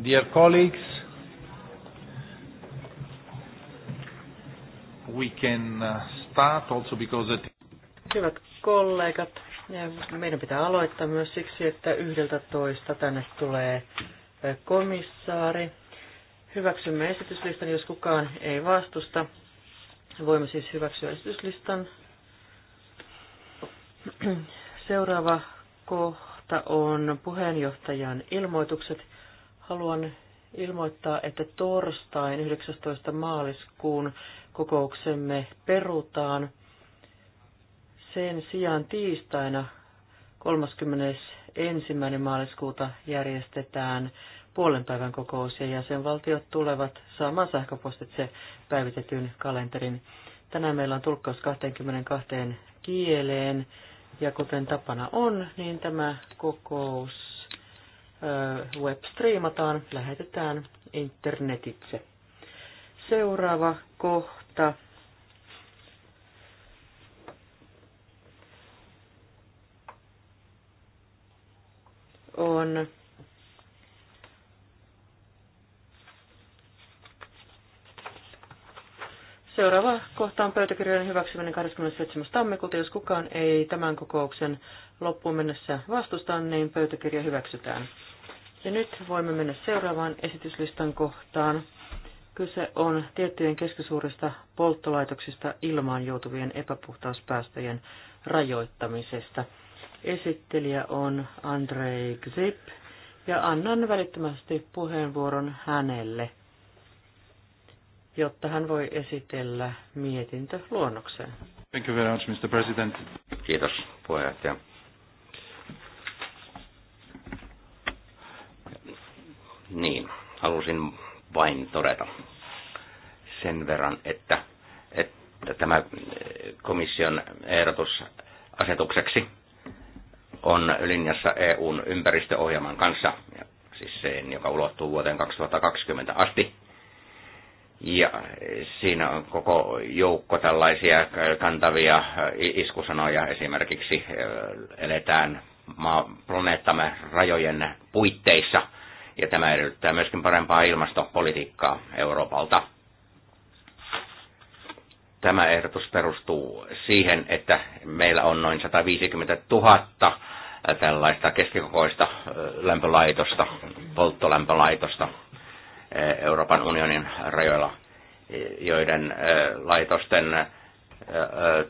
Dear colleagues, we can uh, start also because it... Hyvät kollegat, meidän pitää aloittaa myös siksi, että yhdeltä toista tänne tulee komissaari. Hyväksymme esityslistan, jos kukaan ei vastusta. Voimme siis hyväksyä esityslistan. Seuraava kohta on puheenjohtajan ilmoitukset. Haluan ilmoittaa, että torstain 19. maaliskuun kokouksemme perutaan. Sen sijaan tiistaina 31. maaliskuuta järjestetään puolen päivän kokous ja jäsenvaltiot tulevat saamaan sähköpostitse päivitetyn kalenterin. Tänään meillä on tulkkaus 22 kieleen ja kuten tapana on, niin tämä kokous webstreamataan, lähetetään internetitse. Seuraava kohta. on Seuraava kohta on pöytäkirjojen hyväksyminen 27. tammikuuta. Jos kukaan ei tämän kokouksen loppuun mennessä vastusta, niin pöytäkirja hyväksytään. Ja nyt voimme mennä seuraavaan esityslistan kohtaan. Kyse on tiettyjen keskisuurista polttolaitoksista ilmaan joutuvien epäpuhtauspäästöjen rajoittamisesta. Esittelijä on Andrei Gzip ja annan välittömästi puheenvuoron hänelle, jotta hän voi esitellä mietintö luonnokseen. Thank you very much, Mr. President. Kiitos puheenjohtaja. Niin, halusin vain todeta sen verran, että, että tämä eh, komission ehdotus asetukseksi on linjassa EUn ympäristöohjelman kanssa, siis sen, joka ulottuu vuoteen 2020 asti. Ja siinä on koko joukko tällaisia kantavia iskusanoja, esimerkiksi eh, eletään planeettamme rajojen puitteissa – ja tämä edellyttää myöskin parempaa ilmastopolitiikkaa Euroopalta. Tämä ehdotus perustuu siihen, että meillä on noin 150 000 äh, tällaista keskikokoista äh, lämpölaitosta, polttolämpölaitosta äh, Euroopan unionin rajoilla, joiden laitosten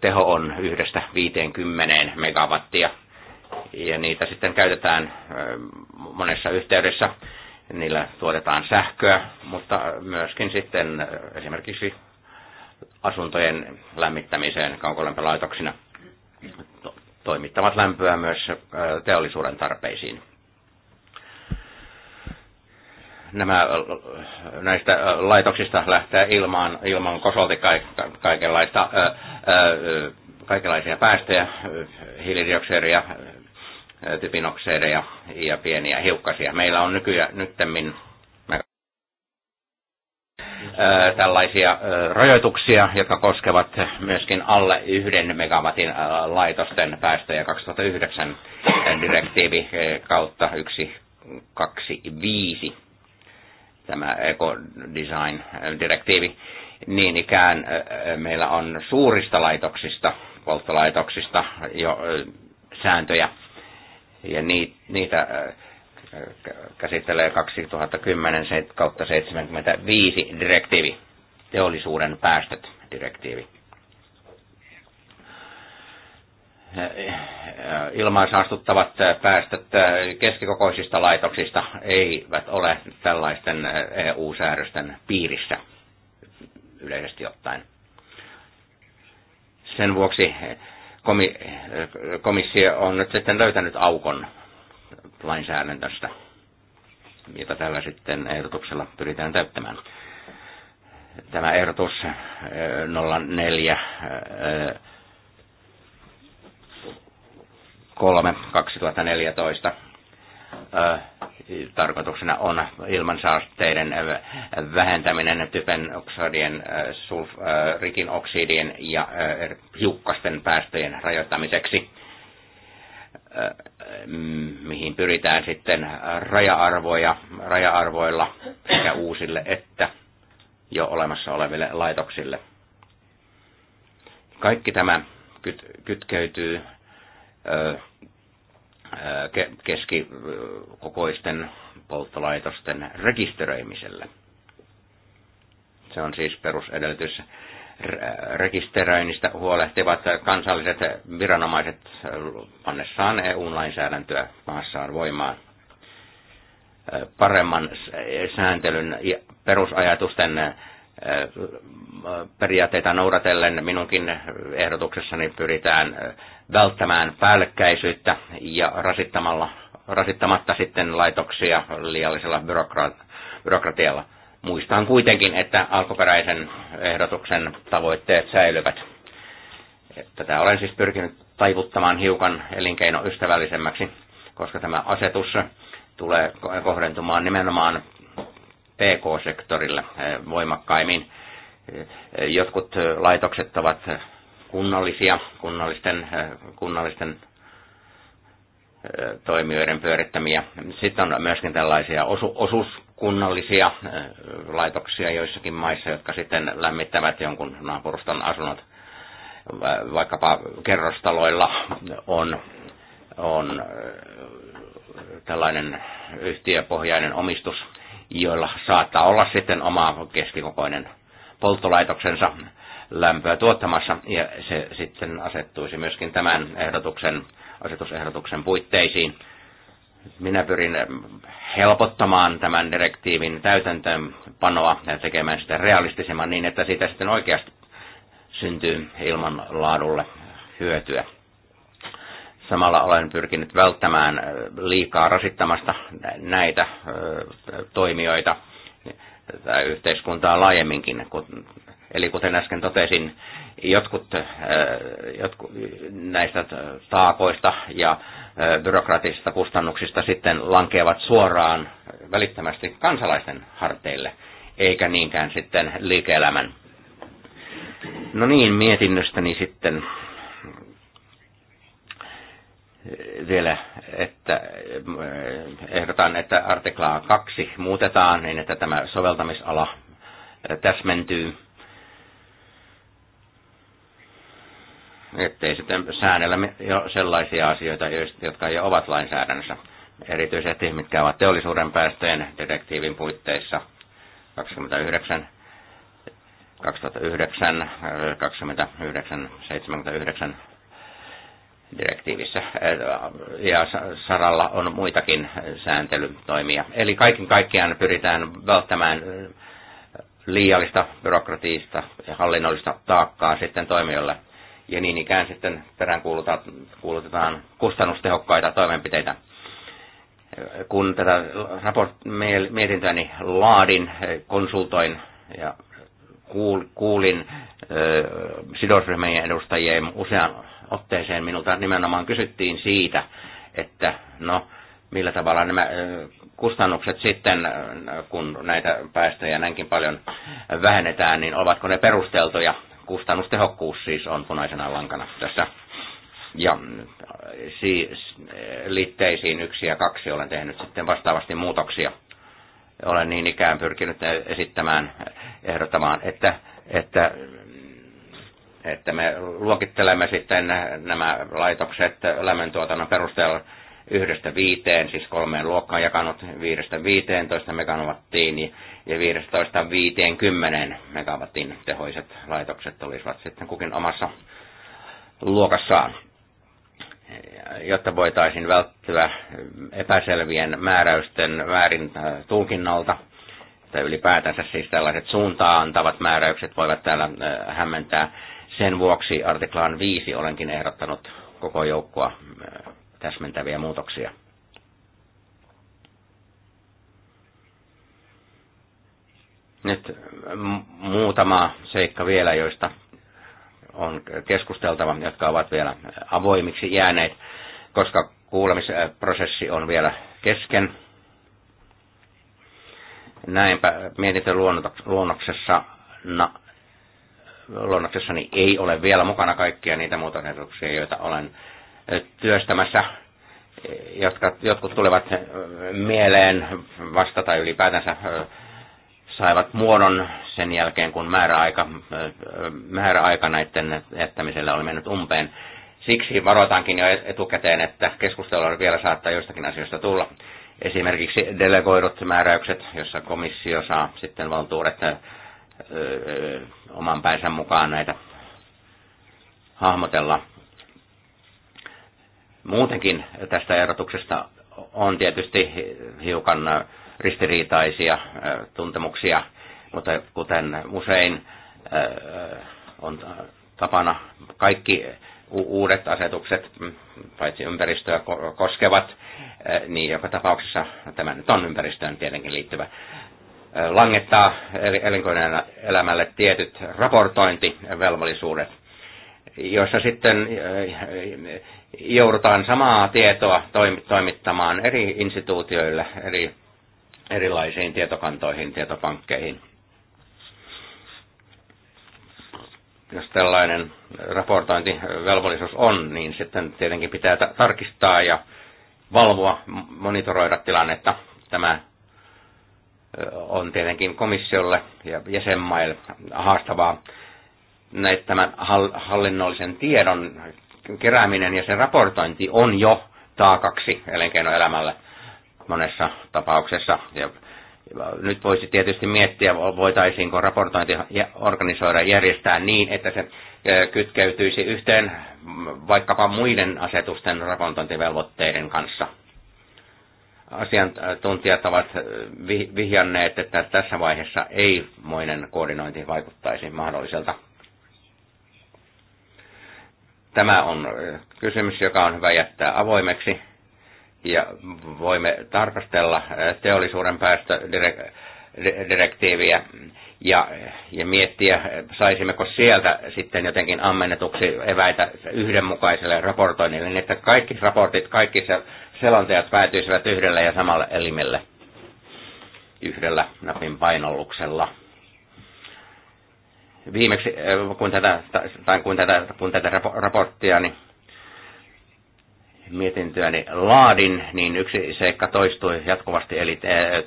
teho on yhdestä 50 megawattia. Ja niitä sitten käytetään monessa yhteydessä niillä tuotetaan sähköä, mutta myöskin sitten esimerkiksi asuntojen lämmittämiseen kaukolämpölaitoksina toimittavat lämpöä myös äh, teollisuuden tarpeisiin. Nämä, äh, näistä äh, laitoksista lähtee ilmaan, ilman kosolti kaikenlaista, kaikenlaisia päästöjä, hiilidioksidia, typinokseedeja ja pieniä hiukkasia. Meillä on nykyään nyttemmin tällaisia rajoituksia, jotka koskevat myöskin alle yhden megawatin laitosten päästöjä 2009 direktiivi kautta 125, tämä ekodesign-direktiivi. Niin ikään meillä on suurista laitoksista, polttolaitoksista jo sääntöjä ja niitä äh, käsittelee 2010 kautta 75 direktiivi, teollisuuden päästöt direktiivi. Äh, äh, ilmaisaastuttavat päästöt keskikokoisista laitoksista eivät ole tällaisten EU-säädösten piirissä yleisesti ottaen. Sen vuoksi komissio on nyt sitten löytänyt aukon lainsäädäntöstä, jota tällä sitten ehdotuksella pyritään täyttämään. Tämä ehdotus 04 3 2014 tarkoituksena on ilmansaasteiden vähentäminen, typen oksidien, sulf, rikin oksidien ja hiukkasten päästöjen rajoittamiseksi, mihin pyritään sitten raja-arvoja, raja-arvoilla sekä uusille että jo olemassa oleville laitoksille. Kaikki tämä kytkeytyy keskikokoisten polttolaitosten rekisteröimiselle. Se on siis perusedellytys. Rekisteröinnistä huolehtivat kansalliset viranomaiset pannessaan EU-lainsäädäntöä maassaan voimaan. Paremman sääntelyn ja perusajatusten periaatteita noudatellen minunkin ehdotuksessani pyritään välttämään päällekkäisyyttä ja rasittamalla, rasittamatta sitten laitoksia liiallisella byrokra- byrokratialla. Muistan kuitenkin, että alkuperäisen ehdotuksen tavoitteet säilyvät. Tätä olen siis pyrkinyt taivuttamaan hiukan elinkeinoystävällisemmäksi, koska tämä asetus tulee kohdentumaan nimenomaan PK-sektorille eh, voimakkaimmin. Eh, jotkut eh, laitokset ovat kunnallisia, kunnallisten, kunnallisten toimijoiden pyörittämiä. Sitten on myöskin tällaisia osu, osuuskunnallisia laitoksia joissakin maissa, jotka sitten lämmittävät jonkun naapuruston asunnot. Vaikkapa kerrostaloilla on, on tällainen yhtiöpohjainen omistus, joilla saattaa olla sitten oma keskikokoinen polttolaitoksensa lämpöä tuottamassa, ja se sitten asettuisi myöskin tämän ehdotuksen, asetusehdotuksen puitteisiin. Minä pyrin helpottamaan tämän direktiivin täytäntöönpanoa ja tekemään sitä realistisemman niin, että siitä sitten oikeasti syntyy ilmanlaadulle hyötyä. Samalla olen pyrkinyt välttämään liikaa rasittamasta näitä toimijoita tai yhteiskuntaa laajemminkin. Eli kuten äsken totesin, jotkut, jotkut näistä taakoista ja byrokratisista kustannuksista sitten lankeavat suoraan välittömästi kansalaisten harteille, eikä niinkään sitten liike-elämän. No niin, mietinnöstäni sitten vielä, että eh, ehdotan, että artiklaa 2 muutetaan niin, että tämä soveltamisala eh, täsmentyy, ettei sitten säännellä jo sellaisia asioita, jotka jo ovat lainsäädännössä, erityisesti mitkä ovat teollisuuden päästöjen direktiivin puitteissa 29 2009, 29, 79 direktiivissä ja saralla on muitakin sääntelytoimia. Eli kaiken kaikkiaan pyritään välttämään liiallista byrokratiista ja hallinnollista taakkaa sitten toimijoille. Ja niin ikään sitten peräänkuulutetaan kustannustehokkaita toimenpiteitä. Kun tätä raport, mietintöäni laadin, konsultoin ja kuulin sidosryhmien edustajien usean otteeseen minulta nimenomaan kysyttiin siitä, että no, millä tavalla nämä kustannukset sitten, kun näitä päästöjä näinkin paljon vähennetään, niin ovatko ne perusteltuja? Kustannustehokkuus siis on punaisena lankana tässä. Ja siis liitteisiin yksi ja kaksi olen tehnyt sitten vastaavasti muutoksia. Olen niin ikään pyrkinyt esittämään, ehdottamaan, että, että että me luokittelemme sitten nämä laitokset lämmöntuotannon perusteella yhdestä viiteen, siis kolmeen luokkaan jakanut viidestä toista megawattiin ja toista viiteen kymmenen megawattiin tehoiset laitokset olisivat sitten kukin omassa luokassaan jotta voitaisiin välttyä epäselvien määräysten väärin äh, tulkinnalta, tai ylipäätänsä siis tällaiset suuntaan antavat määräykset voivat täällä äh, hämmentää sen vuoksi artiklaan 5 olenkin ehdottanut koko joukkoa äh, täsmentäviä muutoksia. Nyt äh, muutama seikka vielä, joista on keskusteltava, jotka ovat vielä avoimiksi jääneet, koska kuulemisprosessi on vielä kesken. Näinpä mietintöluonnoksessa luonnoksessani ei ole vielä mukana kaikkia niitä muutosehdotuksia, joita olen työstämässä. E, jotka, jotkut tulevat mieleen vasta tai ylipäätänsä saivat muodon sen jälkeen, kun määräaika, määräaika näiden jättämiselle oli mennyt umpeen. Siksi varoitaankin jo etukäteen, että keskustelua vielä saattaa joistakin asioista tulla. Esimerkiksi delegoidut määräykset, jossa komissio saa sitten valtuudet oman päänsä mukaan näitä hahmotella. Muutenkin tästä erotuksesta on tietysti hiukan ristiriitaisia tuntemuksia, mutta kuten usein on tapana kaikki uudet asetukset, mm, paitsi ympäristöä koskevat, niin joka tapauksessa tämä nyt on ympäristöön tietenkin liittyvä langettaa elinkeinoelämälle tietyt raportointivelvollisuudet, joissa sitten joudutaan samaa tietoa toimittamaan eri instituutioille, eri, erilaisiin tietokantoihin, tietopankkeihin. Jos tällainen raportointivelvollisuus on, niin sitten tietenkin pitää tarkistaa ja valvoa, monitoroida tilannetta. Tämä on tietenkin komissiolle ja jäsenmaille haastavaa näitä tämän hallinnollisen tiedon kerääminen ja sen raportointi on jo taakaksi elinkeinoelämälle monessa tapauksessa. Ja nyt voisi tietysti miettiä, voitaisiinko raportointi organisoida ja järjestää niin, että se kytkeytyisi yhteen vaikkapa muiden asetusten raportointivelvoitteiden kanssa – asiantuntijat ovat vihjanneet, että tässä vaiheessa ei moinen koordinointi vaikuttaisi mahdolliselta. Tämä on kysymys, joka on hyvä jättää avoimeksi ja voimme tarkastella teollisuuden päästödirektiiviä ja, ja miettiä, saisimmeko sieltä sitten jotenkin ammennetuksi eväitä yhdenmukaiselle raportoinnille, niin että kaikki raportit kaikissa selonteot päätyisivät yhdelle ja samalle elimelle yhdellä napin painalluksella. Viimeksi, äh, kun tätä, tai kun tätä, kun tätä raporttia, niin mietintyäni laadin, niin yksi seikka toistui jatkuvasti, eli äh,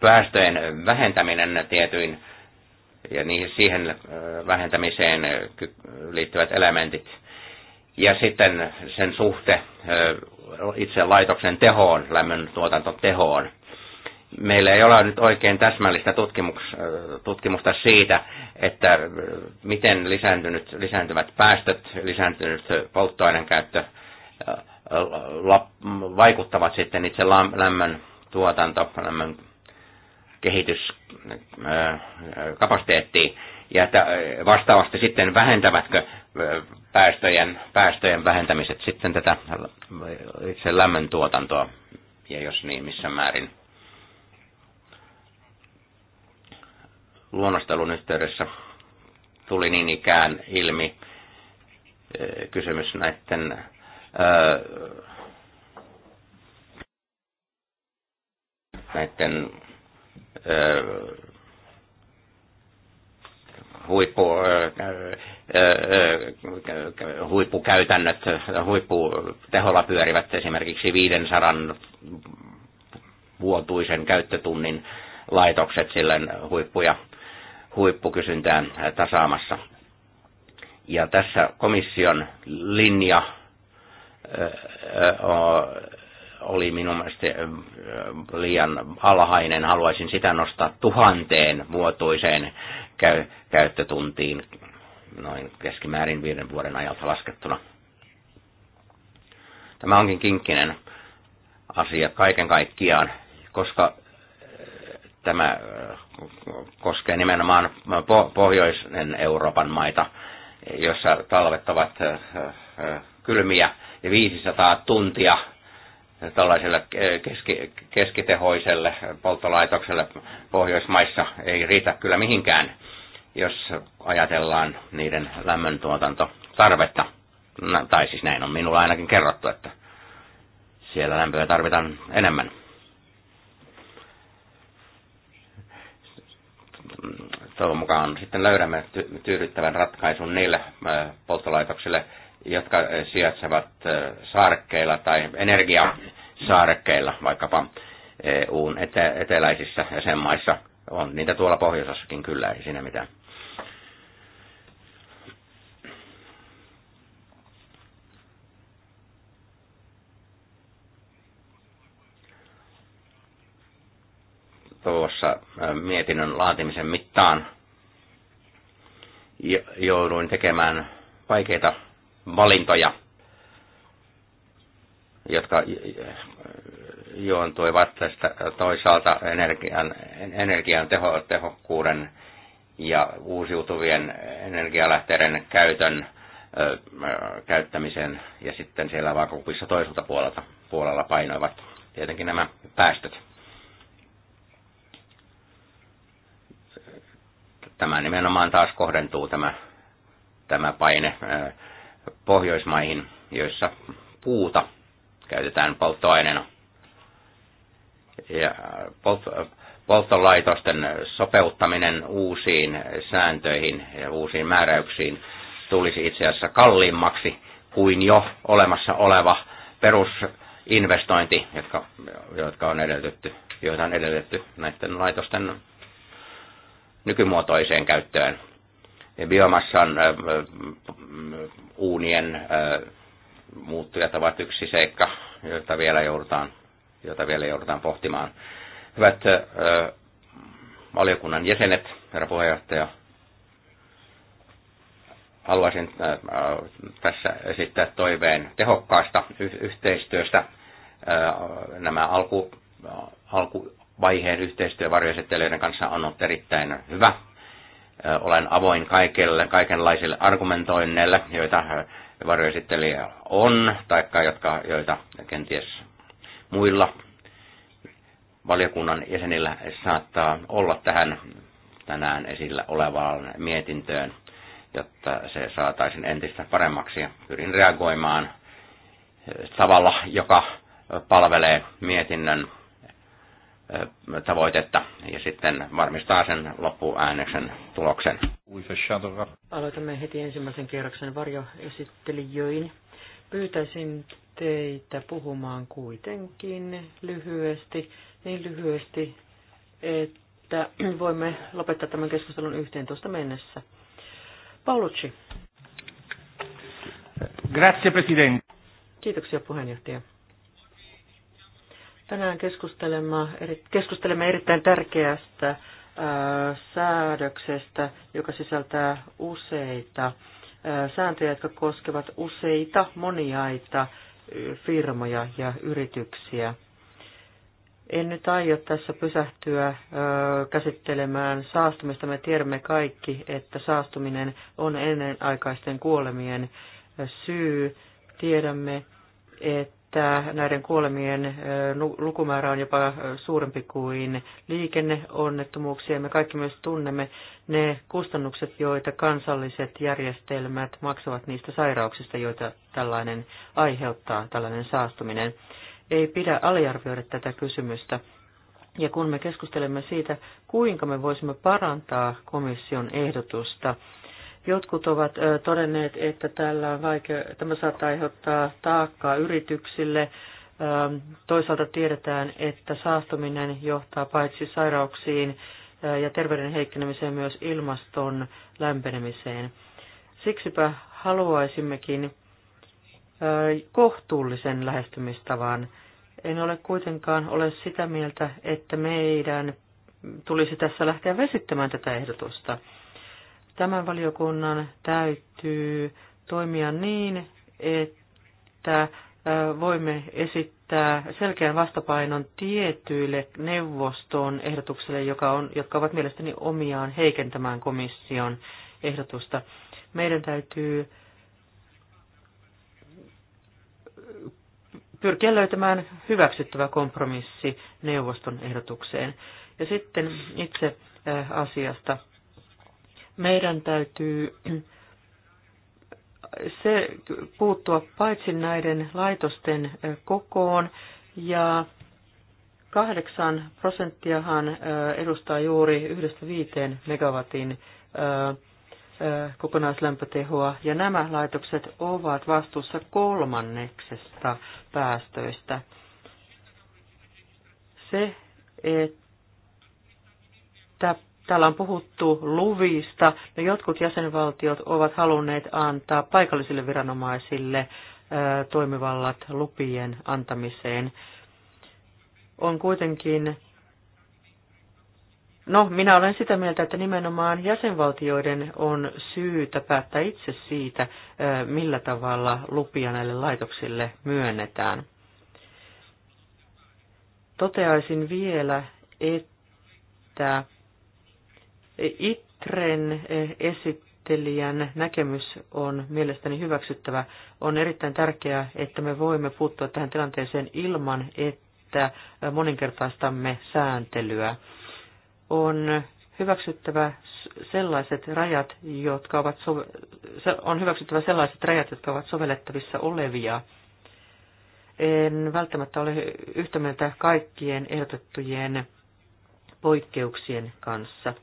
päästöjen vähentäminen tietyin ja niihin, siihen äh, vähentämiseen liittyvät elementit – ja sitten sen suhte itse laitoksen tehoon, lämmön tuotantotehoon. Meillä ei ole nyt oikein täsmällistä tutkimusta siitä, että miten lisääntynyt, lisääntyvät päästöt, lisääntynyt polttoaineen käyttö vaikuttavat sitten itse lämmön tuotanto, lämmön kehityskapasiteettiin ja että vastaavasti sitten vähentävätkö päästöjen, päästöjen vähentämiset sitten tätä itse tuotantoa, ja jos niin, missä määrin. Luonnostelun yhteydessä tuli niin ikään ilmi kysymys näiden näiden huippu, äh, äh, äh, huippukäytännöt, huipputeholla pyörivät esimerkiksi 500 vuotuisen käyttötunnin laitokset silleen huippuja, huippukysyntään tasaamassa. Ja tässä komission linja oli minun mielestä liian alhainen. Haluaisin sitä nostaa tuhanteen vuotuiseen käy, käyttötuntiin noin keskimäärin viiden vuoden ajalta laskettuna. Tämä onkin kinkkinen asia kaiken kaikkiaan, koska eh, tämä eh, koskee nimenomaan pohjoisen Euroopan maita, jossa talvet ovat eh, kylmiä ja 500 tuntia tällaiselle keski, keskitehoiselle polttolaitokselle Pohjoismaissa ei riitä kyllä mihinkään, jos ajatellaan niiden lämmöntuotantotarvetta. No, tai siis näin on minulla ainakin kerrottu, että siellä lämpöä tarvitaan enemmän. Toivon mukaan sitten löydämme tyydyttävän ratkaisun niille polttolaitoksille, jotka eh, sijaitsevat eh, saarekkeilla tai energiasaarekkeilla vaikkapa EUn eh, eteläisissä jäsenmaissa. On niitä tuolla pohjoisessakin kyllä, ei siinä mitään. tuossa mietinnön laatimisen mittaan jouduin tekemään vaikeita valintoja, jotka juontuivat tästä toisaalta energian, energian teho, tehokkuuden ja uusiutuvien energialähteiden käytön ö, käyttämisen ja sitten siellä vaakakupissa toiselta puolelta, puolella painoivat tietenkin nämä päästöt. Tämä nimenomaan taas kohdentuu tämä, tämä paine Pohjoismaihin, joissa puuta käytetään polttoaineena. Ja äh, polt- polttolaitosten sopeuttaminen uusiin sääntöihin ja uusiin määräyksiin tulisi itse asiassa kalliimmaksi kuin jo olemassa oleva perusinvestointi, jotka, jotka on edellytetty, joita on edellytetty näiden laitosten nykymuotoiseen käyttöön biomassan uunien muuttujat ovat yksi seikka, jota vielä joudutaan, jota vielä joudutaan pohtimaan. Hyvät valiokunnan jäsenet, herra puheenjohtaja, haluaisin tässä esittää toiveen tehokkaasta yhteistyöstä. Nämä alku, alkuvaiheen yhteistyö varjoesittelijöiden kanssa on ollut erittäin hyvä olen avoin kaikille, kaikenlaisille argumentoinneille, joita varjoesittelijä on, taikka jotka, joita kenties muilla valiokunnan jäsenillä saattaa olla tähän tänään esillä olevaan mietintöön, jotta se saataisiin entistä paremmaksi. pyrin reagoimaan tavalla, joka palvelee mietinnön tavoitetta ja sitten varmistaa sen loppuäänneksen tuloksen. Aloitamme heti ensimmäisen kierroksen varjoesittelijöin. Pyytäisin teitä puhumaan kuitenkin lyhyesti, niin lyhyesti, että voimme lopettaa tämän keskustelun 11 mennessä. Paulucci. Grazie, Presidente. Kiitoksia puheenjohtaja. Tänään keskustelemme erittäin tärkeästä säädöksestä, joka sisältää useita sääntöjä, jotka koskevat useita moniaita firmoja ja yrityksiä. En nyt aio tässä pysähtyä käsittelemään saastumista. Me tiedämme kaikki, että saastuminen on ennenaikaisten kuolemien syy. Tiedämme, että että näiden kuolemien lukumäärä on jopa suurempi kuin liikenneonnettomuuksia. Me kaikki myös tunnemme ne kustannukset, joita kansalliset järjestelmät maksavat niistä sairauksista, joita tällainen aiheuttaa, tällainen saastuminen. Ei pidä aliarvioida tätä kysymystä. Ja kun me keskustelemme siitä, kuinka me voisimme parantaa komission ehdotusta, Jotkut ovat todenneet, että tällä on vaikea, tämä saattaa aiheuttaa taakkaa yrityksille. Toisaalta tiedetään, että saastuminen johtaa paitsi sairauksiin ja terveyden heikkenemiseen myös ilmaston lämpenemiseen. Siksipä haluaisimmekin kohtuullisen lähestymistavan. En ole kuitenkaan ole sitä mieltä, että meidän tulisi tässä lähteä vesittämään tätä ehdotusta. Tämän valiokunnan täytyy toimia niin, että voimme esittää selkeän vastapainon tietyille neuvoston ehdotuksille, joka on, jotka ovat mielestäni omiaan heikentämään komission ehdotusta. Meidän täytyy pyrkiä löytämään hyväksyttävä kompromissi neuvoston ehdotukseen. Ja sitten itse asiasta. Meidän täytyy se puuttua paitsi näiden laitosten kokoon ja kahdeksan prosenttiahan edustaa juuri yhdestä viiteen megawatin kokonaislämpötehoa, ja nämä laitokset ovat vastuussa kolmanneksesta päästöistä. Se, että Täällä on puhuttu luvista. No, jotkut jäsenvaltiot ovat halunneet antaa paikallisille viranomaisille toimivallat lupien antamiseen. On kuitenkin, no minä olen sitä mieltä, että nimenomaan jäsenvaltioiden on syytä päättää itse siitä, millä tavalla lupia näille laitoksille myönnetään. Toteaisin vielä, että ITREN eh, esittelijän näkemys on mielestäni hyväksyttävä. On erittäin tärkeää, että me voimme puuttua tähän tilanteeseen ilman, että eh, moninkertaistamme sääntelyä. On hyväksyttävä sellaiset rajat, jotka ovat on hyväksyttävä sellaiset rajat, jotka ovat sovellettavissa olevia. En välttämättä ole yhtä mieltä kaikkien ehdotettujen poikkeuksien kanssa.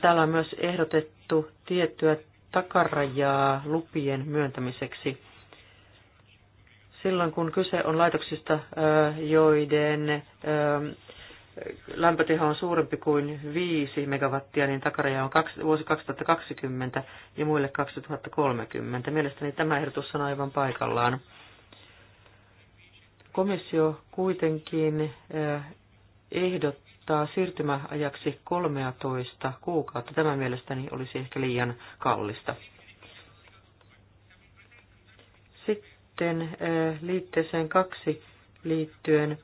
Täällä on myös ehdotettu tiettyä takarajaa lupien myöntämiseksi. Silloin kun kyse on laitoksista, joiden lämpöteho on suurempi kuin 5 megawattia, niin takaraja on vuosi 2020 ja muille 2030. Mielestäni tämä ehdotus on aivan paikallaan. Komissio kuitenkin ehdottaa, ottaa siirtymäajaksi 13 kuukautta. Tämä mielestäni olisi ehkä liian kallista. Sitten eh, liitteeseen kaksi liittyen,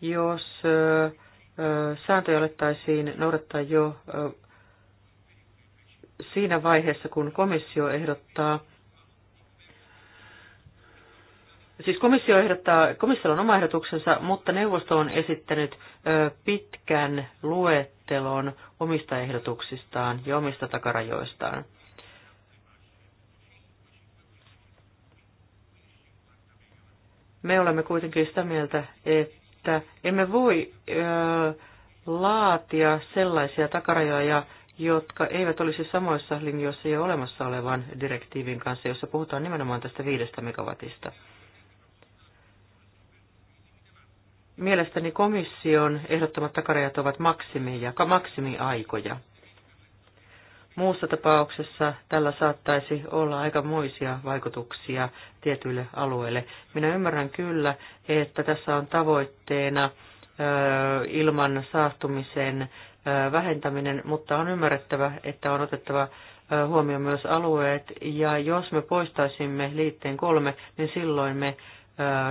jos eh, eh, sääntöjä alettaisiin noudattaa jo siinä vaiheessa, kun komissio ehdottaa Siis komissio ehdottaa, komissiolla on oma ehdotuksensa, mutta neuvosto on esittänyt ö, pitkän luettelon omista ehdotuksistaan ja omista takarajoistaan. Me olemme kuitenkin sitä mieltä, että emme voi ö, laatia sellaisia takarajoja, jotka eivät olisi samoissa linjoissa jo olemassa olevan direktiivin kanssa, jossa puhutaan nimenomaan tästä viidestä megawatista. Mielestäni komission ehdottamat takarajat ovat maksimiaikoja. maksimiaikoja. Muussa tapauksessa tällä saattaisi olla aika muisia vaikutuksia tietyille alueille. Minä ymmärrän kyllä, että tässä on tavoitteena ilman saastumisen vähentäminen, mutta on ymmärrettävä, että on otettava huomioon myös alueet. Ja jos me poistaisimme liitteen kolme, niin silloin me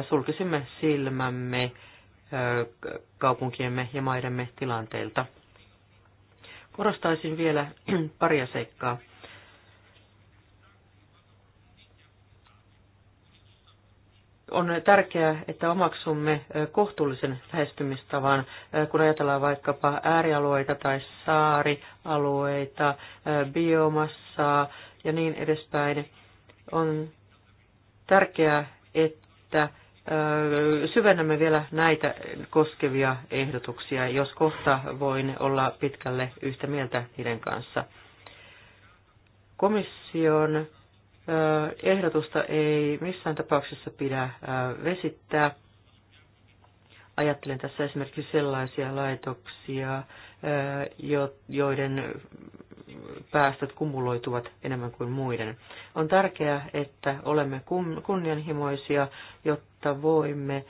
sulkisimme silmämme kaupunkiemme ja maidemme tilanteilta. Korostaisin vielä paria seikkaa. on tärkeää, että omaksumme kohtuullisen lähestymistavan, kun ajatellaan vaikkapa äärialueita tai saarialueita, biomassaa ja niin edespäin. On tärkeää, että syvennämme vielä näitä koskevia ehdotuksia, jos kohta voin olla pitkälle yhtä mieltä niiden kanssa. Komission ehdotusta ei missään tapauksessa pidä vesittää. Ajattelen tässä esimerkiksi sellaisia laitoksia, joiden päästöt kumuloituvat enemmän kuin muiden. On tärkeää, että olemme kunnianhimoisia, jotta voimme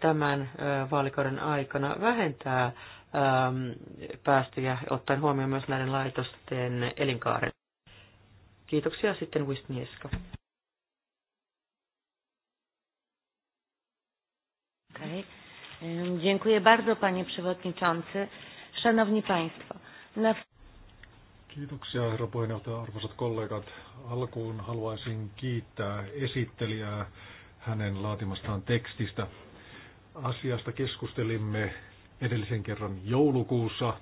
tämän vaalikauden aikana vähentää päästöjä, ottaen huomioon myös näiden laitosten elinkaaren. Kiitoksia sitten Wisnieska. Okay. Dziękuję bardzo, panie przewodniczący. Szanowni Państwo. Na... Kiitoksia herra puheenjohtaja, arvoisat kollegat. Alkuun haluaisin kiittää esittelijää hänen laatimastaan tekstistä. Asiasta keskustelimme edellisen kerran joulukuussa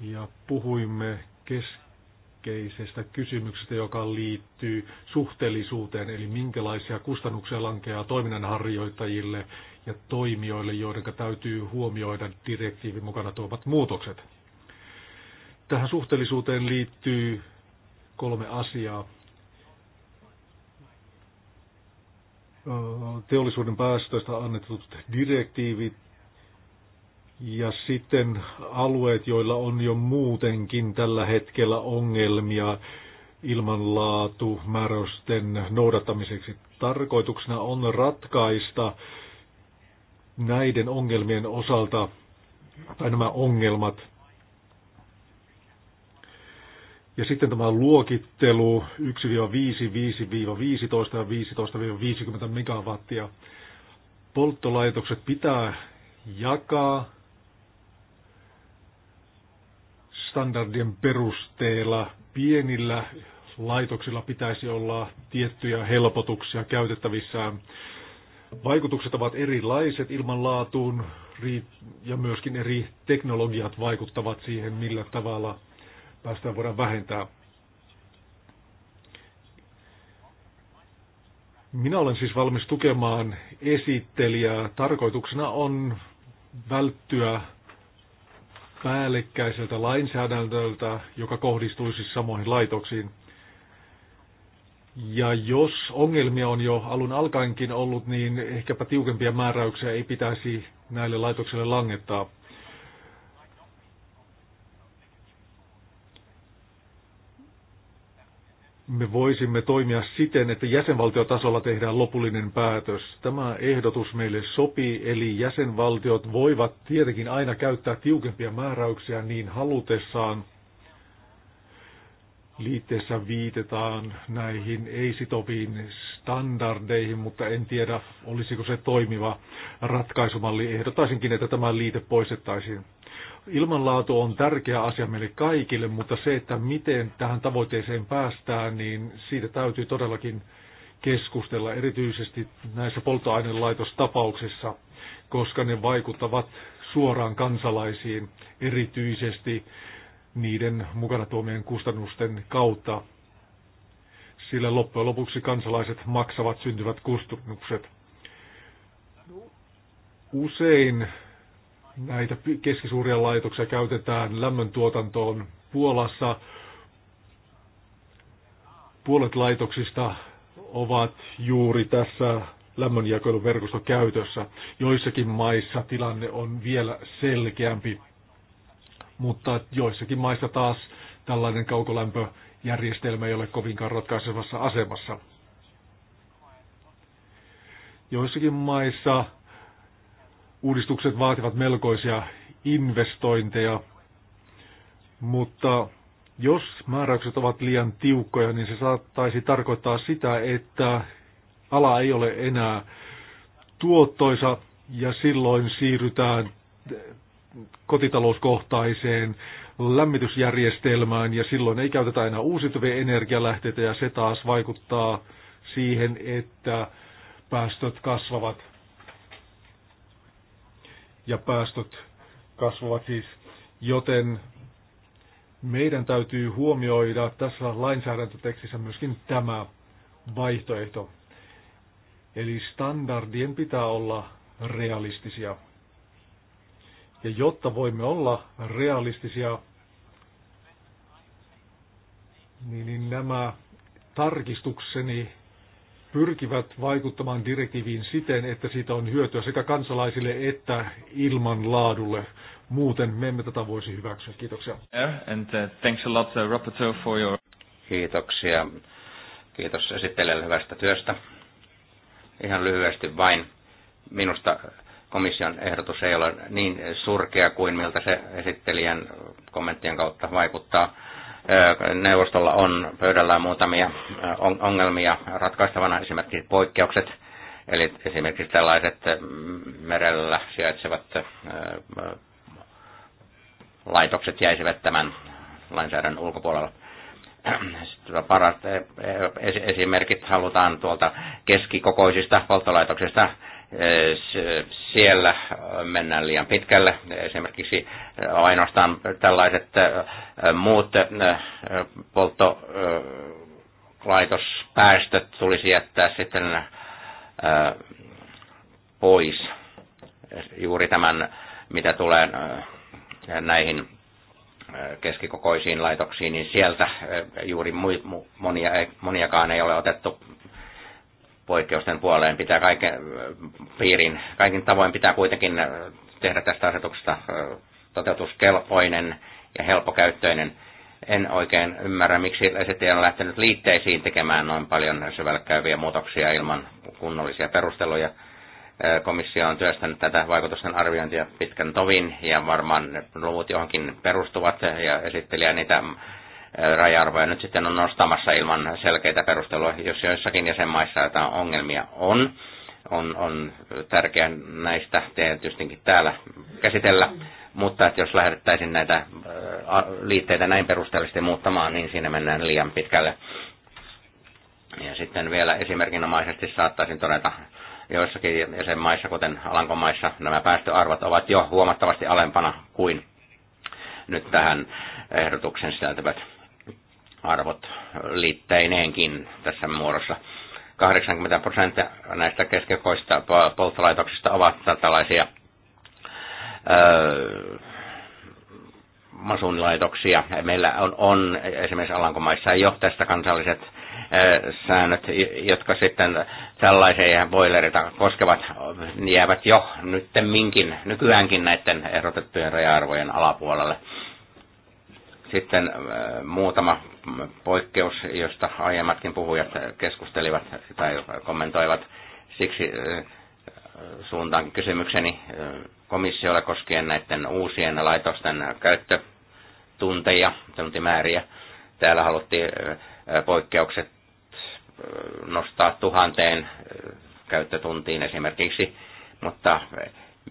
ja puhuimme keskeisestä kysymyksestä, joka liittyy suhteellisuuteen, eli minkälaisia kustannuksia lankeaa toiminnanharjoittajille ja toimijoille, joiden täytyy huomioida direktiivin mukana tuomat muutokset. Tähän suhteellisuuteen liittyy kolme asiaa. Teollisuuden päästöistä annetut direktiivit ja sitten alueet, joilla on jo muutenkin tällä hetkellä ongelmia ilmanlaatumääräysten noudattamiseksi. Tarkoituksena on ratkaista näiden ongelmien osalta, tai nämä ongelmat. Ja sitten tämä luokittelu 1-5, 5-15 ja 15-50 megawattia. Polttolaitokset pitää jakaa standardien perusteella pienillä laitoksilla pitäisi olla tiettyjä helpotuksia käytettävissään Vaikutukset ovat erilaiset ilmanlaatuun ja myöskin eri teknologiat vaikuttavat siihen, millä tavalla päästään voidaan vähentää. Minä olen siis valmis tukemaan esittelijää. Tarkoituksena on välttyä päällekkäiseltä lainsäädäntöltä, joka kohdistuisi samoihin laitoksiin. Ja jos ongelmia on jo alun alkaenkin ollut, niin ehkäpä tiukempia määräyksiä ei pitäisi näille laitoksille langettaa. me voisimme toimia siten, että jäsenvaltiotasolla tehdään lopullinen päätös. Tämä ehdotus meille sopii, eli jäsenvaltiot voivat tietenkin aina käyttää tiukempia määräyksiä niin halutessaan, Liitteessä viitetaan näihin ei-sitoviin standardeihin, mutta en tiedä, olisiko se toimiva ratkaisumalli. Ehdotaisinkin, että tämä liite poistettaisiin. Ilmanlaatu on tärkeä asia meille kaikille, mutta se, että miten tähän tavoitteeseen päästään, niin siitä täytyy todellakin keskustella, erityisesti näissä polttoainelaitostapauksissa, koska ne vaikuttavat suoraan kansalaisiin, erityisesti niiden mukana tuomien kustannusten kautta, sillä loppujen lopuksi kansalaiset maksavat syntyvät kustannukset. Usein näitä keskisuuria laitoksia käytetään lämmöntuotantoon Puolassa. Puolet laitoksista ovat juuri tässä käytössä, Joissakin maissa tilanne on vielä selkeämpi mutta joissakin maissa taas tällainen kaukolämpöjärjestelmä ei ole kovinkaan ratkaisevassa asemassa. Joissakin maissa uudistukset vaativat melkoisia investointeja, mutta jos määräykset ovat liian tiukkoja, niin se saattaisi tarkoittaa sitä, että ala ei ole enää tuottoisa ja silloin siirrytään kotitalouskohtaiseen lämmitysjärjestelmään ja silloin ei käytetä enää uusiutuvia energialähteitä ja se taas vaikuttaa siihen, että päästöt kasvavat. Ja päästöt kasvavat siis, joten meidän täytyy huomioida tässä lainsäädäntötekstissä myöskin tämä vaihtoehto. Eli standardien pitää olla realistisia. Ja jotta voimme olla realistisia, niin, niin nämä tarkistukseni pyrkivät vaikuttamaan direktiiviin siten, että siitä on hyötyä sekä kansalaisille että ilmanlaadulle. Muuten me emme tätä voisi hyväksyä. Kiitoksia. And, uh, thanks a lot, uh, for your... Kiitoksia. Kiitos esittelijälle hyvästä työstä. Ihan lyhyesti vain. Minusta komission ehdotus ei ole niin surkea kuin miltä se esittelijän kommenttien kautta vaikuttaa. Neuvostolla on pöydällään muutamia ongelmia ratkaistavana, esimerkiksi poikkeukset, eli esimerkiksi tällaiset merellä sijaitsevat laitokset jäisivät tämän lainsäädännön ulkopuolella parat esimerkit halutaan tuolta keskikokoisista polttolaitoksista Eh, siellä mennään liian pitkälle. Esimerkiksi ainoastaan tällaiset eh, muut eh, polttolaitospäästöt tulisi jättää sitten pois. Juuri tämän, mitä tulee näihin keskikokoisiin laitoksiin, niin sieltä juuri monia, moniakaan ei ole otettu poikkeusten puoleen. Pitää kaiken äh, piirin, kaikin tavoin pitää kuitenkin äh, tehdä tästä asetuksesta äh, toteutuskelpoinen ja helpokäyttöinen. En oikein ymmärrä, miksi esittäjä on lähtenyt liitteisiin tekemään noin paljon syvälle käyviä muutoksia ilman kunnollisia perusteluja. Komissio on työstänyt tätä vaikutusten arviointia pitkän tovin ja varmaan luvut johonkin perustuvat ja esittelijä niitä raja-arvoja nyt sitten on nostamassa ilman selkeitä perustelua, jos joissakin jäsenmaissa jotain ongelmia on. On, on tärkeää näistä tietystikin täällä käsitellä, mutta että jos lähdettäisiin näitä liitteitä näin perusteellisesti muuttamaan, niin siinä mennään liian pitkälle. Ja sitten vielä esimerkinomaisesti saattaisin todeta joissakin jäsenmaissa, kuten Alankomaissa, nämä päästöarvot ovat jo huomattavasti alempana kuin nyt tähän ehdotuksen sisältyvät arvot liitteineenkin tässä muodossa. 80 prosenttia näistä keskikoista polttolaitoksista ovat tällaisia öö, masunilaitoksia. Meillä on, on esimerkiksi Alankomaissa jo tästä kansalliset öö, säännöt, jotka sitten tällaisia boilerita koskevat, jäävät jo minkin, nykyäänkin näiden ehdotettujen raja-arvojen alapuolelle sitten äh, muutama poikkeus, josta aiemmatkin puhujat keskustelivat tai kommentoivat. Siksi äh, suuntaan kysymykseni äh, komissiolle koskien näiden uusien laitosten käyttötunteja, tuntimääriä. Täällä haluttiin poikkeukset nostaa tuhanteen käyttötuntiin esimerkiksi, mutta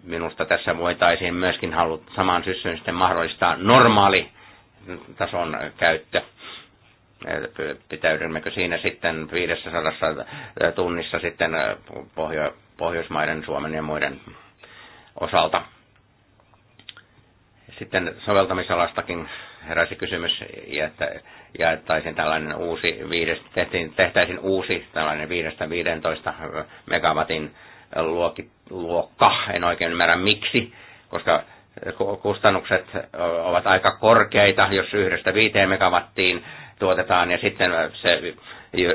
minusta tässä voitaisiin myöskin halut saman syssyn sitten mahdollistaa normaali tason käyttö pitäydymmekö siinä sitten 500 tunnissa sitten Pohjo- Pohjoismaiden, Suomen ja muiden osalta. Sitten soveltamisalastakin heräsi kysymys, että jaettaisiin tällainen uusi, tehtiin, tehtäisiin uusi tällainen 5-15 megawatin luokka. En oikein ymmärrä miksi, koska kustannukset ovat aika korkeita, jos yhdestä viiteen megawattiin tuotetaan ja sitten se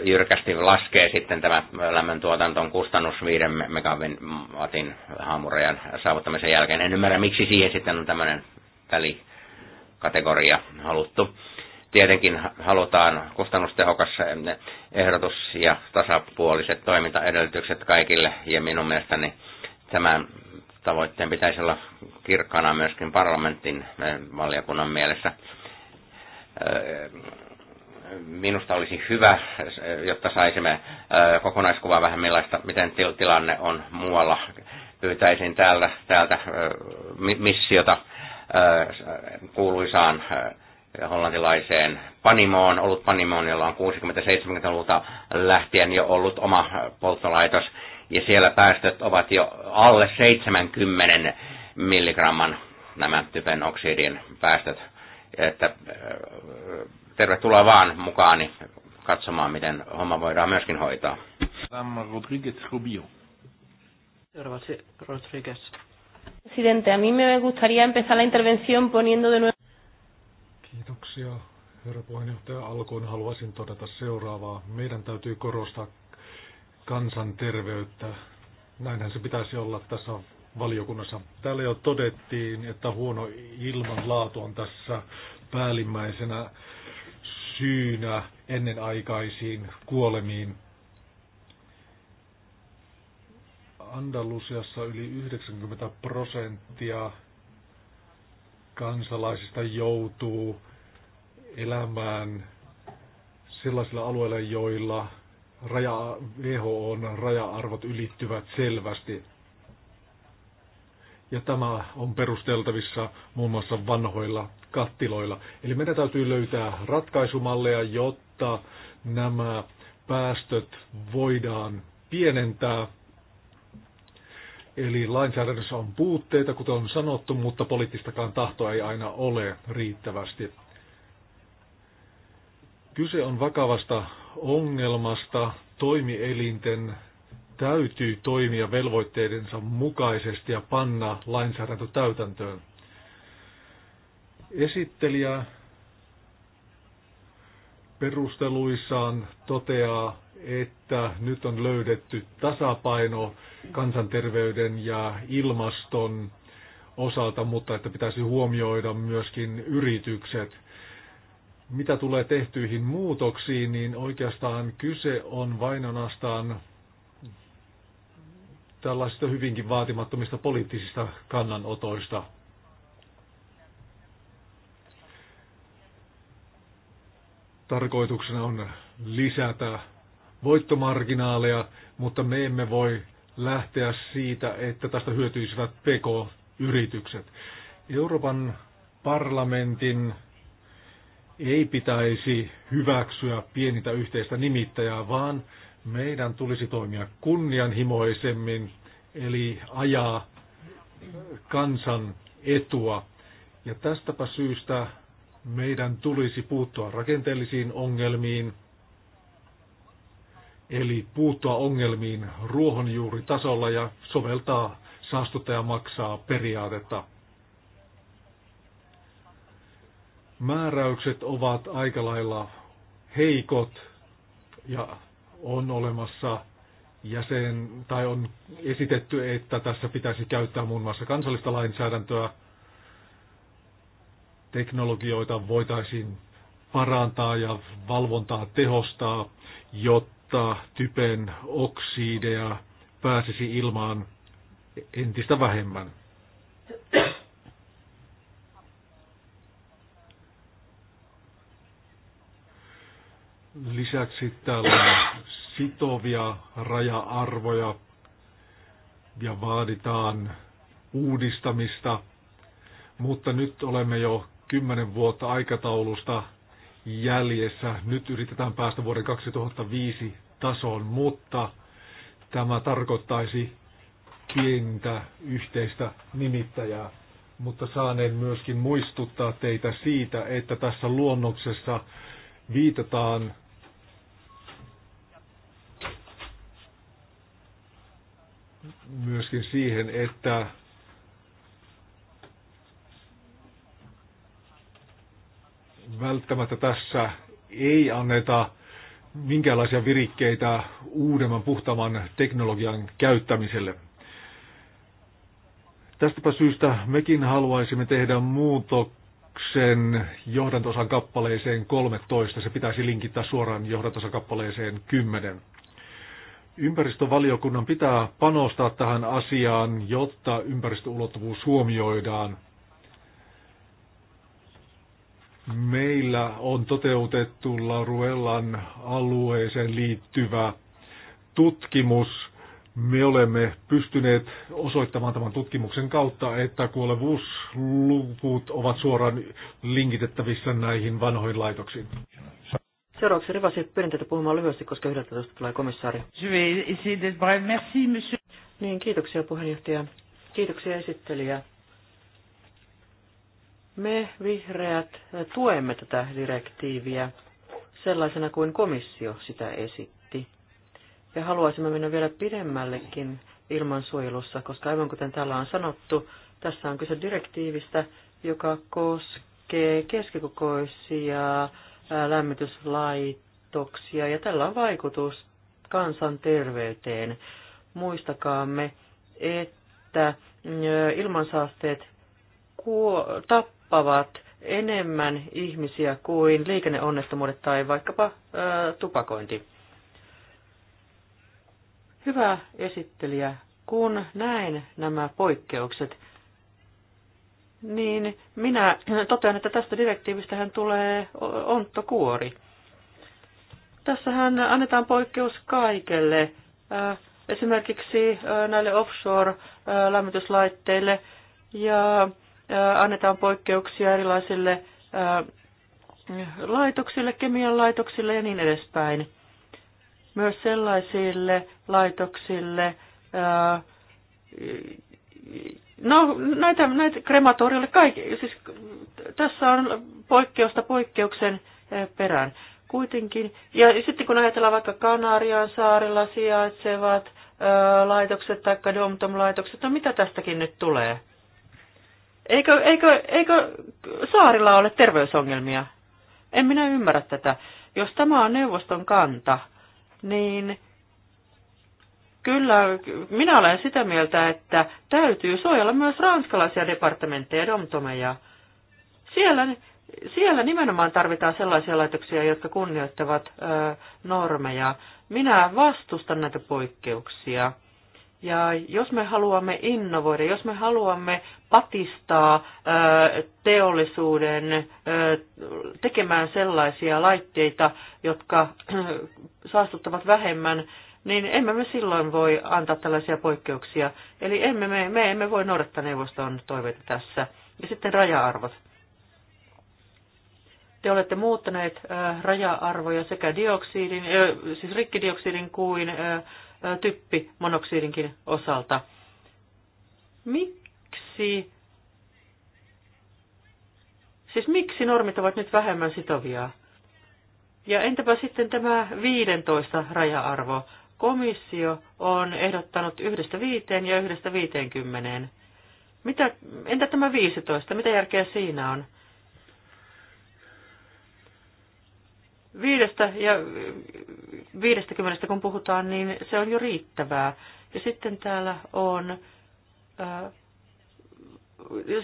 jyrkästi laskee sitten tämä lämmöntuotanton kustannus viiden megawatin haamurajan saavuttamisen jälkeen. En ymmärrä, miksi siihen sitten on tämmöinen välikategoria haluttu. Tietenkin halutaan kustannustehokas ehdotus ja tasapuoliset toimintaedellytykset kaikille, ja minun mielestäni tämän tavoitteen pitäisi olla kirkkana myöskin parlamentin valiokunnan mielessä. Minusta olisi hyvä, jotta saisimme kokonaiskuvaa vähän millaista, miten tilanne on muualla. Pyytäisin täältä, täältä missiota kuuluisaan hollantilaiseen Panimoon, ollut Panimoon, jolla on 60-70-luvulta lähtien jo ollut oma polttolaitos ja siellä päästöt ovat jo alle 70 milligramman nämä typen oksidin päästöt. Että, tervetuloa vaan mukaani katsomaan, miten homma voidaan myöskin hoitaa. Tämä Rodriguez Rubio. Rodriguez. Presidente, a mí me gustaría empezar la intervención poniendo de nuevo... Kiitoksia, herra puheenjohtaja. Alkuun haluaisin todeta seuraavaa. Meidän täytyy korostaa kansanterveyttä. Näinhän se pitäisi olla tässä valiokunnassa. Täällä jo todettiin, että huono ilmanlaatu on tässä päällimmäisenä syynä ennenaikaisiin kuolemiin. Andalusiassa yli 90 prosenttia kansalaisista joutuu elämään sellaisilla alueilla, joilla raja, WHOn raja-arvot ylittyvät selvästi. Ja tämä on perusteltavissa muun muassa vanhoilla kattiloilla. Eli meidän täytyy löytää ratkaisumalleja, jotta nämä päästöt voidaan pienentää. Eli lainsäädännössä on puutteita, kuten on sanottu, mutta poliittistakaan tahtoa ei aina ole riittävästi. Kyse on vakavasta ongelmasta toimielinten täytyy toimia velvoitteidensa mukaisesti ja panna lainsäädäntö täytäntöön. Esittelijä perusteluissaan toteaa, että nyt on löydetty tasapaino kansanterveyden ja ilmaston osalta, mutta että pitäisi huomioida myöskin yritykset. Mitä tulee tehtyihin muutoksiin, niin oikeastaan kyse on vain onastaan tällaisista hyvinkin vaatimattomista poliittisista kannanotoista. Tarkoituksena on lisätä voittomarginaaleja, mutta me emme voi lähteä siitä, että tästä hyötyisivät PK-yritykset. Euroopan parlamentin ei pitäisi hyväksyä pienintä yhteistä nimittäjää, vaan meidän tulisi toimia kunnianhimoisemmin, eli ajaa kansan etua. Ja tästäpä syystä meidän tulisi puuttua rakenteellisiin ongelmiin, eli puuttua ongelmiin ruohonjuuritasolla ja soveltaa saastuttaja maksaa periaatetta. määräykset ovat aika lailla heikot ja on olemassa jäsen, tai on esitetty, että tässä pitäisi käyttää muun muassa kansallista lainsäädäntöä. Teknologioita voitaisiin parantaa ja valvontaa tehostaa, jotta typen oksideja pääsisi ilmaan entistä vähemmän. Lisäksi täällä on sitovia raja-arvoja ja vaaditaan uudistamista, mutta nyt olemme jo kymmenen vuotta aikataulusta jäljessä. Nyt yritetään päästä vuoden 2005 tasoon, mutta tämä tarkoittaisi pientä yhteistä nimittäjää. Mutta saaneen myöskin muistuttaa teitä siitä, että tässä luonnoksessa viitataan myöskin siihen, että välttämättä tässä ei anneta minkälaisia virikkeitä uudemman puhtaamman teknologian käyttämiselle. Tästäpä syystä mekin haluaisimme tehdä muutoksen johdantosan kappaleeseen 13. Se pitäisi linkittää suoraan johdantosan kappaleeseen 10. Ympäristövaliokunnan pitää panostaa tähän asiaan, jotta ympäristöulottuvuus huomioidaan. Meillä on toteutettu Laruellan alueeseen liittyvä tutkimus. Me olemme pystyneet osoittamaan tämän tutkimuksen kautta, että kuolevuusluvut ovat suoraan linkitettävissä näihin vanhoihin laitoksiin. Seuraavaksi Rivasi, pyydän teitä puhumaan lyhyesti, koska 11 tulee komissaari. Merci, monsieur. Niin, kiitoksia puheenjohtaja. Kiitoksia esittelijä. Me vihreät tuemme tätä direktiiviä sellaisena kuin komissio sitä esitti. Ja haluaisimme mennä vielä pidemmällekin ilmansuojelussa, koska aivan kuten täällä on sanottu, tässä on kyse direktiivistä, joka koskee keskikokoisia lämmityslaitoksia ja tällä on vaikutus kansanterveyteen. Muistakaamme, että ilmansaasteet tappavat enemmän ihmisiä kuin liikenneonnettomuudet tai vaikkapa ää, tupakointi. Hyvä esittelijä, kun näen nämä poikkeukset, niin minä totean, että tästä direktiivistä hän tulee Kuori. Tässähän annetaan poikkeus kaikelle, esimerkiksi näille offshore-lämmityslaitteille ja annetaan poikkeuksia erilaisille laitoksille, kemian laitoksille ja niin edespäin. Myös sellaisille laitoksille, No näitä, näitä krematoriolle kaikki, siis tässä on poikkeusta poikkeuksen eh, perään kuitenkin. Ja sitten kun ajatellaan vaikka Kanarian saarilla sijaitsevat ö, laitokset tai domtom-laitokset, no mitä tästäkin nyt tulee? Eikö, eikö, eikö saarilla ole terveysongelmia? En minä ymmärrä tätä. Jos tämä on neuvoston kanta, niin Kyllä, minä olen sitä mieltä, että täytyy suojella myös ranskalaisia departementteja, domtomeja. Siellä, siellä nimenomaan tarvitaan sellaisia laitoksia, jotka kunnioittavat ö, normeja. Minä vastustan näitä poikkeuksia. Ja jos me haluamme innovoida, jos me haluamme patistaa teollisuuden tekemään sellaisia laitteita, jotka saastuttavat vähemmän, niin emme me silloin voi antaa tällaisia poikkeuksia. Eli emme me, me emme voi noudattaa neuvoston toiveita tässä. Ja sitten raja-arvot. Te olette muuttaneet raja-arvoja sekä dioksidin, siis rikkidioksidin kuin typpimonoksidinkin osalta. Miksi, siis miksi normit ovat nyt vähemmän sitovia? Ja entäpä sitten tämä 15 raja-arvo? komissio on ehdottanut yhdestä viiteen ja yhdestä viiteenkymmeneen. Mitä, entä tämä 15? Mitä järkeä siinä on? Viidestä ja viidestäkymmenestä kun puhutaan, niin se on jo riittävää. Ja sitten täällä on... Ää, äh,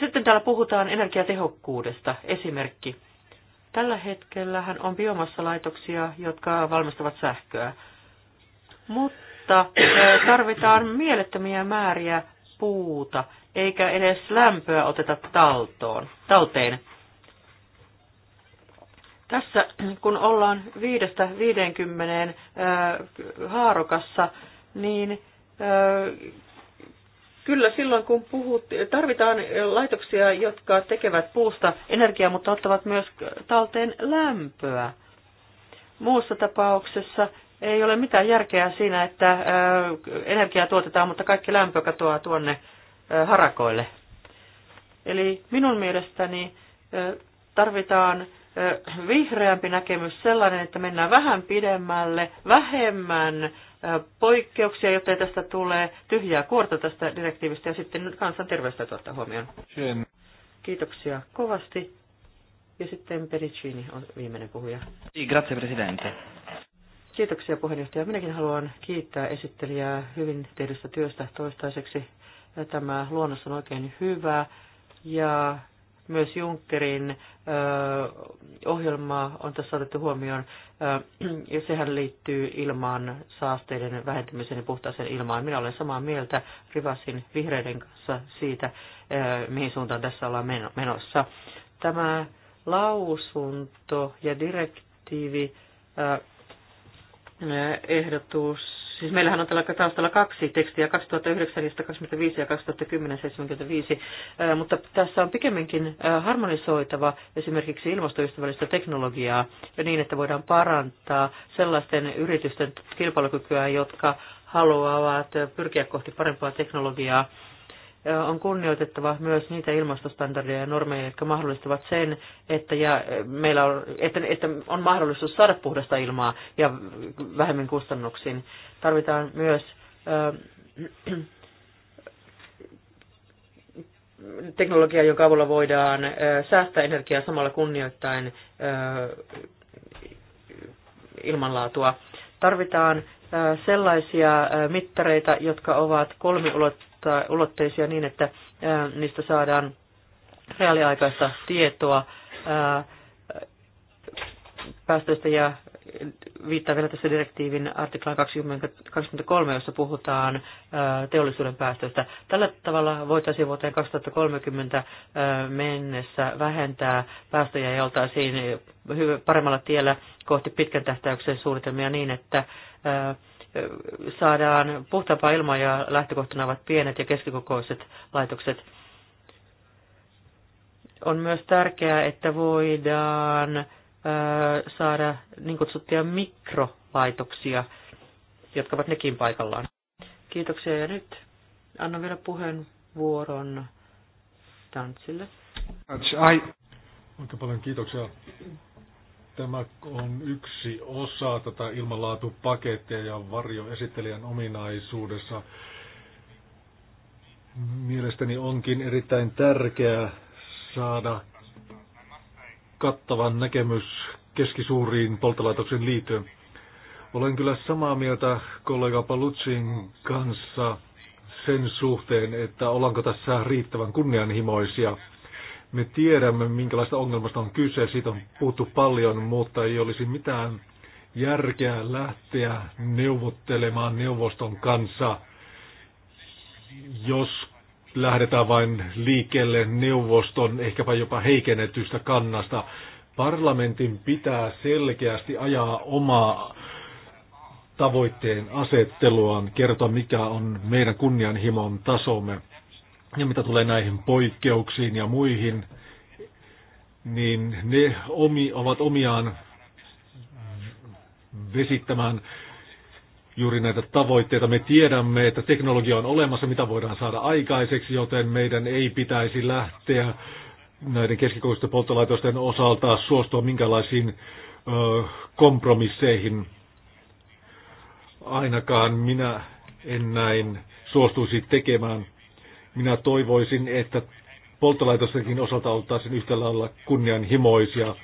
sitten täällä puhutaan energiatehokkuudesta. Esimerkki. Tällä hetkellä on biomassalaitoksia, jotka valmistavat sähköä mutta tarvitaan mielettömiä määriä puuta, eikä edes lämpöä oteta taltoon, talteen. Tässä kun ollaan 5-50 haarokassa, niin kyllä silloin kun puhut, tarvitaan laitoksia, jotka tekevät puusta energiaa, mutta ottavat myös talteen lämpöä. Muussa tapauksessa ei ole mitään järkeä siinä, että energiaa tuotetaan, mutta kaikki lämpö katoaa tuonne harakoille. Eli minun mielestäni tarvitaan vihreämpi näkemys sellainen, että mennään vähän pidemmälle, vähemmän poikkeuksia, jotta tästä tulee tyhjää kuorta tästä direktiivistä ja sitten kansanterveystä tuottaa huomioon. Sen. Kiitoksia kovasti. Ja sitten Pericini on viimeinen puhuja. Grazie Presidente. Kiitoksia puheenjohtaja. Minäkin haluan kiittää esittelijää hyvin tehdystä työstä toistaiseksi. Tämä luonnos on oikein hyvä ja myös Junckerin ohjelmaa on tässä otettu huomioon, ja sehän liittyy ilmaan saasteiden vähentämiseen ja puhtaaseen ilmaan. Minä olen samaa mieltä Rivasin vihreiden kanssa siitä, mihin suuntaan tässä ollaan menossa. Tämä lausunto ja direktiivi ehdotus. Siis meillähän on tällä taustalla kaksi tekstiä, 2009, 25 ja 2010, 75, mutta tässä on pikemminkin harmonisoitava esimerkiksi ilmastoystävällistä teknologiaa ja niin, että voidaan parantaa sellaisten yritysten kilpailukykyä, jotka haluavat pyrkiä kohti parempaa teknologiaa on kunnioitettava myös niitä ilmastostandardeja ja normeja, jotka mahdollistavat sen, että, ja meillä on, että, että on mahdollisuus saada puhdasta ilmaa ja vähemmän kustannuksiin. Tarvitaan myös ää, teknologiaa, jonka avulla voidaan ää, säästää energiaa samalla kunnioittain ää, ilmanlaatua. Tarvitaan sellaisia mittareita, jotka ovat kolmiulotteisia tai ulotteisia niin, että niistä saadaan reaaliaikaista tietoa päästöistä ja viittaa vielä tässä direktiivin artiklaan 23, jossa puhutaan teollisuuden päästöistä. Tällä tavalla voitaisiin vuoteen 2030 mennessä vähentää päästöjä ja oltaisiin paremmalla tiellä kohti pitkän tähtäyksen suunnitelmia niin, että saadaan puhtaampaa ilmaa ja lähtökohtana ovat pienet ja keskikokoiset laitokset. On myös tärkeää, että voidaan saada niin kutsuttuja mikrolaitoksia, jotka ovat nekin paikallaan. Kiitoksia ja nyt annan vielä puheenvuoron tanssille. Aika paljon kiitoksia Tämä on yksi osa tätä ilmanlaatupakettia ja esittelijän ominaisuudessa. Mielestäni onkin erittäin tärkeää saada kattavan näkemys keskisuuriin polttolaitoksen liittyen. Olen kyllä samaa mieltä kollega Palutsin kanssa sen suhteen, että ollaanko tässä riittävän kunnianhimoisia me tiedämme, minkälaista ongelmasta on kyse, siitä on puhuttu paljon, mutta ei olisi mitään järkeä lähteä neuvottelemaan neuvoston kanssa, jos lähdetään vain liikkeelle neuvoston ehkäpä jopa heikennetystä kannasta. Parlamentin pitää selkeästi ajaa omaa tavoitteen asetteluaan, kertoa mikä on meidän kunnianhimon tasomme. Ja mitä tulee näihin poikkeuksiin ja muihin, niin ne omi, ovat omiaan vesittämään juuri näitä tavoitteita. Me tiedämme, että teknologia on olemassa, mitä voidaan saada aikaiseksi, joten meidän ei pitäisi lähteä näiden keskikokoisten polttolaitosten osalta suostua minkälaisiin ö, kompromisseihin. Ainakaan minä en näin suostuisi tekemään. Minä toivoisin, että polttolaitostenkin osalta oltaisiin yhtä lailla kunnianhimoisia,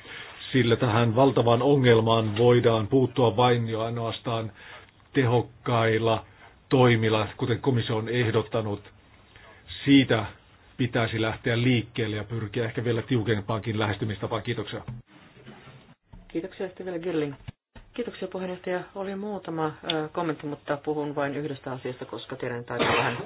sillä tähän valtavaan ongelmaan voidaan puuttua vain jo ainoastaan tehokkailla toimilla, kuten komissio on ehdottanut. Siitä pitäisi lähteä liikkeelle ja pyrkiä ehkä vielä tiukempaankin lähestymistapaan. Kiitoksia. Kiitoksia sitten vielä Girling. Kiitoksia puheenjohtaja. Oli muutama kommentti, mutta puhun vain yhdestä asiasta, koska tiedän, että aika vähän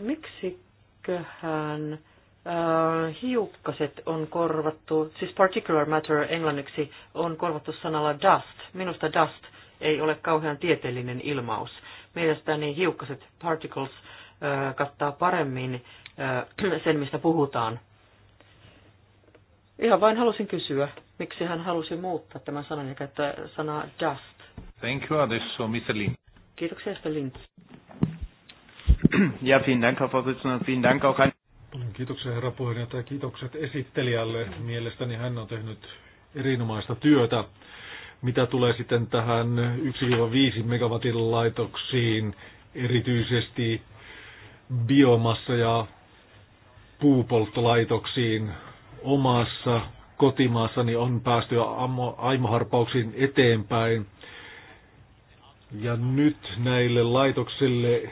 Miksiköhän äh, hiukkaset on korvattu, siis particular matter englanniksi on korvattu sanalla dust. Minusta dust ei ole kauhean tieteellinen ilmaus. Mielestäni hiukkaset, particles, äh, kattaa paremmin äh, sen, mistä puhutaan. Ihan vain halusin kysyä, miksi hän halusi muuttaa tämän sanan ja käyttää sanaa dust. Thank you, adesso Mr. Lin. Kiitoksia, Mr. Lin. Ja, vielen Dank, Herr Vorsitzender. Vielen Dank auch an... Kiitoksia herra puheenjohtaja. Kiitokset esittelijälle. Mielestäni hän on tehnyt erinomaista työtä. Mitä tulee sitten tähän 1-5 megawatin laitoksiin, erityisesti biomassa- ja puupolttolaitoksiin omassa kotimaassani on päästy aimoharpauksiin eteenpäin. Ja nyt näille laitoksille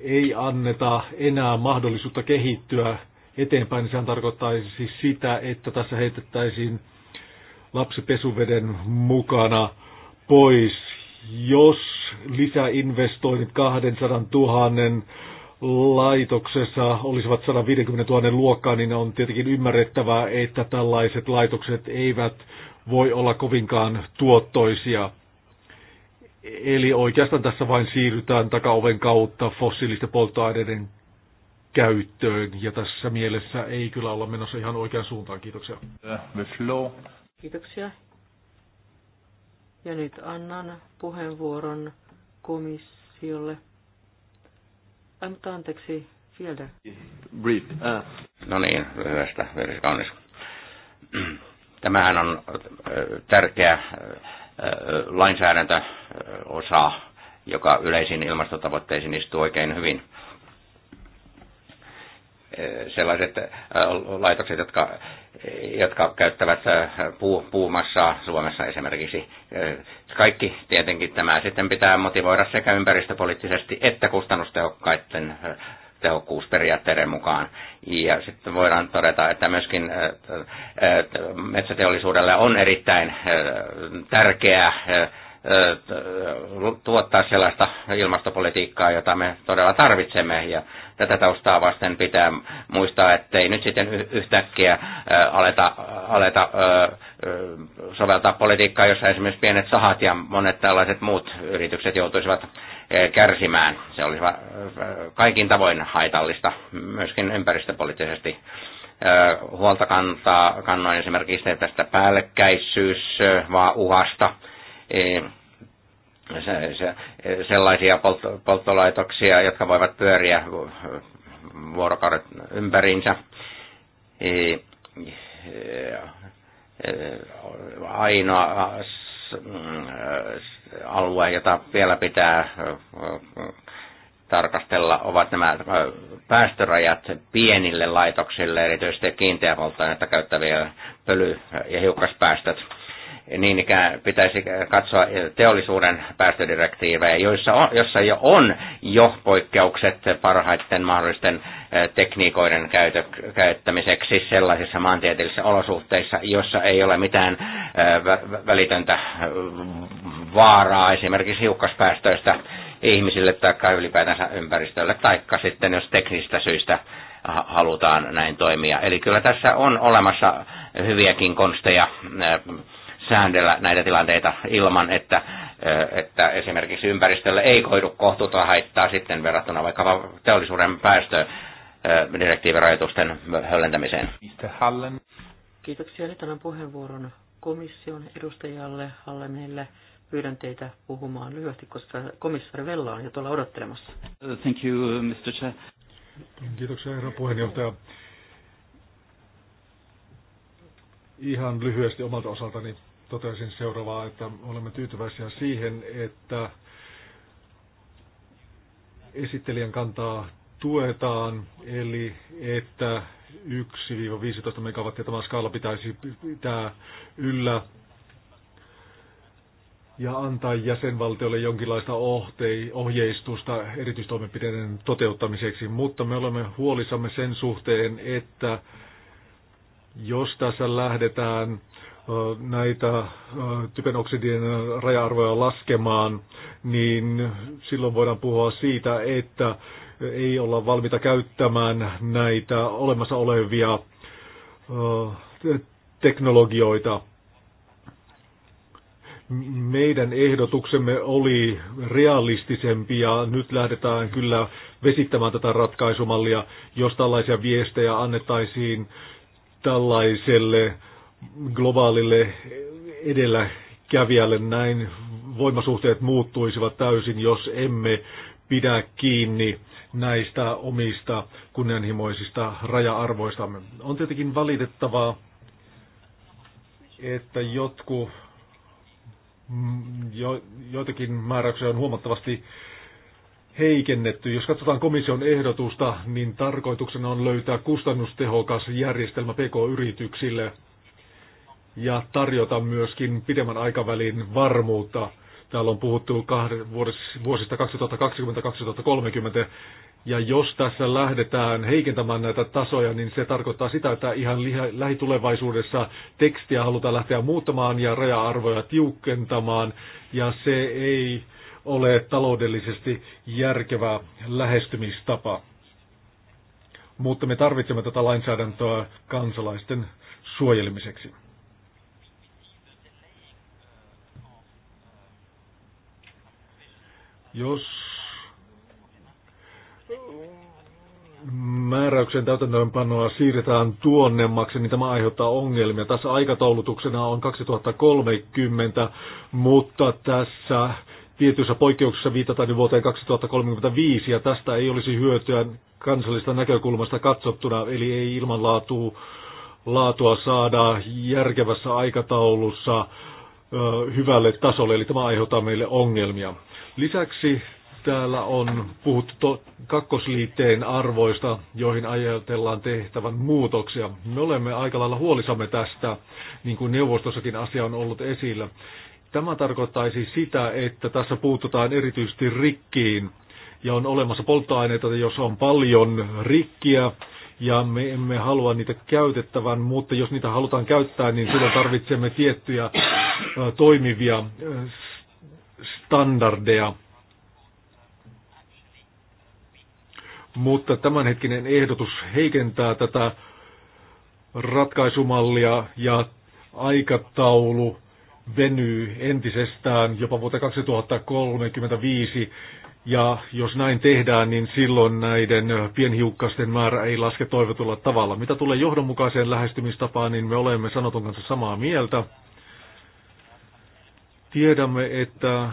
ei anneta enää mahdollisuutta kehittyä eteenpäin, niin sehän tarkoittaisi siis sitä, että tässä heitettäisiin lapsi pesuveden mukana pois. Jos lisäinvestoinnit 200 000 laitoksessa olisivat 150 000 luokkaa, niin on tietenkin ymmärrettävää, että tällaiset laitokset eivät voi olla kovinkaan tuottoisia. Eli oikeastaan tässä vain siirrytään takaoven kautta fossiilisten polttoaineiden käyttöön, ja tässä mielessä ei kyllä olla menossa ihan oikeaan suuntaan. Kiitoksia. Kiitoksia. Ja nyt annan puheenvuoron komissiolle. Ai, mutta anteeksi, Fielder. Brief. Uh. No niin, lyhyestä, kaunis. Tämähän on äh, tärkeä lainsäädäntöosa, joka yleisiin ilmastotavoitteisiin istuu oikein hyvin. Sellaiset äh, laitokset, jotka, jotka käyttävät äh, puu, puumassaa Suomessa esimerkiksi, äh, kaikki tietenkin tämä sitten pitää motivoida sekä ympäristöpoliittisesti että kustannustehokkaiden tehokkuusperiaatteiden mukaan. Ja sitten voidaan todeta, että myöskin äh, äh, äh, metsäteollisuudelle on erittäin tärkeää tuottaa sellaista ilmastopolitiikkaa, jota me todella tarvitsemme. Ja tätä taustaa vasten pitää muistaa, ettei nyt sitten yhtäkkiä aleta, aleta soveltaa politiikkaa, jossa esimerkiksi pienet sahat ja monet tällaiset muut yritykset joutuisivat kärsimään. Se olisi kaikin tavoin haitallista, myöskin ympäristöpoliittisesti huolta kantaa, kannoin esimerkiksi tästä päällekkäisyys vaan uhasta, E, e, sellaisia polttolaitoksia, jotka voivat pyöriä vuorokaudet ympäriinsä. E, ainoa mm, alue, jota vielä pitää mm, tarkastella, ovat nämä äh, päästörajat pienille laitoksille, erityisesti kiinteäpolttoainetta käyttäviä pöly- ja hiukkaspäästöt niin ikään pitäisi katsoa teollisuuden päästödirektiivejä, joissa, on, jossa jo on jo poikkeukset parhaiten mahdollisten eh, tekniikoiden käytö, käyttämiseksi sellaisissa maantieteellisissä olosuhteissa, jossa ei ole mitään eh, välitöntä eh, vaaraa esimerkiksi hiukkaspäästöistä ihmisille tai ylipäätänsä ympäristölle, taikka sitten jos teknistä syistä halutaan näin toimia. Eli kyllä tässä on olemassa hyviäkin konsteja säännellä näitä tilanteita ilman, että, että esimerkiksi ympäristölle ei koidu kohtuuta haittaa sitten verrattuna vaikkapa teollisuuden päästöön direktiivirajoitusten höllentämiseen. Hallen. Kiitoksia. tämän puheenvuoron komission edustajalle Hallenille. Pyydän teitä puhumaan lyhyesti, koska komissaari Vella on jo tuolla odottelemassa. Uh, thank you, uh, Mr. Chair. Kiitoksia, herra puheenjohtaja. Ihan lyhyesti omalta osaltani totesin seuraavaa, että olemme tyytyväisiä siihen, että esittelijän kantaa tuetaan, eli että 1-15 megawattia tämä skaala pitäisi pitää yllä ja antaa jäsenvaltiolle jonkinlaista ohjeistusta erityistoimenpiteiden toteuttamiseksi, mutta me olemme huolissamme sen suhteen, että jos tässä lähdetään näitä oksidien raja-arvoja laskemaan, niin silloin voidaan puhua siitä, että ei olla valmiita käyttämään näitä olemassa olevia teknologioita. Meidän ehdotuksemme oli realistisempi ja nyt lähdetään kyllä vesittämään tätä ratkaisumallia, jos tällaisia viestejä annettaisiin tällaiselle globaalille edelläkävijälle näin voimasuhteet muuttuisivat täysin, jos emme pidä kiinni näistä omista kunnianhimoisista raja-arvoistamme. On tietenkin valitettavaa, että jotkut, mm, jo, joitakin määräyksiä on huomattavasti heikennetty. Jos katsotaan komission ehdotusta, niin tarkoituksena on löytää kustannustehokas järjestelmä PK-yrityksille – ja tarjota myöskin pidemmän aikavälin varmuutta. Täällä on puhuttu vuosista 2020-2030, ja jos tässä lähdetään heikentämään näitä tasoja, niin se tarkoittaa sitä, että ihan lähitulevaisuudessa tekstiä halutaan lähteä muuttamaan ja raja-arvoja tiukentamaan, ja se ei ole taloudellisesti järkevä lähestymistapa. Mutta me tarvitsemme tätä lainsäädäntöä kansalaisten suojelemiseksi. Jos määräyksen täytäntöönpanoa siirretään tuonnemmaksi, niin tämä aiheuttaa ongelmia. Tässä aikataulutuksena on 2030, mutta tässä tietyissä poikkeuksissa viitataan niin vuoteen 2035, ja tästä ei olisi hyötyä kansallista näkökulmasta katsottuna, eli ei ilmanlaatua laatua saada järkevässä aikataulussa ö, hyvälle tasolle, eli tämä aiheuttaa meille ongelmia. Lisäksi täällä on puhuttu kakkosliitteen arvoista, joihin ajatellaan tehtävän muutoksia. Me olemme aika lailla huolisamme tästä, niin kuin neuvostossakin asia on ollut esillä. Tämä tarkoittaisi sitä, että tässä puututaan erityisesti rikkiin ja on olemassa polttoaineita, jos on paljon rikkiä ja me emme halua niitä käytettävän, mutta jos niitä halutaan käyttää, niin silloin tarvitsemme tiettyjä toimivia standardeja. Mutta tämänhetkinen ehdotus heikentää tätä ratkaisumallia ja aikataulu venyy entisestään jopa vuoteen 2035. Ja jos näin tehdään, niin silloin näiden pienhiukkasten määrä ei laske toivotulla tavalla. Mitä tulee johdonmukaiseen lähestymistapaan, niin me olemme sanotun kanssa samaa mieltä. Tiedämme, että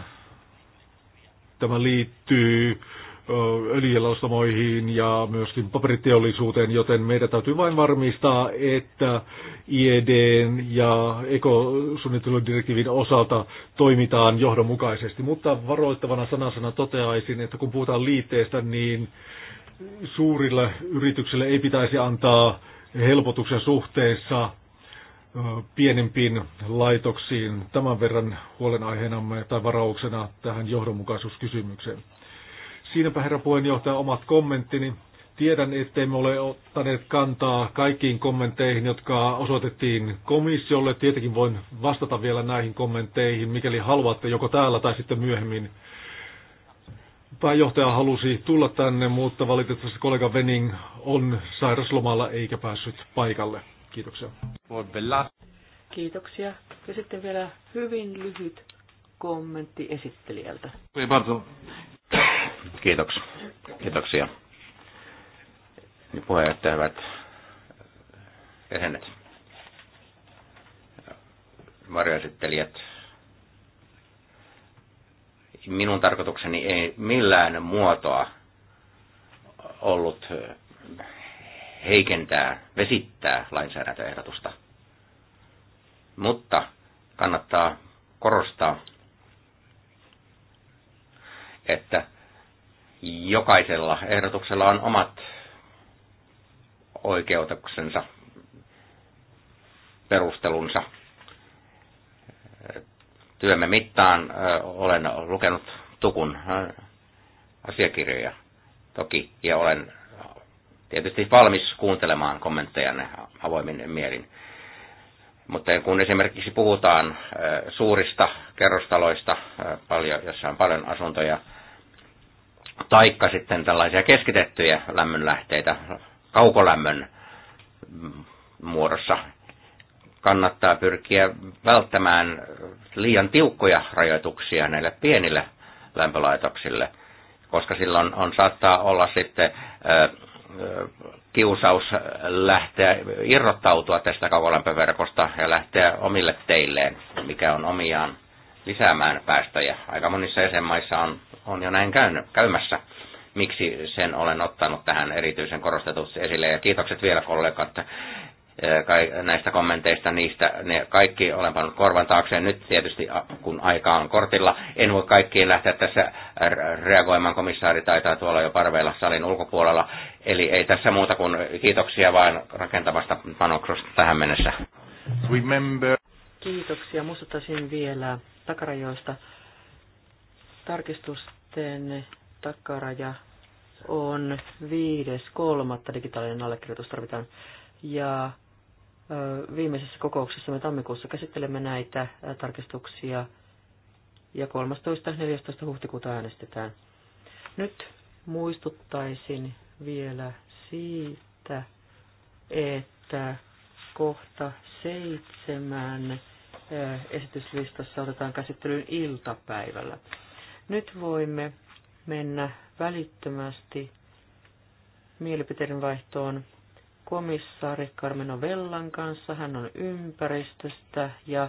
Tämä liittyy öljyjalostamoihin ja myöskin paperiteollisuuteen, joten meidän täytyy vain varmistaa, että IED ja ekosuunnitteludirektiivin osalta toimitaan johdonmukaisesti. Mutta varoittavana sanasana toteaisin, että kun puhutaan liitteestä, niin suurille yrityksille ei pitäisi antaa helpotuksen suhteessa pienempiin laitoksiin. Tämän verran huolenaiheenamme tai varauksena tähän johdonmukaisuuskysymykseen. Siinäpä herra puheenjohtaja omat kommenttini. Tiedän, ettei me ole ottaneet kantaa kaikkiin kommentteihin, jotka osoitettiin komissiolle. Tietenkin voin vastata vielä näihin kommentteihin, mikäli haluatte, joko täällä tai sitten myöhemmin. Pääjohtaja halusi tulla tänne, mutta valitettavasti kollega Venning on sairaslomalla eikä päässyt paikalle. Kiitoksia. Kiitoksia. Ja sitten vielä hyvin lyhyt kommentti esittelijältä. Kiitoksia. Kiitoksia. Puheenjohtaja, hyvät jäsenet, varjoesittelijät. Minun tarkoitukseni ei millään muotoa ollut heikentää, vesittää lainsäädäntöehdotusta. Mutta kannattaa korostaa, että jokaisella ehdotuksella on omat oikeutuksensa, perustelunsa. Työmme mittaan olen lukenut tukun asiakirjoja toki, ja olen tietysti valmis kuuntelemaan kommenttejanne avoimin mielin. Mutta kun esimerkiksi puhutaan suurista kerrostaloista, paljon, jossa on paljon asuntoja, taikka sitten tällaisia keskitettyjä lämmönlähteitä kaukolämmön mm, muodossa, kannattaa pyrkiä välttämään liian tiukkoja rajoituksia näille pienille lämpölaitoksille, koska silloin on, saattaa olla sitten kiusaus lähteä irrottautua tästä kaukolämpöverkosta ja lähteä omille teilleen, mikä on omiaan lisäämään päästöjä. Aika monissa jäsenmaissa on, on jo näin käynyt, käymässä. Miksi sen olen ottanut tähän erityisen korostetusti esille. Ja kiitokset vielä kollegat näistä kommenteista, niistä ne kaikki olen pannut korvan taakse. Nyt tietysti kun aika on kortilla, en voi kaikkiin lähteä tässä reagoimaan. Komissaari taitaa tuolla jo parveilla salin ulkopuolella. Eli ei tässä muuta kuin kiitoksia vaan rakentavasta panoksesta tähän mennessä. Remember. Kiitoksia. Muistuttaisin vielä takarajoista. Tarkistusten takaraja on 5.3. digitaalinen allekirjoitus tarvitaan ja viimeisessä kokouksessa me tammikuussa käsittelemme näitä tarkistuksia ja 13-14 huhtikuuta äänestetään. Nyt muistuttaisin vielä siitä, että kohta seitsemän esityslistassa otetaan käsittelyyn iltapäivällä. Nyt voimme mennä välittömästi mielipiteiden vaihtoon komissaari Carmeno Vellan kanssa. Hän on ympäristöstä ja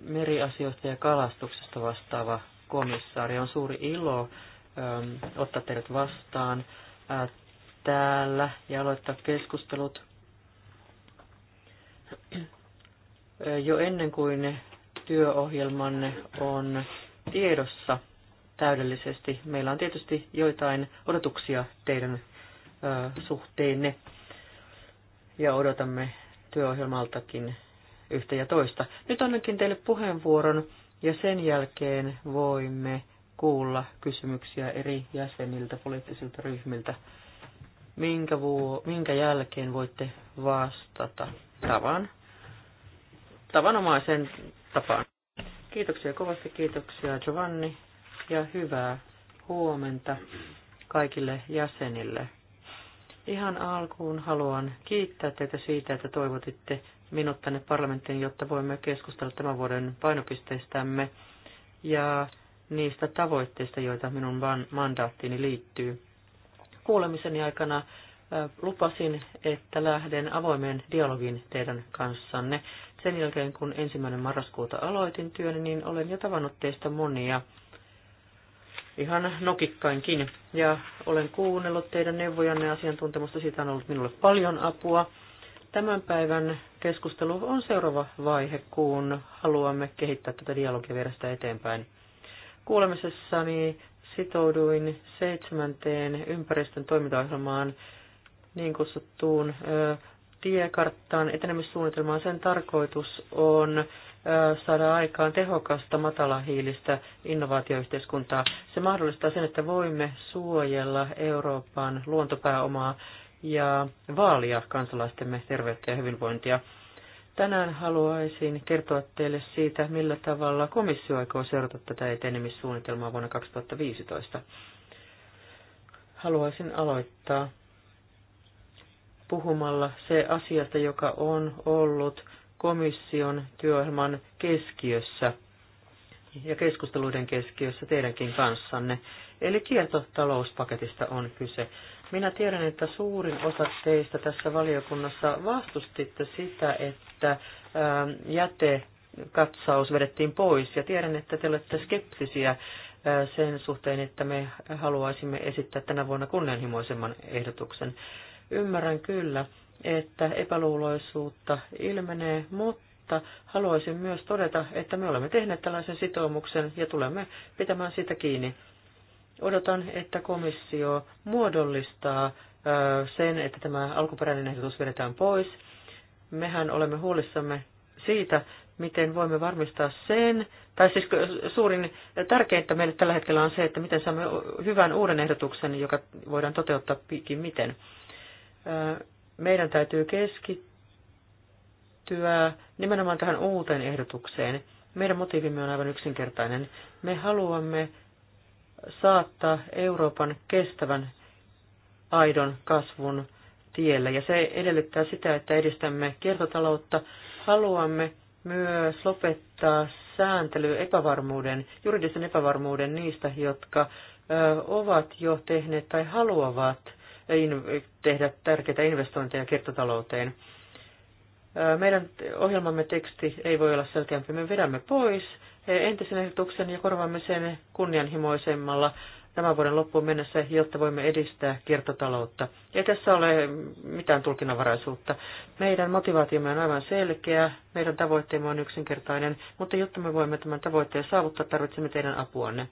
meriasioista ja kalastuksesta vastaava komissaari. On suuri ilo ottaa teidät vastaan täällä ja aloittaa keskustelut. Jo ennen kuin työohjelmanne on tiedossa täydellisesti, meillä on tietysti joitain odotuksia teidän suhteenne ja odotamme työohjelmaltakin yhtä ja toista. Nyt annankin teille puheenvuoron ja sen jälkeen voimme kuulla kysymyksiä eri jäseniltä, poliittisilta ryhmiltä, minkä, vuo, minkä jälkeen voitte vastata tavan, tavanomaisen tapaan. Kiitoksia kovasti, kiitoksia Giovanni ja hyvää huomenta kaikille jäsenille. Ihan alkuun haluan kiittää teitä siitä, että toivotitte minut tänne parlamenttiin, jotta voimme keskustella tämän vuoden painopisteistämme ja niistä tavoitteista, joita minun mandaattiini liittyy. Kuulemiseni aikana lupasin, että lähden avoimeen dialogin teidän kanssanne. Sen jälkeen, kun ensimmäinen marraskuuta aloitin työn, niin olen jo tavannut teistä monia ihan nokikkainkin. Ja olen kuunnellut teidän neuvojanne asiantuntemusta, siitä on ollut minulle paljon apua. Tämän päivän keskustelu on seuraava vaihe, kun haluamme kehittää tätä dialogia vielä eteenpäin. Kuulemisessani sitouduin seitsemänteen ympäristön toimintaohjelmaan, niin kutsuttuun tiekarttaan etenemissuunnitelmaan. Sen tarkoitus on saada aikaan tehokasta matalahiilistä innovaatioyhteiskuntaa. Se mahdollistaa sen, että voimme suojella Euroopan luontopääomaa ja vaalia kansalaistemme terveyttä ja hyvinvointia. Tänään haluaisin kertoa teille siitä, millä tavalla komissio aikoo seurata tätä etenemissuunnitelmaa vuonna 2015. Haluaisin aloittaa puhumalla se asiasta, joka on ollut komission työohjelman keskiössä ja keskusteluiden keskiössä teidänkin kanssanne. Eli kiertotalouspaketista on kyse. Minä tiedän, että suurin osa teistä tässä valiokunnassa vastustitte sitä, että ähm, jätekatsaus vedettiin pois. Ja tiedän, että te olette skeptisiä äh, sen suhteen, että me haluaisimme esittää tänä vuonna kunnianhimoisemman ehdotuksen. Ymmärrän kyllä, että epäluuloisuutta ilmenee, mutta haluaisin myös todeta, että me olemme tehneet tällaisen sitoumuksen ja tulemme pitämään sitä kiinni. Odotan, että komissio muodollistaa sen, että tämä alkuperäinen ehdotus vedetään pois. Mehän olemme huolissamme siitä, miten voimme varmistaa sen, tai siis suurin tärkeintä meille tällä hetkellä on se, että miten saamme hyvän uuden ehdotuksen, joka voidaan toteuttaa pikin miten meidän täytyy keskittyä nimenomaan tähän uuteen ehdotukseen. Meidän motiivimme on aivan yksinkertainen. Me haluamme saattaa Euroopan kestävän aidon kasvun tielle, ja se edellyttää sitä, että edistämme kiertotaloutta. Haluamme myös lopettaa sääntely epävarmuuden, juridisen epävarmuuden niistä, jotka ö, ovat jo tehneet tai haluavat tehdä tärkeitä investointeja kiertotalouteen. Meidän ohjelmamme teksti ei voi olla selkeämpi. Me vedämme pois entisen ehdotuksen ja korvaamme sen kunnianhimoisemmalla tämän vuoden loppuun mennessä, jotta voimme edistää kiertotaloutta. Ei tässä ole mitään tulkinnanvaraisuutta. Meidän motivaatiomme on aivan selkeä, meidän tavoitteemme on yksinkertainen, mutta jotta me voimme tämän tavoitteen saavuttaa, tarvitsemme teidän apuanne.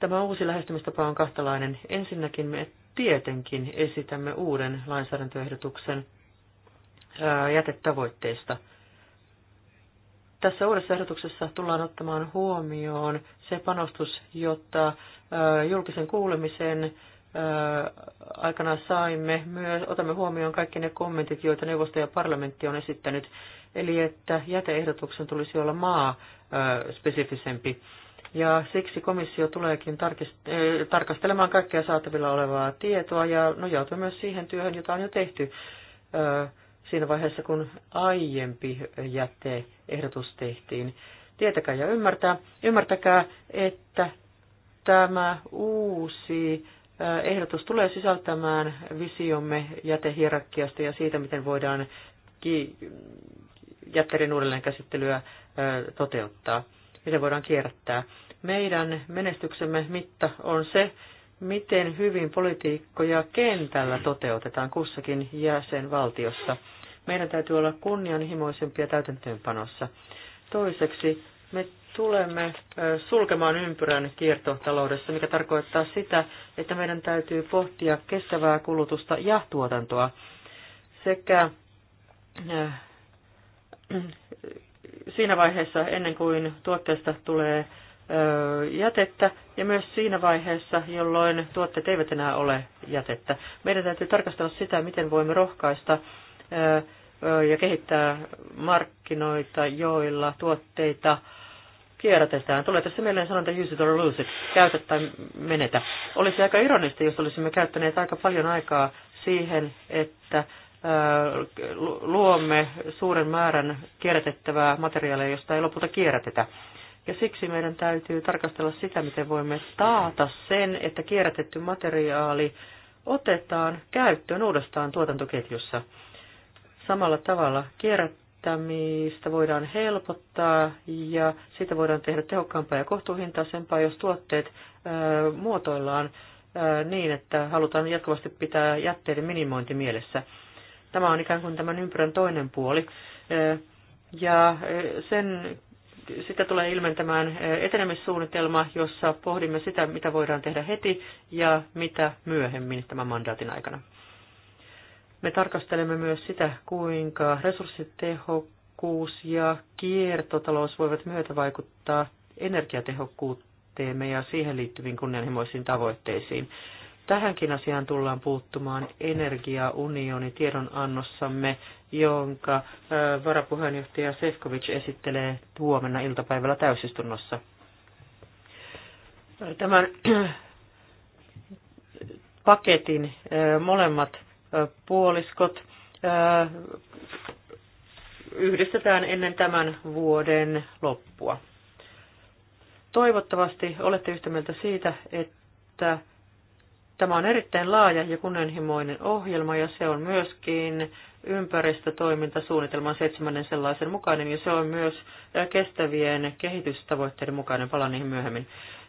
Tämä uusi lähestymistapa on kahtalainen. Ensinnäkin me tietenkin esitämme uuden lainsäädäntöehdotuksen jätetavoitteista. Tässä uudessa ehdotuksessa tullaan ottamaan huomioon se panostus, jotta julkisen kuulemisen aikana saimme. Myös otamme huomioon kaikki ne kommentit, joita neuvosto ja parlamentti on esittänyt, eli että jäteehdotuksen tulisi olla maa spesifisempi. Ja siksi komissio tuleekin tarkist- eh, tarkastelemaan kaikkea saatavilla olevaa tietoa ja nojautuu myös siihen työhön, jota on jo tehty siinä vaiheessa, kun aiempi jäteehdotus tehtiin. Tietäkää ja ymmärtää, ymmärtäkää, että tämä uusi ehdotus tulee sisältämään visiomme jätehierarkiasta ja siitä, miten voidaan ki- jätteiden uudelleenkäsittelyä toteuttaa, miten voidaan kierrättää. Meidän menestyksemme mitta on se, miten hyvin politiikkoja kentällä toteutetaan kussakin jäsenvaltiossa. Meidän täytyy olla kunnianhimoisempia täytäntöönpanossa. Toiseksi me tulemme sulkemaan ympyrän kiertotaloudessa, mikä tarkoittaa sitä, että meidän täytyy pohtia kestävää kulutusta ja tuotantoa sekä siinä vaiheessa ennen kuin tuotteesta tulee jätettä ja myös siinä vaiheessa, jolloin tuotteet eivät enää ole jätettä. Meidän täytyy tarkastella sitä, miten voimme rohkaista ja kehittää markkinoita, joilla tuotteita kierrätetään. Tulee tässä mieleen sanonta use it or lose it, käytä tai menetä. Olisi aika ironista, jos olisimme käyttäneet aika paljon aikaa siihen, että luomme suuren määrän kierrätettävää materiaalia, josta ei lopulta kierrätetä. Ja siksi meidän täytyy tarkastella sitä, miten voimme taata sen, että kierrätetty materiaali otetaan käyttöön uudestaan tuotantoketjussa. Samalla tavalla kierrättämistä voidaan helpottaa ja sitä voidaan tehdä tehokkaampaa ja kohtuuhintaisempaa, jos tuotteet ö, muotoillaan ö, niin, että halutaan jatkuvasti pitää jätteiden minimointi mielessä. Tämä on ikään kuin tämän ympyrän toinen puoli. Ja sen sitä tulee ilmentämään eh, etenemissuunnitelma, jossa pohdimme sitä, mitä voidaan tehdä heti ja mitä myöhemmin tämän mandaatin aikana. Me tarkastelemme myös sitä, kuinka resurssitehokkuus ja kiertotalous voivat vaikuttaa energiatehokkuuteemme ja siihen liittyviin kunnianhimoisiin tavoitteisiin. Tähänkin asiaan tullaan puuttumaan energiaunioni tiedonannossamme, jonka varapuheenjohtaja Sefkovic esittelee huomenna iltapäivällä täysistunnossa. Tämän paketin molemmat puoliskot yhdistetään ennen tämän vuoden loppua. Toivottavasti olette yhtä mieltä siitä, että Tämä on erittäin laaja ja kunnianhimoinen ohjelma ja se on myöskin ympäristötoimintasuunnitelman seitsemännen sellaisen mukainen ja se on myös kestävien kehitystavoitteiden mukainen. Palaan niihin myöhemmin.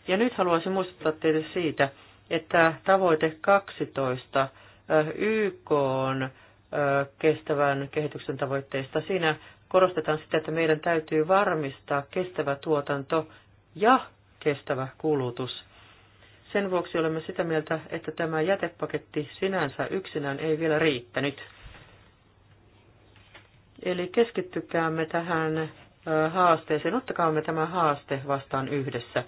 Ja nyt haluaisin muistuttaa teille siitä, että tavoite 12 YK on kestävän kehityksen tavoitteista. Siinä korostetaan sitä, että meidän täytyy varmistaa kestävä tuotanto ja kestävä kulutus. Sen vuoksi olemme sitä mieltä, että tämä jätepaketti sinänsä yksinään ei vielä riittänyt. Eli keskittykäämme tähän haasteeseen, ottakaamme tämä haaste vastaan yhdessä.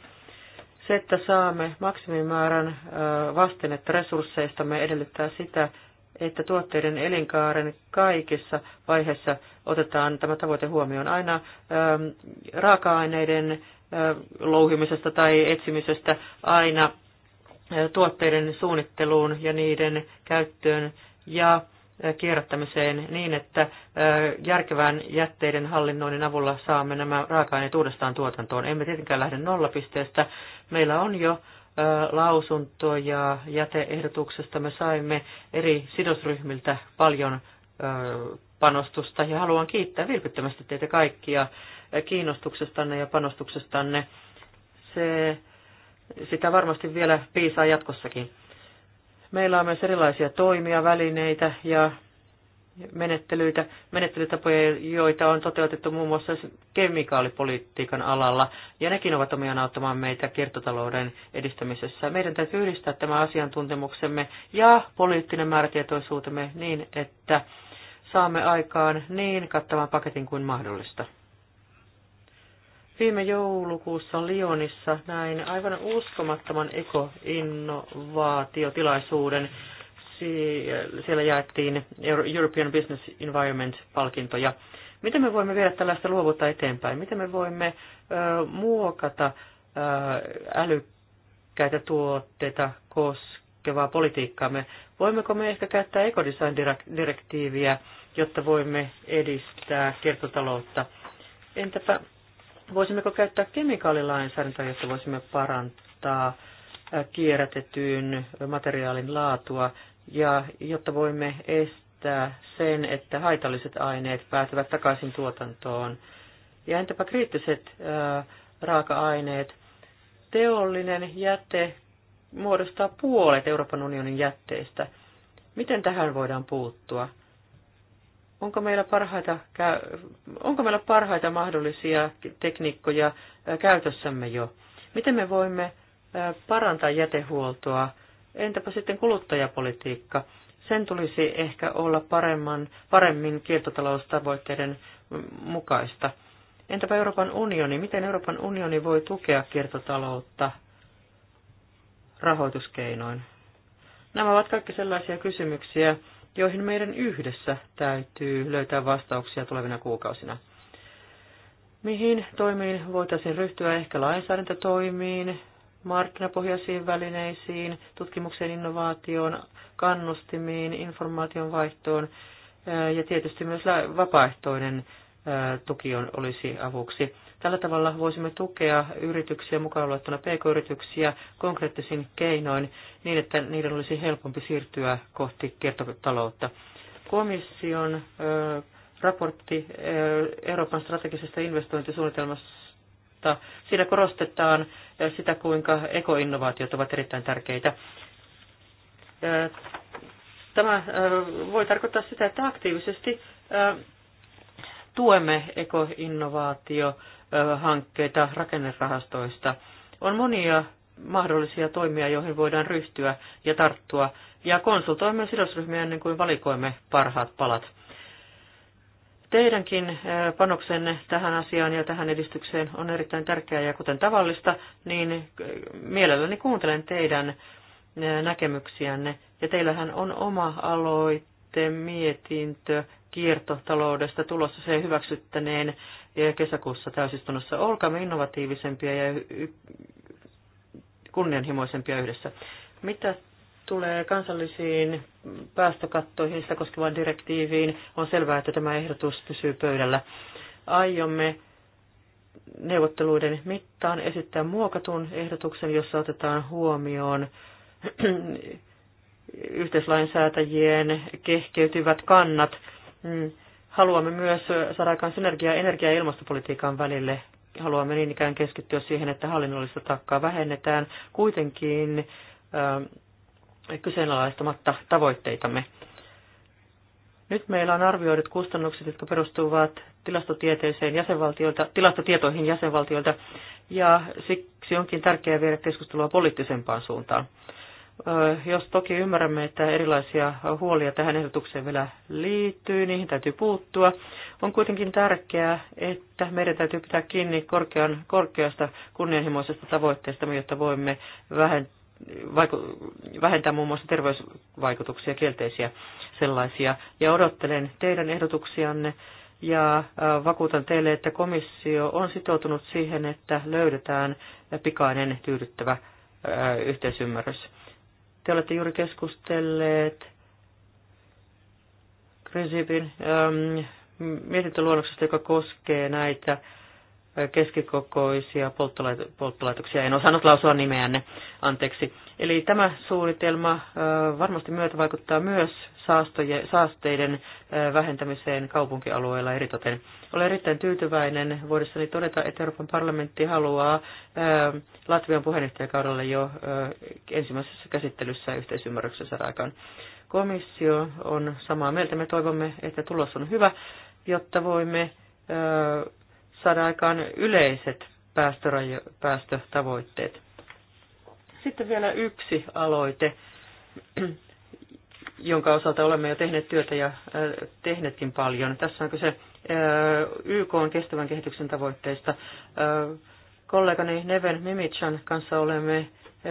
Se, että saamme maksimimäärän vastennetta me edellyttää sitä, että tuotteiden elinkaaren kaikissa vaiheissa otetaan tämä tavoite huomioon aina raaka-aineiden louhimisesta tai etsimisestä aina tuotteiden suunnitteluun ja niiden käyttöön ja kierrättämiseen niin, että järkevän jätteiden hallinnoinnin avulla saamme nämä raaka-aineet uudestaan tuotantoon. Emme tietenkään lähde nollapisteestä. Meillä on jo lausuntoja jäteehdotuksesta. Me saimme eri sidosryhmiltä paljon panostusta ja haluan kiittää vilpittömästi teitä kaikkia kiinnostuksestanne ja panostuksestanne. Se sitä varmasti vielä piisaa jatkossakin. Meillä on myös erilaisia toimia, välineitä ja menettelyitä, menettelytapoja, joita on toteutettu muun muassa kemikaalipolitiikan alalla, ja nekin ovat omiaan auttamaan meitä kiertotalouden edistämisessä. Meidän täytyy yhdistää tämä asiantuntemuksemme ja poliittinen määrätietoisuutemme niin, että saamme aikaan niin kattavan paketin kuin mahdollista. Viime joulukuussa Lionissa näin aivan uskomattoman ekoinnovaatiotilaisuuden. Siellä jaettiin European Business Environment-palkintoja. Miten me voimme viedä tällaista luovuutta eteenpäin? Miten me voimme ö, muokata ö, älykkäitä tuotteita koskevaa politiikkaamme? Voimmeko me ehkä käyttää ekodesign-direktiiviä, jotta voimme edistää kiertotaloutta? Entäpä Voisimmeko käyttää kemikaalilainsäädäntöä, jotta voisimme parantaa kierrätetyn materiaalin laatua ja jotta voimme estää sen, että haitalliset aineet päätyvät takaisin tuotantoon. Ja entäpä kriittiset raaka-aineet? Teollinen jäte muodostaa puolet Euroopan unionin jätteistä. Miten tähän voidaan puuttua? onko meillä parhaita, onko meillä parhaita mahdollisia tekniikkoja käytössämme jo? Miten me voimme parantaa jätehuoltoa? Entäpä sitten kuluttajapolitiikka? Sen tulisi ehkä olla paremman, paremmin kiertotaloustavoitteiden mukaista. Entäpä Euroopan unioni? Miten Euroopan unioni voi tukea kiertotaloutta rahoituskeinoin? Nämä ovat kaikki sellaisia kysymyksiä, joihin meidän yhdessä täytyy löytää vastauksia tulevina kuukausina. Mihin toimiin voitaisiin ryhtyä ehkä lainsäädäntötoimiin, markkinapohjaisiin välineisiin, tutkimukseen, innovaatioon, kannustimiin, informaation vaihtoon ja tietysti myös vapaaehtoinen tuki olisi avuksi. Tällä tavalla voisimme tukea yrityksiä, mukaan luettuna pk-yrityksiä, konkreettisin keinoin niin, että niiden olisi helpompi siirtyä kohti kiertotaloutta. Komission raportti Euroopan strategisesta investointisuunnitelmasta, siinä korostetaan sitä, kuinka ekoinnovaatiot ovat erittäin tärkeitä. Tämä voi tarkoittaa sitä, että aktiivisesti tuemme ekoinnovaatio hankkeita rakennerahastoista. On monia mahdollisia toimia, joihin voidaan ryhtyä ja tarttua, ja konsultoimme sidosryhmiä ennen kuin valikoimme parhaat palat. Teidänkin panoksenne tähän asiaan ja tähän edistykseen on erittäin tärkeää, ja kuten tavallista, niin mielelläni kuuntelen teidän näkemyksiänne. Ja teillähän on oma aloite, mietintö kiertotaloudesta tulossa se hyväksyttäneen kesäkuussa täysistunnossa. Olkaamme innovatiivisempia ja kunnianhimoisempia yhdessä. Mitä tulee kansallisiin päästökattoihin, sitä koskevaan direktiiviin, on selvää, että tämä ehdotus pysyy pöydällä. Aiomme neuvotteluiden mittaan esittää muokatun ehdotuksen, jossa otetaan huomioon yhteislainsäätäjien kehkeytyvät kannat mm. Haluamme myös saada aikaan synergiaa energia- ja ilmastopolitiikan välille. Haluamme niin ikään keskittyä siihen, että hallinnollista takkaa vähennetään kuitenkin kyseenalaistamatta tavoitteitamme. Nyt meillä on arvioidut kustannukset, jotka perustuvat tilastotieteeseen jäsenvaltioilta, tilastotietoihin jäsenvaltioilta, ja siksi onkin tärkeää viedä keskustelua poliittisempaan suuntaan. Jos toki ymmärrämme, että erilaisia huolia tähän ehdotukseen vielä liittyy, niihin täytyy puuttua. On kuitenkin tärkeää, että meidän täytyy pitää kiinni korkean, korkeasta kunnianhimoisesta tavoitteesta, jotta voimme vähentää muun muassa terveysvaikutuksia, kielteisiä sellaisia. Ja odottelen teidän ehdotuksianne ja vakuutan teille, että komissio on sitoutunut siihen, että löydetään pikainen tyydyttävä yhteisymmärrys. Te olette juuri keskustelleet Gresipin ähm, mietintöluonnoksesta, joka koskee näitä keskikokoisia polttolaitoksia. En osannut lausua nimeänne, anteeksi. Eli tämä suunnitelma varmasti myötä vaikuttaa myös saasteiden vähentämiseen kaupunkialueella eritoten. Olen erittäin tyytyväinen voidessani todeta, että Euroopan parlamentti haluaa Latvian puheenjohtajakaudelle jo ensimmäisessä käsittelyssä yhteisymmärryksen saadaan. aikaan. Komissio on samaa mieltä. Me toivomme, että tulos on hyvä, jotta voimme saada aikaan yleiset päästötavoitteet. Sitten vielä yksi aloite, jonka osalta olemme jo tehneet työtä ja tehneetkin paljon. Tässä on kyse YK on kestävän kehityksen tavoitteista. Kollegani Neven Mimichan kanssa olemme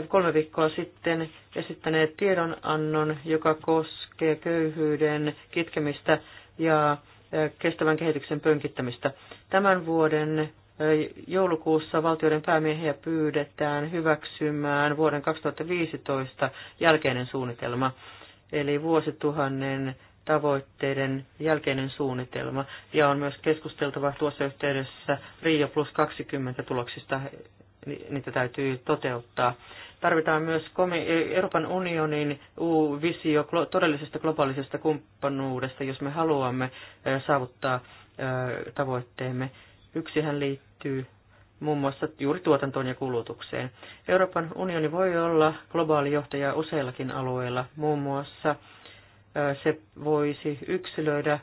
kolme viikkoa sitten esittäneet tiedonannon, joka koskee köyhyyden kitkemistä ja kestävän kehityksen pönkittämistä. Tämän vuoden joulukuussa valtioiden päämiehiä pyydetään hyväksymään vuoden 2015 jälkeinen suunnitelma, eli vuosituhannen tavoitteiden jälkeinen suunnitelma, ja on myös keskusteltava tuossa yhteydessä Rio plus 20 tuloksista, niitä täytyy toteuttaa. Tarvitaan myös e, Euroopan unionin visio todellisesta globaalisesta kumppanuudesta, jos me haluamme saavuttaa tavoitteemme. Yksihän liittyy liittyy muun muassa juuri tuotantoon ja kulutukseen. Euroopan unioni voi olla globaali johtaja useillakin alueilla. Muun muassa se voisi yksilöidä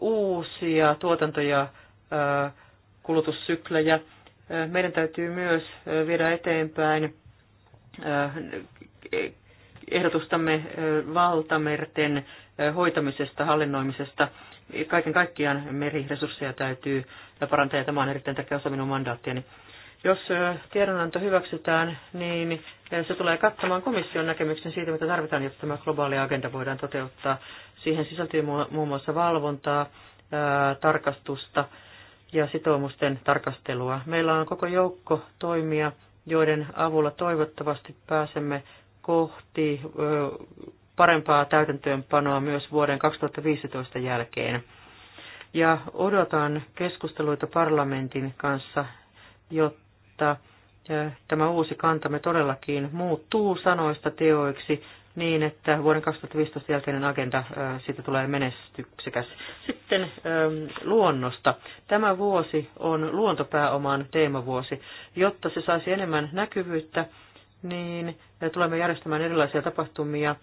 uusia tuotanto- ja kulutussyklejä. Meidän täytyy myös viedä eteenpäin ehdotustamme valtamerten hoitamisesta, hallinnoimisesta. Kaiken kaikkiaan meriresursseja täytyy parantaa ja tämä on erittäin tärkeä osa minun mandaattiani. Jos tiedonanto hyväksytään, niin se tulee kattamaan komission näkemyksen siitä, mitä tarvitaan, jotta tämä globaali agenda voidaan toteuttaa. Siihen sisältyy muun muassa valvontaa, tarkastusta ja sitoumusten tarkastelua. Meillä on koko joukko toimia, joiden avulla toivottavasti pääsemme kohti parempaa täytäntöönpanoa myös vuoden 2015 jälkeen. Ja odotan keskusteluita parlamentin kanssa, jotta tämä uusi kantamme todellakin muuttuu sanoista teoiksi niin, että vuoden 2015 jälkeinen agenda, siitä tulee menestyksekäs. Sitten luonnosta. Tämä vuosi on luontopääoman teemavuosi. Jotta se saisi enemmän näkyvyyttä, niin tulemme järjestämään erilaisia tapahtumia –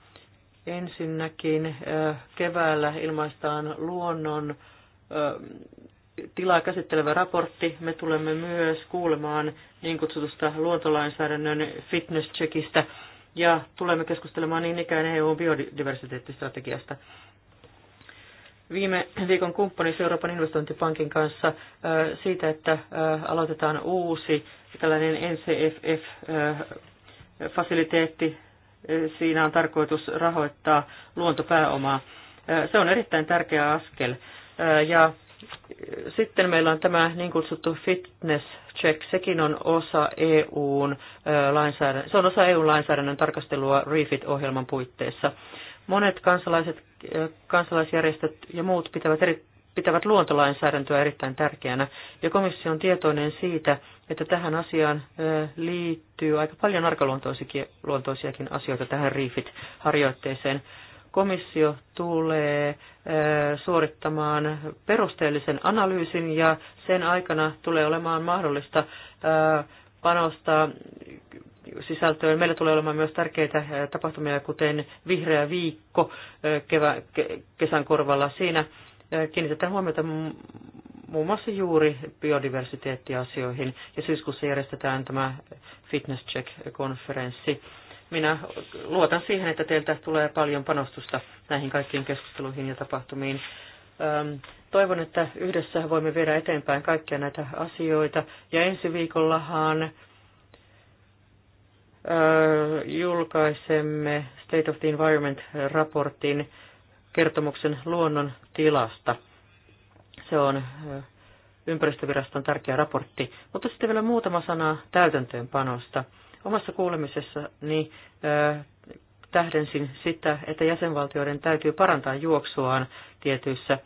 Ensinnäkin keväällä ilmaistaan luonnon tilaa käsittelevä raportti. Me tulemme myös kuulemaan niin kutsutusta luontolainsäädännön fitness-checkistä ja tulemme keskustelemaan niin ikään EUn biodiversiteettistrategiasta. Viime viikon kumppani Euroopan investointipankin kanssa siitä, että aloitetaan uusi tällainen NCFF-fasiliteetti Siinä on tarkoitus rahoittaa luontopääomaa. Se on erittäin tärkeä askel. Ja sitten meillä on tämä niin kutsuttu fitness check. Sekin on osa EUn lainsäädännön, se on osa EUn lainsäädännön tarkastelua REFIT-ohjelman puitteissa. Monet kansalaiset, kansalaisjärjestöt ja muut pitävät eri, pitävät luontolainsäädäntöä erittäin tärkeänä, ja komissio on tietoinen siitä, että tähän asiaan liittyy aika paljon arkaluontoisiakin asioita tähän REFIT-harjoitteeseen. Komissio tulee suorittamaan perusteellisen analyysin, ja sen aikana tulee olemaan mahdollista panostaa sisältöön. Meillä tulee olemaan myös tärkeitä tapahtumia, kuten Vihreä viikko kevä, kesän korvalla. Siinä kiinnitetään huomiota muun muassa juuri biodiversiteettiasioihin ja syyskuussa järjestetään tämä Fitness Check-konferenssi. Minä luotan siihen, että teiltä tulee paljon panostusta näihin kaikkiin keskusteluihin ja tapahtumiin. Toivon, että yhdessä voimme viedä eteenpäin kaikkia näitä asioita. Ja ensi viikollahan julkaisemme State of the Environment-raportin kertomuksen luonnon tilasta. Se on ympäristöviraston tärkeä raportti. Mutta sitten vielä muutama sana täytäntöönpanosta. Omassa kuulemisessani tähdensin sitä, että jäsenvaltioiden täytyy parantaa juoksuaan tietyissä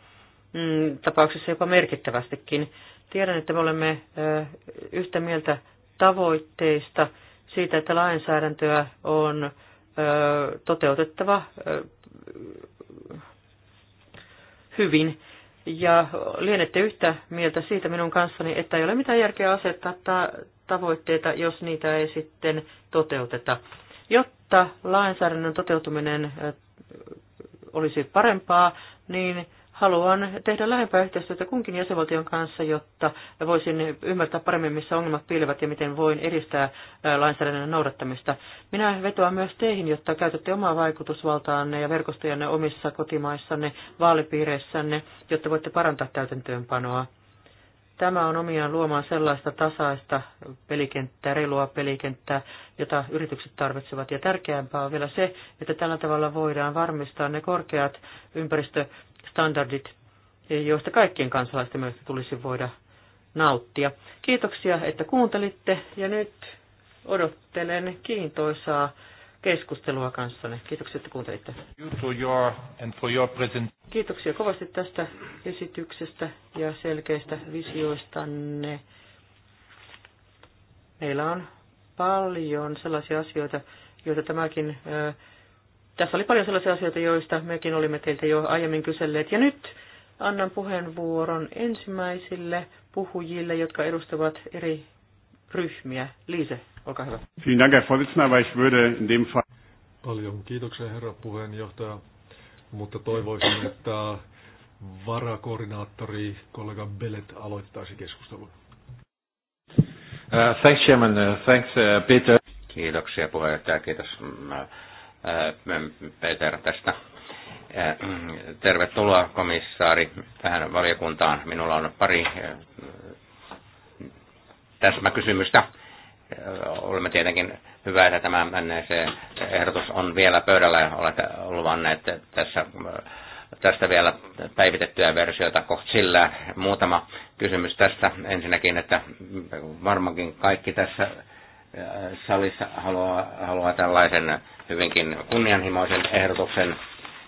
mm, tapauksissa jopa merkittävästikin. Tiedän, että me olemme ö, yhtä mieltä tavoitteista siitä, että lainsäädäntöä on ö, toteutettava ö, hyvin. Ja lienette yhtä mieltä siitä minun kanssani, että ei ole mitään järkeä asettaa tavoitteita, jos niitä ei sitten toteuteta. Jotta lainsäädännön toteutuminen olisi parempaa, niin Haluan tehdä lähempää yhteistyötä kunkin jäsenvaltion kanssa, jotta voisin ymmärtää paremmin, missä ongelmat piilevät ja miten voin edistää lainsäädännön noudattamista. Minä vetoan myös teihin, jotta käytätte omaa vaikutusvaltaanne ja verkostojanne omissa kotimaissanne, vaalipiireissänne, jotta voitte parantaa täytäntöönpanoa. Tämä on omiaan luomaan sellaista tasaista pelikenttää, reilua pelikenttää, jota yritykset tarvitsevat. Ja tärkeämpää on vielä se, että tällä tavalla voidaan varmistaa ne korkeat ympäristö- standardit, joista kaikkien kansalaisten mielestä tulisi voida nauttia. Kiitoksia, että kuuntelitte ja nyt odottelen kiintoisaa keskustelua kanssanne. Kiitoksia, että kuuntelitte. Kiitoksia kovasti tästä esityksestä ja selkeistä visioistanne. Meillä on paljon sellaisia asioita, joita tämäkin tässä oli paljon sellaisia asioita, joista mekin olimme teiltä jo aiemmin kyselleet. Ja nyt annan puheenvuoron ensimmäisille puhujille, jotka edustavat eri ryhmiä. Liise, olkaa hyvä. Paljon kiitoksia herra puheenjohtaja, mutta toivoisin, että varakoordinaattori kollega Belet aloittaisi keskustelun. Uh, thanks, Chairman. Uh, thanks, uh, Peter. Kiitoksia puheenjohtaja. Kiitos uh, Peter tästä. Tervetuloa komissaari tähän valiokuntaan. Minulla on pari täsmäkysymystä. Olemme tietenkin hyvä, että tämä se ehdotus on vielä pöydällä ja olette luvanneet tässä, tästä vielä päivitettyä versiota kohta sillä. Muutama kysymys tästä ensinnäkin, että varmaankin kaikki tässä salissa haluaa, haluaa tällaisen hyvinkin kunnianhimoisen ehdotuksen,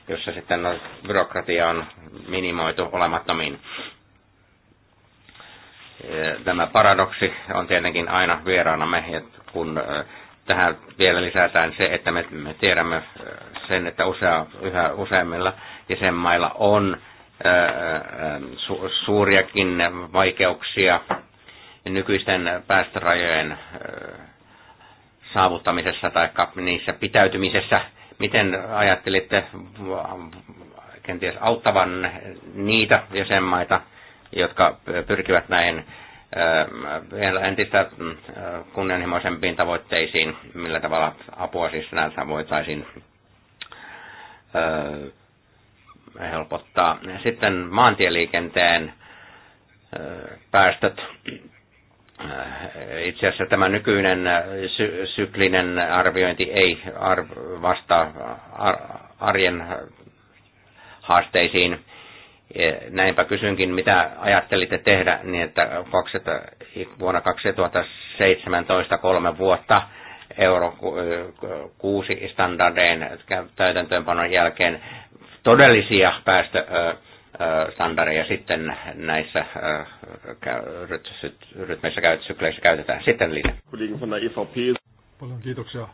jossa sitten byrokratia on minimoitu olemattomiin. Tämä paradoksi on tietenkin aina vieraanamme, kun tähän vielä lisätään se, että me, me tiedämme sen, että usea, yhä useimmilla jäsenmailla on ää, su, suuriakin vaikeuksia nykyisten päästörajojen ää, saavuttamisessa tai niissä pitäytymisessä. Miten ajattelitte kenties auttavan niitä jäsenmaita, jotka pyrkivät näihin vielä eh, entistä eh, kunnianhimoisempiin tavoitteisiin, millä tavalla apua siis sinänsä voitaisiin eh, helpottaa. Sitten maantieliikenteen päästöt Äh, itse asiassa tämä nykyinen äh, sy- syklinen arviointi ei ar- vastaa äh, ar- arjen haasteisiin. Näinpä kysynkin, mitä ajattelitte tehdä niin, että vuonna 2017 kolme vuotta euro 6 standardeen täytäntöönpanon jälkeen todellisia päästö standardeja sitten näissä äh, rytmeissä sykleissä käytetään. Sitten Liisa. E Paljon kiitoksia.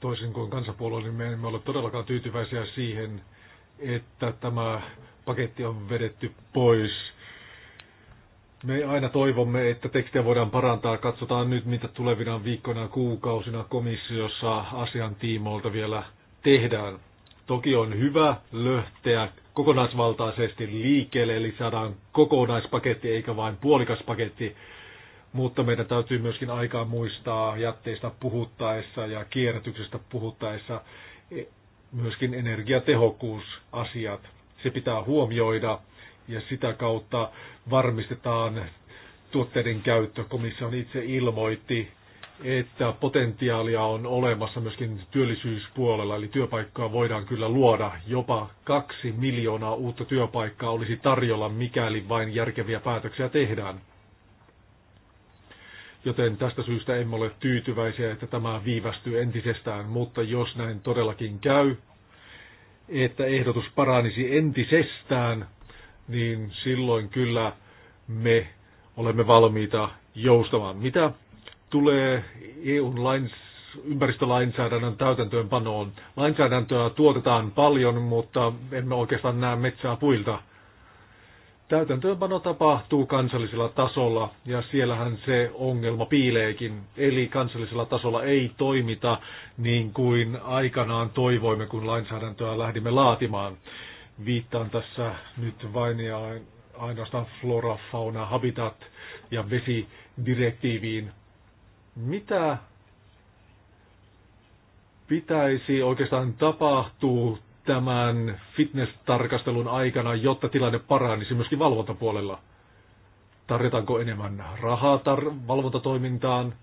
Toisin kuin kansapuolue, niin me emme ole todellakaan tyytyväisiä siihen, että tämä paketti on vedetty pois. Me aina toivomme, että tekstiä voidaan parantaa. Katsotaan nyt, mitä tulevina viikkoina ja kuukausina komissiossa asian tiimoilta vielä tehdään. Toki on hyvä löhteä kokonaisvaltaisesti liikkeelle, eli saadaan kokonaispaketti eikä vain puolikas paketti, mutta meidän täytyy myöskin aikaa muistaa jätteistä puhuttaessa ja kierrätyksestä puhuttaessa e, myöskin energiatehokkuusasiat. Se pitää huomioida ja sitä kautta varmistetaan tuotteiden käyttö. Komissio itse ilmoitti, että potentiaalia on olemassa myöskin työllisyyspuolella, eli työpaikkaa voidaan kyllä luoda. Jopa kaksi miljoonaa uutta työpaikkaa olisi tarjolla, mikäli vain järkeviä päätöksiä tehdään. Joten tästä syystä emme ole tyytyväisiä, että tämä viivästyy entisestään, mutta jos näin todellakin käy, että ehdotus paranisi entisestään, niin silloin kyllä me olemme valmiita joustamaan. Mitä tulee EUn lains, ympäristölainsäädännön täytäntöönpanoon. Lainsäädäntöä tuotetaan paljon, mutta emme oikeastaan näe metsää puilta. Täytäntöönpano tapahtuu kansallisella tasolla ja siellähän se ongelma piileekin. Eli kansallisella tasolla ei toimita niin kuin aikanaan toivoimme, kun lainsäädäntöä lähdimme laatimaan. Viittaan tässä nyt vain ja ainoastaan flora, fauna, habitat ja vesidirektiiviin, mitä pitäisi oikeastaan tapahtua tämän fitness-tarkastelun aikana, jotta tilanne paranisi myöskin valvontapuolella? Tarjotaanko enemmän rahaa tar- valvontatoimintaan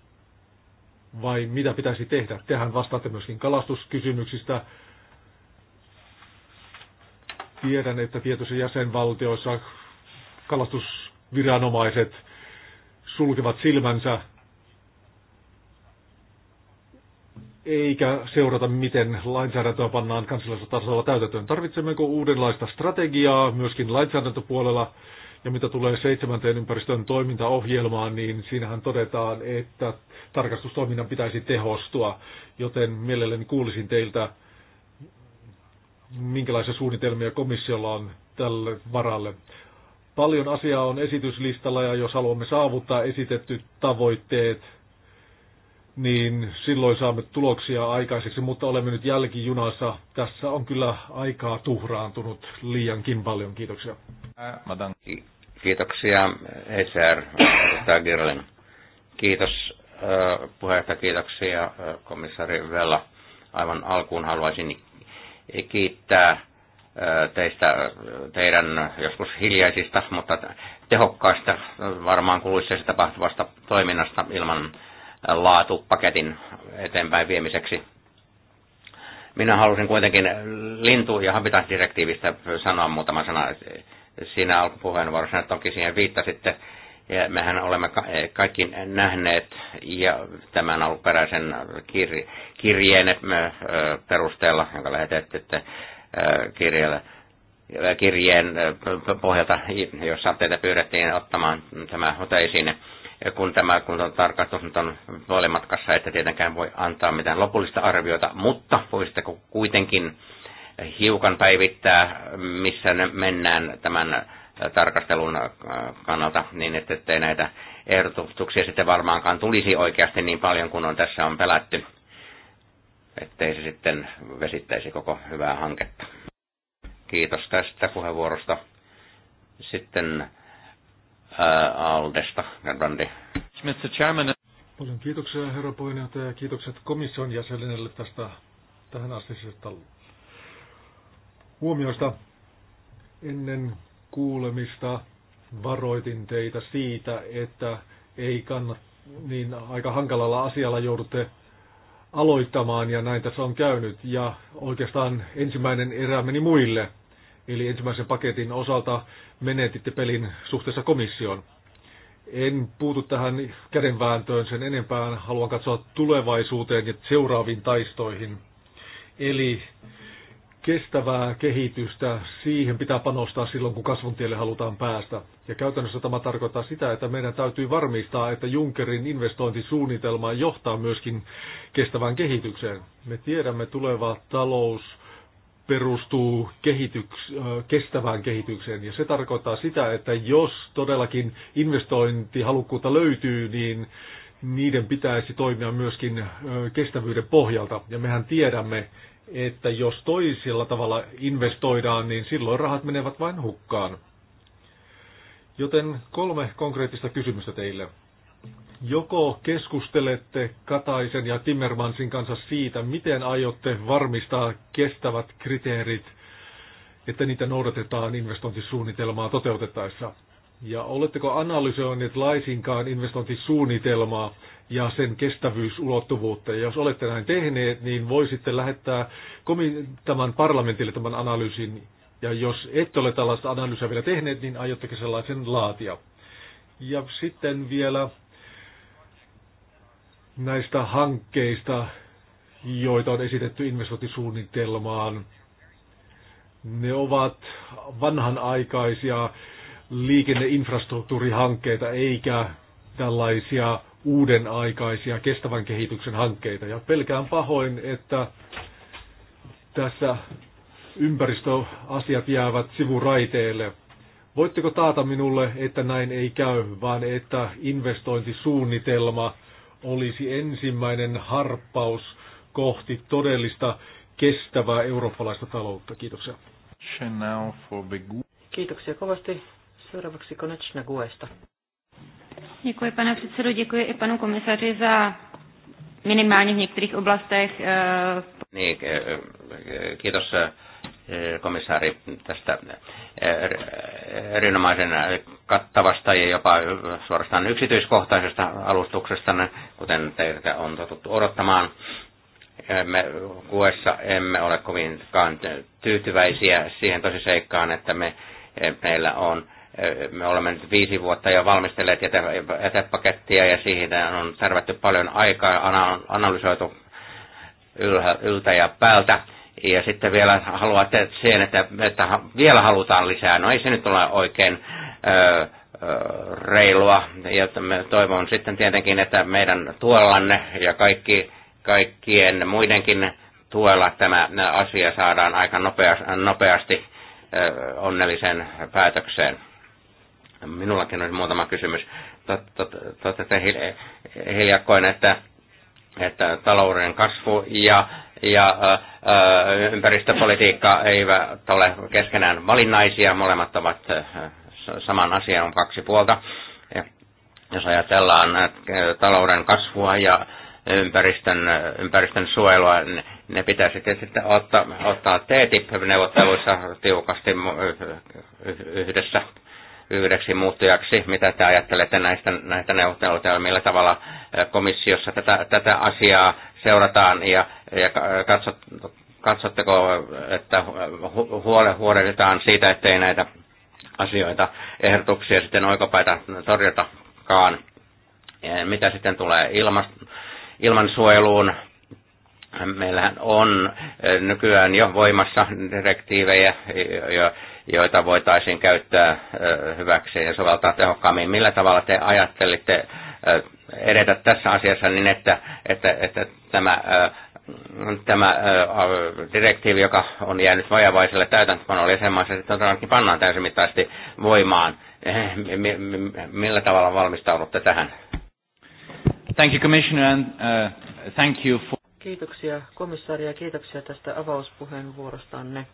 vai mitä pitäisi tehdä? Tehän vastaatte myöskin kalastuskysymyksistä. Tiedän, että tietyissä jäsenvaltioissa kalastusviranomaiset sulkevat silmänsä eikä seurata, miten lainsäädäntöä pannaan kansallisella tasolla täytäntöön. Tarvitsemmeko uudenlaista strategiaa myöskin lainsäädäntöpuolella? Ja mitä tulee seitsemänteen ympäristön toimintaohjelmaan, niin siinähän todetaan, että tarkastustoiminnan pitäisi tehostua, joten mielelläni kuulisin teiltä, minkälaisia suunnitelmia komissiolla on tälle varalle. Paljon asiaa on esityslistalla ja jos haluamme saavuttaa esitetty tavoitteet, niin silloin saamme tuloksia aikaiseksi, mutta olemme nyt jälkijunassa. Tässä on kyllä aikaa tuhraantunut liiankin paljon. Kiitoksia. Kiitoksia ECR, edustaja Girlin. Kiitos puheenjohtaja, kiitoksia komissari Vella. Aivan alkuun haluaisin kiittää teistä, teidän joskus hiljaisista, mutta tehokkaista varmaan kuluissa tapahtuvasta toiminnasta ilman laatupaketin eteenpäin viemiseksi. Minä halusin kuitenkin lintu- ja habitat-direktiivistä sanoa muutama sana. Siinä alkupuheenvuorossa toki siihen viittasitte. Ja mehän olemme kaikki nähneet ja tämän alkuperäisen kirjeen äh, perusteella, jonka lähetettiin äh, kirjeellä, äh, kirjeen pohjalta, jossa teitä pyydettiin ottamaan tämä ote ja kun tämä kun tarkastus nyt on puolimatkassa, että tietenkään voi antaa mitään lopullista arviota, mutta voisitteko kuitenkin hiukan päivittää, missä mennään tämän äh, tarkastelun äh, kannalta, niin että ettei näitä ehdotuksia sitten varmaankaan tulisi oikeasti niin paljon kuin on tässä on pelätty, ettei se sitten vesittäisi koko hyvää hanketta. Kiitos tästä puheenvuorosta. Sitten Aldesta, Gerbrandi. Mr. Chairman. Paljon kiitoksia herra puheenjohtaja ja kiitokset komission jäsenelle tästä tähän astisesta huomioista. Ennen kuulemista varoitin teitä siitä, että ei kannata niin aika hankalalla asialla joudutte aloittamaan ja näin tässä on käynyt. Ja oikeastaan ensimmäinen erä meni muille. Eli ensimmäisen paketin osalta menetitte pelin suhteessa komissioon. En puutu tähän kädenvääntöön sen enempään. Haluan katsoa tulevaisuuteen ja seuraaviin taistoihin. Eli kestävää kehitystä, siihen pitää panostaa silloin, kun kasvun tielle halutaan päästä. Ja käytännössä tämä tarkoittaa sitä, että meidän täytyy varmistaa, että Junckerin investointisuunnitelma johtaa myöskin kestävään kehitykseen. Me tiedämme tuleva talous perustuu kehityks, äh, kestävään kehitykseen. Ja se tarkoittaa sitä, että jos todellakin investointihalukkuutta löytyy, niin niiden pitäisi toimia myöskin äh, kestävyyden pohjalta. Ja mehän tiedämme, että jos toisella tavalla investoidaan, niin silloin rahat menevät vain hukkaan. Joten kolme konkreettista kysymystä teille joko keskustelette Kataisen ja Timmermansin kanssa siitä, miten aiotte varmistaa kestävät kriteerit, että niitä noudatetaan investointisuunnitelmaa toteutettaessa? Ja oletteko analysoineet laisinkaan investointisuunnitelmaa ja sen kestävyysulottuvuutta? Ja jos olette näin tehneet, niin voisitte lähettää tämän parlamentille tämän analyysin. Ja jos ette ole tällaista analyysiä vielä tehneet, niin aiotteko sellaisen laatia? Ja sitten vielä näistä hankkeista, joita on esitetty investointisuunnitelmaan. Ne ovat vanhanaikaisia liikenneinfrastruktuurihankkeita eikä tällaisia uuden aikaisia kestävän kehityksen hankkeita. Ja pelkään pahoin, että tässä ympäristöasiat jäävät sivuraiteelle. Voitteko taata minulle, että näin ei käy, vaan että investointisuunnitelma olisi ensimmäinen harppaus kohti todellista kestävää eurooppalaista taloutta. Kiitoksia. Kiitoksia kovasti. Seuraavaksi Konečna Guesta. Děkuji, pane předsedo, děkuji i panu komisaři za minimálně v některých oblastech. Eh, niin, eh, eh, kiitos komissaari tästä eh, eh, erinomaisen kattavasta ja jopa suorastaan yksityiskohtaisesta alustuksesta, kuten teiltä on totuttu odottamaan. Eh, me kuessa emme ole kovinkaan tyytyväisiä siihen tosiseikkaan, että me, meillä on me olemme nyt viisi vuotta jo valmistelleet jäte, jätepakettia ja siihen on tarvittu paljon aikaa, analysoitu yltä ja päältä ja sitten vielä haluatte sen, että, että vielä halutaan lisää. No ei se nyt ole oikein ö, reilua. Ja me toivon sitten tietenkin, että meidän tuellanne ja kaikki, kaikkien muidenkin tuella tämä asia saadaan aika nopeasti onnellisen päätökseen. Minullakin on muutama kysymys. Totesitte hiljakkoin, että, että talouden kasvu ja ja äh, äh, ympäristöpolitiikka eivät ole keskenään valinnaisia, molemmat ovat äh, saman asian kaksi puolta. Ja jos ajatellaan talouden kasvua ja ympäristön, ympäristön suojelua, niin ne pitäisi tietysti ottaa, ottaa TTIP-neuvotteluissa tiukasti yhdessä yhdeksi muuttujaksi. Mitä te ajattelette näistä, näistä neuvotteluista ja millä tavalla komissiossa tätä, tätä asiaa seurataan ja, ja katsot, katsotteko, että huole, huolehditaan siitä, ettei näitä asioita, ehdotuksia sitten oikopäitä torjutakaan. Ja mitä sitten tulee ilma, ilmansuojeluun? Meillähän on nykyään jo voimassa direktiivejä, jo, joita voitaisiin käyttää hyväksi ja soveltaa tehokkaammin. Millä tavalla te ajattelitte edetä tässä asiassa niin, että, että, että tämä tämä direktiivi, joka on jäänyt vajavaiselle täytäntöpanolle jäsenmaassa, että todellakin pannaan täysimittaisesti voimaan. Eh, millä tavalla valmistaudutte tähän? Thank you, Commissioner, and uh, thank you for... Kiitoksia komissaari ja kiitoksia tästä avauspuheenvuorostanne.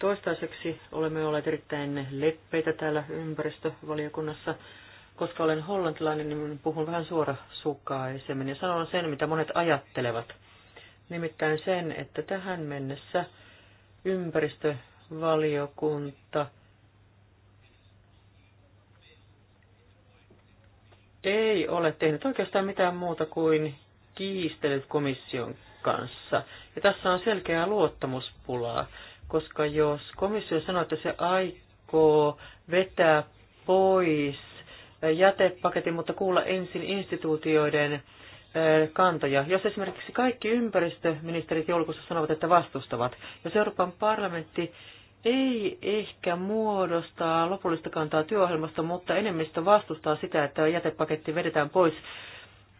Toistaiseksi olemme olleet erittäin leppeitä täällä ympäristövaliokunnassa. Koska olen hollantilainen, niin puhun vähän suorasukaisemmin ja sanon sen, mitä monet ajattelevat. Nimittäin sen, että tähän mennessä ympäristövaliokunta ei ole tehnyt oikeastaan mitään muuta kuin kiistelyt komission kanssa. Ja tässä on selkeää luottamuspulaa koska jos komissio sanoo, että se aikoo vetää pois jätepaketin, mutta kuulla ensin instituutioiden kantoja. Jos esimerkiksi kaikki ympäristöministerit joulukuussa sanovat, että vastustavat, jos Euroopan parlamentti ei ehkä muodostaa lopullista kantaa työohjelmasta, mutta enemmistö vastustaa sitä, että jätepaketti vedetään pois.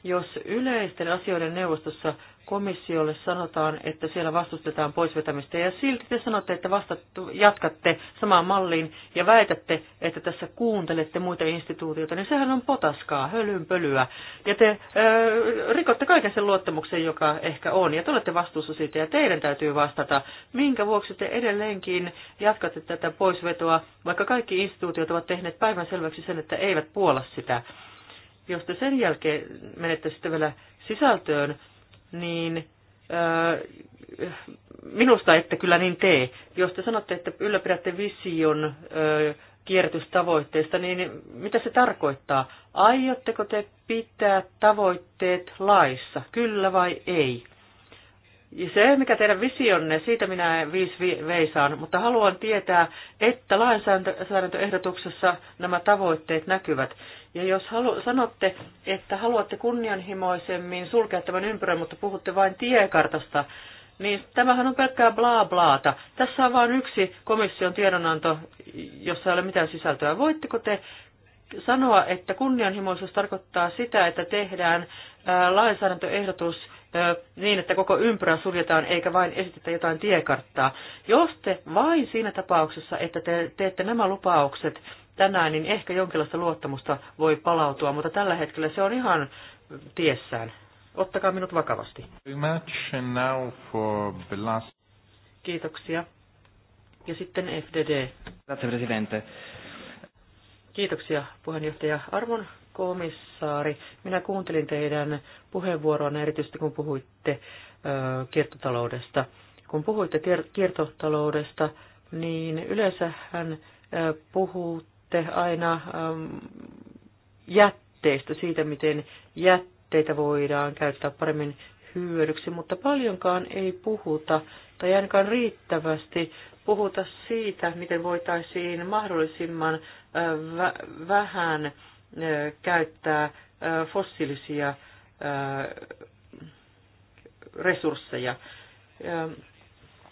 Jos yleisten asioiden neuvostossa komissiolle sanotaan, että siellä vastustetaan poisvetämistä ja silti te sanotte, että vastattu, jatkatte samaan malliin ja väitätte, että tässä kuuntelette muita instituutioita, niin sehän on potaskaa, hölynpölyä. Ja te ö, rikotte kaiken sen luottamuksen, joka ehkä on, ja te olette vastuussa siitä ja teidän täytyy vastata, minkä vuoksi te edelleenkin jatkatte tätä poisvetoa, vaikka kaikki instituutiot ovat tehneet päivän selväksi sen, että eivät puola sitä jos te sen jälkeen menette sitten vielä sisältöön, niin minusta ette kyllä niin tee. Jos te sanotte, että ylläpidätte vision kierrätystavoitteista, niin mitä se tarkoittaa? Aiotteko te pitää tavoitteet laissa, kyllä vai ei? Ja se, mikä teidän visionne, siitä minä viis veisaan, mutta haluan tietää, että lainsäädäntöehdotuksessa nämä tavoitteet näkyvät. Ja jos halu, sanotte, että haluatte kunnianhimoisemmin sulkea tämän ympyrän, mutta puhutte vain tiekartasta, niin tämähän on pelkkää bla blaata. Tässä on vain yksi komission tiedonanto, jossa ei ole mitään sisältöä. Voitteko te sanoa, että kunnianhimoisuus tarkoittaa sitä, että tehdään lainsäädäntöehdotus niin, että koko ympyrä suljetaan eikä vain esitetä jotain tiekarttaa. Jos te vain siinä tapauksessa, että te teette nämä lupaukset tänään, niin ehkä jonkinlaista luottamusta voi palautua, mutta tällä hetkellä se on ihan tiessään. Ottakaa minut vakavasti. Kiitoksia. Ja sitten FDD. Kiitoksia puheenjohtaja Arvon komissaari. Minä kuuntelin teidän puheenvuoroanne erityisesti kun puhuitte ö, kiertotaloudesta. Kun puhuitte kiertotaloudesta, niin yleensähän puhutte puhutte aina ähm, jätteistä, siitä miten jätteitä voidaan käyttää paremmin hyödyksi, mutta paljonkaan ei puhuta tai ainakaan riittävästi puhuta siitä, miten voitaisiin mahdollisimman äh, vähän äh, käyttää äh, fossiilisia resursseja. Ähm,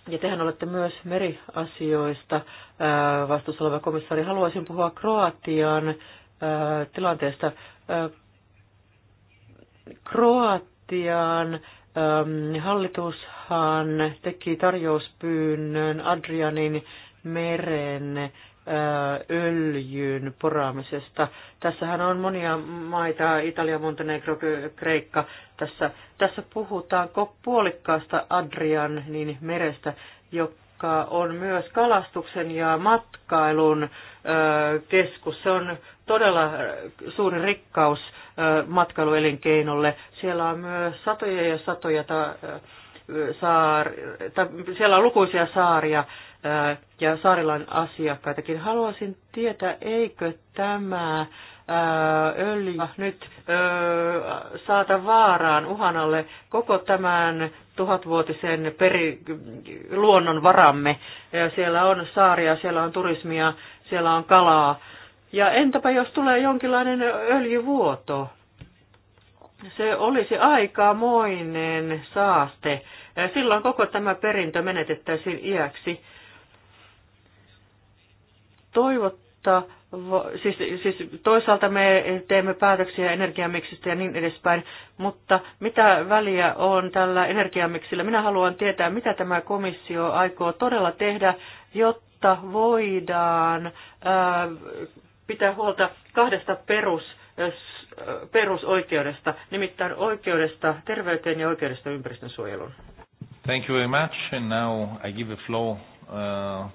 ja tehän olette myös meriasioista äh, vastuussa oleva komissaari. Haluaisin puhua Kroatian äh, tilanteesta. Äh, Kroatian ähm, hallitushan teki tarjouspyynnön Adrianin meren öljyn poraamisesta. Tässähän on monia maita, Italia, Montenegro, Kreikka. Tässä, tässä puhutaan puolikkaasta Adrian niin merestä, joka on myös kalastuksen ja matkailun keskus. Se on todella suuri rikkaus matkailuelinkeinolle. Siellä on myös satoja ja satoja ta, saar, ta, siellä on lukuisia saaria ja Saarilan asiakkaitakin. Haluaisin tietää, eikö tämä öljy nyt saata vaaraan uhanalle koko tämän tuhatvuotisen peri, luonnonvaramme. Siellä on saaria, siellä on turismia, siellä on kalaa. Ja entäpä jos tulee jonkinlainen öljyvuoto? Se olisi aikamoinen saaste. Silloin koko tämä perintö menetettäisiin iäksi toivottaa, siis, siis toisaalta me teemme päätöksiä energiamiksistä ja niin edespäin, mutta mitä väliä on tällä energiamiksillä? Minä haluan tietää, mitä tämä komissio aikoo todella tehdä, jotta voidaan ää, pitää huolta kahdesta perus perusoikeudesta, nimittäin oikeudesta terveyteen ja oikeudesta ympäristön suojeluun. Thank you very much. And now I give the floor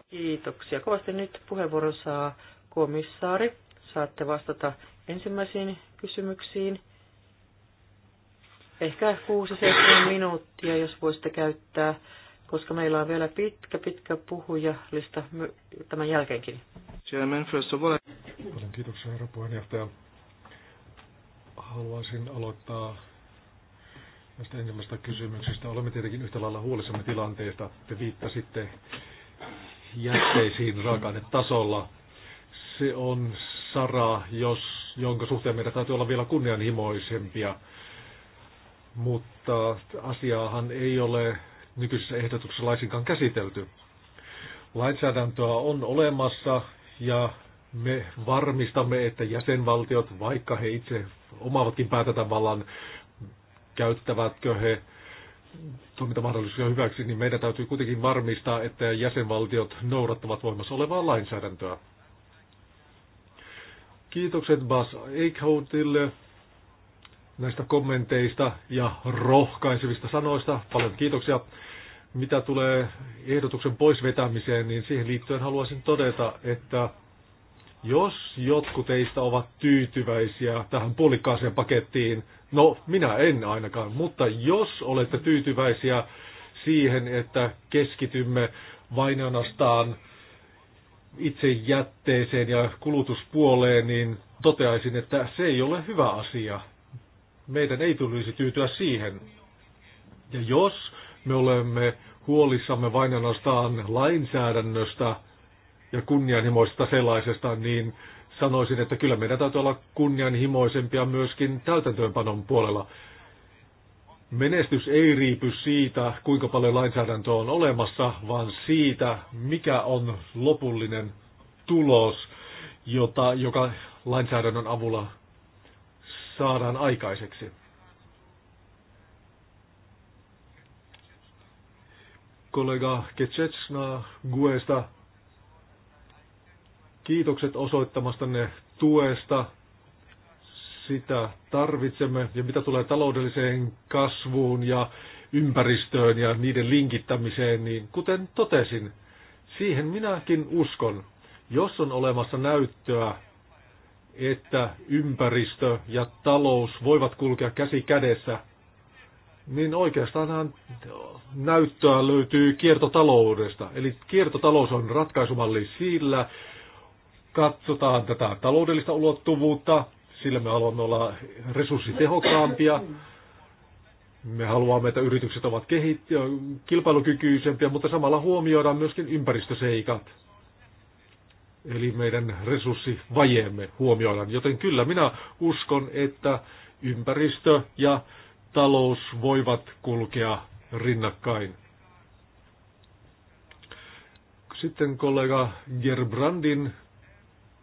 Kiitoksia. Kovasti nyt puheenvuoron saa komissaari. Saatte vastata ensimmäisiin kysymyksiin. Ehkä 6-7 minuuttia, jos voisitte käyttää, koska meillä on vielä pitkä, pitkä puhujalista tämän jälkeenkin. Chairman, first of all. Paljon kiitoksia, herra puheenjohtaja. Haluaisin aloittaa näistä ensimmäisistä kysymyksistä. Olemme tietenkin yhtä lailla huolissamme tilanteesta. Te viittasitte jätteisiin raaka-ainetasolla. Se on sara, jos, jonka suhteen meidän täytyy olla vielä kunnianhimoisempia. Mutta asiaahan ei ole nykyisessä ehdotuksessa laisinkaan käsitelty. Lainsäädäntöä on olemassa ja me varmistamme, että jäsenvaltiot, vaikka he itse omaavatkin päätätävallan, käyttävätkö he toimintamahdollisuuksia hyväksi, niin meidän täytyy kuitenkin varmistaa, että jäsenvaltiot noudattavat voimassa olevaa lainsäädäntöä. Kiitokset Bas Eichhoutille näistä kommenteista ja rohkaisevista sanoista. Paljon kiitoksia. Mitä tulee ehdotuksen poisvetämiseen, niin siihen liittyen haluaisin todeta, että jos jotkut teistä ovat tyytyväisiä tähän puolikkaaseen pakettiin, no minä en ainakaan, mutta jos olette tyytyväisiä siihen, että keskitymme vain ainoastaan itse jätteeseen ja kulutuspuoleen, niin toteaisin, että se ei ole hyvä asia. Meidän ei tulisi tyytyä siihen. Ja jos me olemme huolissamme vain ainoastaan lainsäädännöstä, ja kunnianhimoista sellaisesta, niin sanoisin, että kyllä meidän täytyy olla kunnianhimoisempia myöskin täytäntöönpanon puolella. Menestys ei riipu siitä, kuinka paljon lainsäädäntö on olemassa, vaan siitä, mikä on lopullinen tulos, jota, joka lainsäädännön avulla saadaan aikaiseksi. Kollega Kecetsna Guesta Kiitokset osoittamastanne tuesta. Sitä tarvitsemme. Ja mitä tulee taloudelliseen kasvuun ja ympäristöön ja niiden linkittämiseen, niin kuten totesin, siihen minäkin uskon. Jos on olemassa näyttöä, että ympäristö ja talous voivat kulkea käsi kädessä, niin oikeastaan näyttöä löytyy kiertotaloudesta. Eli kiertotalous on ratkaisumalli sillä, katsotaan tätä taloudellista ulottuvuutta, sillä me haluamme olla resurssitehokkaampia. Me haluamme, että yritykset ovat kehit- kilpailukykyisempiä, mutta samalla huomioidaan myöskin ympäristöseikat. Eli meidän resurssivajeemme huomioidaan. Joten kyllä minä uskon, että ympäristö ja talous voivat kulkea rinnakkain. Sitten kollega Gerbrandin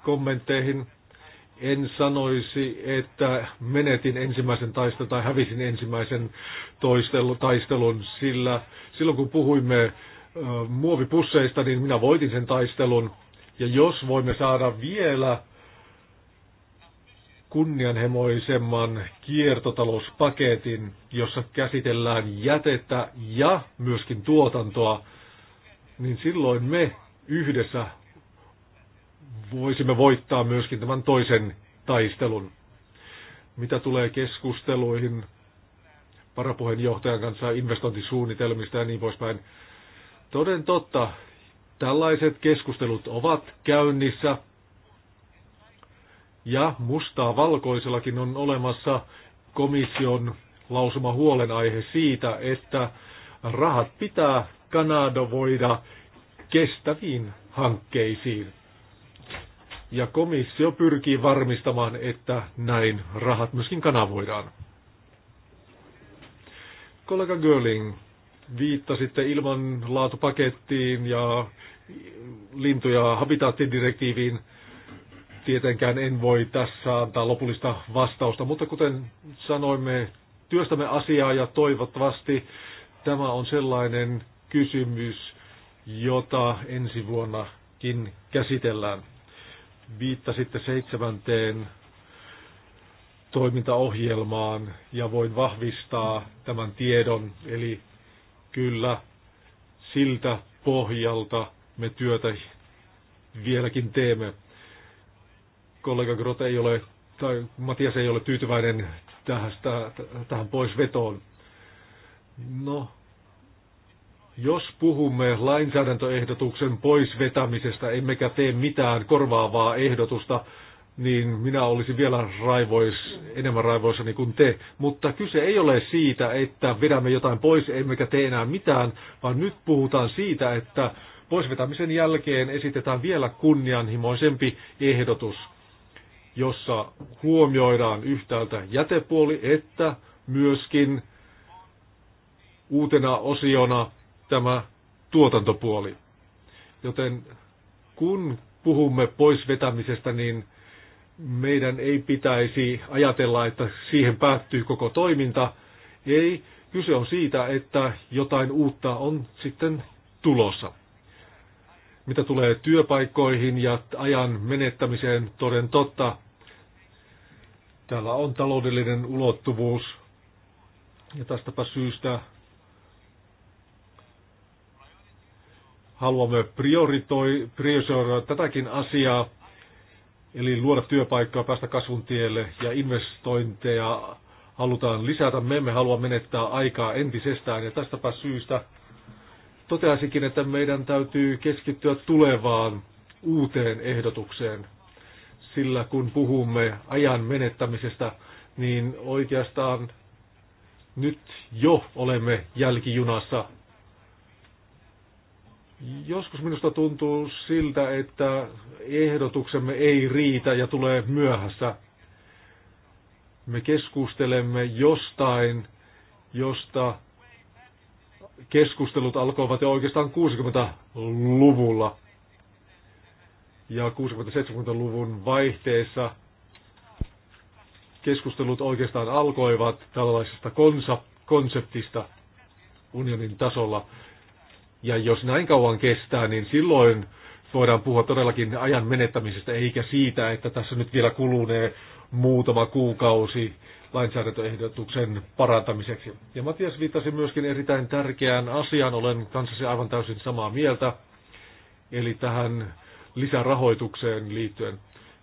kommentteihin. En sanoisi, että menetin ensimmäisen taistelun tai hävisin ensimmäisen toistelu, taistelun, sillä silloin kun puhuimme muovipusseista, niin minä voitin sen taistelun. Ja jos voimme saada vielä kunnianhimoisemman kiertotalouspaketin, jossa käsitellään jätettä ja myöskin tuotantoa, niin silloin me yhdessä voisimme voittaa myöskin tämän toisen taistelun. Mitä tulee keskusteluihin varapuheenjohtajan kanssa investointisuunnitelmista ja niin poispäin, toden totta, tällaiset keskustelut ovat käynnissä ja mustaa valkoisellakin on olemassa komission lausuma huolenaihe siitä, että rahat pitää Kanada voida kestäviin hankkeisiin. Ja komissio pyrkii varmistamaan, että näin rahat myöskin kanavoidaan. Kollega Görling, viittasitte ilmanlaatupakettiin ja lintu- ja habitaattidirektiiviin. Tietenkään en voi tässä antaa lopullista vastausta, mutta kuten sanoimme, työstämme asiaa ja toivottavasti tämä on sellainen kysymys, jota ensi vuonnakin käsitellään. Viittasitte seitsemänteen toimintaohjelmaan ja voin vahvistaa tämän tiedon. Eli kyllä siltä pohjalta me työtä vieläkin teemme. Kollega Grote ei ole, tai Matias ei ole tyytyväinen tähän, tähän poisvetoon. No, jos puhumme lainsäädäntöehdotuksen pois vetämisestä, emmekä tee mitään korvaavaa ehdotusta, niin minä olisin vielä raivois, enemmän raivoisani kuin te. Mutta kyse ei ole siitä, että vedämme jotain pois emmekä tee enää mitään, vaan nyt puhutaan siitä, että poisvetämisen jälkeen esitetään vielä kunnianhimoisempi ehdotus, jossa huomioidaan yhtäältä jätepuoli, että myöskin uutena osiona tämä tuotantopuoli. Joten kun puhumme pois vetämisestä, niin meidän ei pitäisi ajatella, että siihen päättyy koko toiminta. Ei, kyse on siitä, että jotain uutta on sitten tulossa. Mitä tulee työpaikkoihin ja ajan menettämiseen, toden totta, täällä on taloudellinen ulottuvuus. Ja tästäpä syystä haluamme priorisoida tätäkin asiaa, eli luoda työpaikkaa, päästä kasvun tielle ja investointeja halutaan lisätä. Me emme halua menettää aikaa entisestään ja tästäpä syystä toteaisinkin, että meidän täytyy keskittyä tulevaan uuteen ehdotukseen. Sillä kun puhumme ajan menettämisestä, niin oikeastaan nyt jo olemme jälkijunassa Joskus minusta tuntuu siltä, että ehdotuksemme ei riitä ja tulee myöhässä. Me keskustelemme jostain, josta keskustelut alkoivat jo oikeastaan 60-luvulla. Ja 60-70-luvun vaihteessa keskustelut oikeastaan alkoivat tällaisesta konseptista unionin tasolla. Ja jos näin kauan kestää, niin silloin voidaan puhua todellakin ajan menettämisestä, eikä siitä, että tässä nyt vielä kulunee muutama kuukausi lainsäädäntöehdotuksen parantamiseksi. Ja Matias viittasi myöskin erittäin tärkeään asiaan, olen kanssasi aivan täysin samaa mieltä, eli tähän lisärahoitukseen liittyen.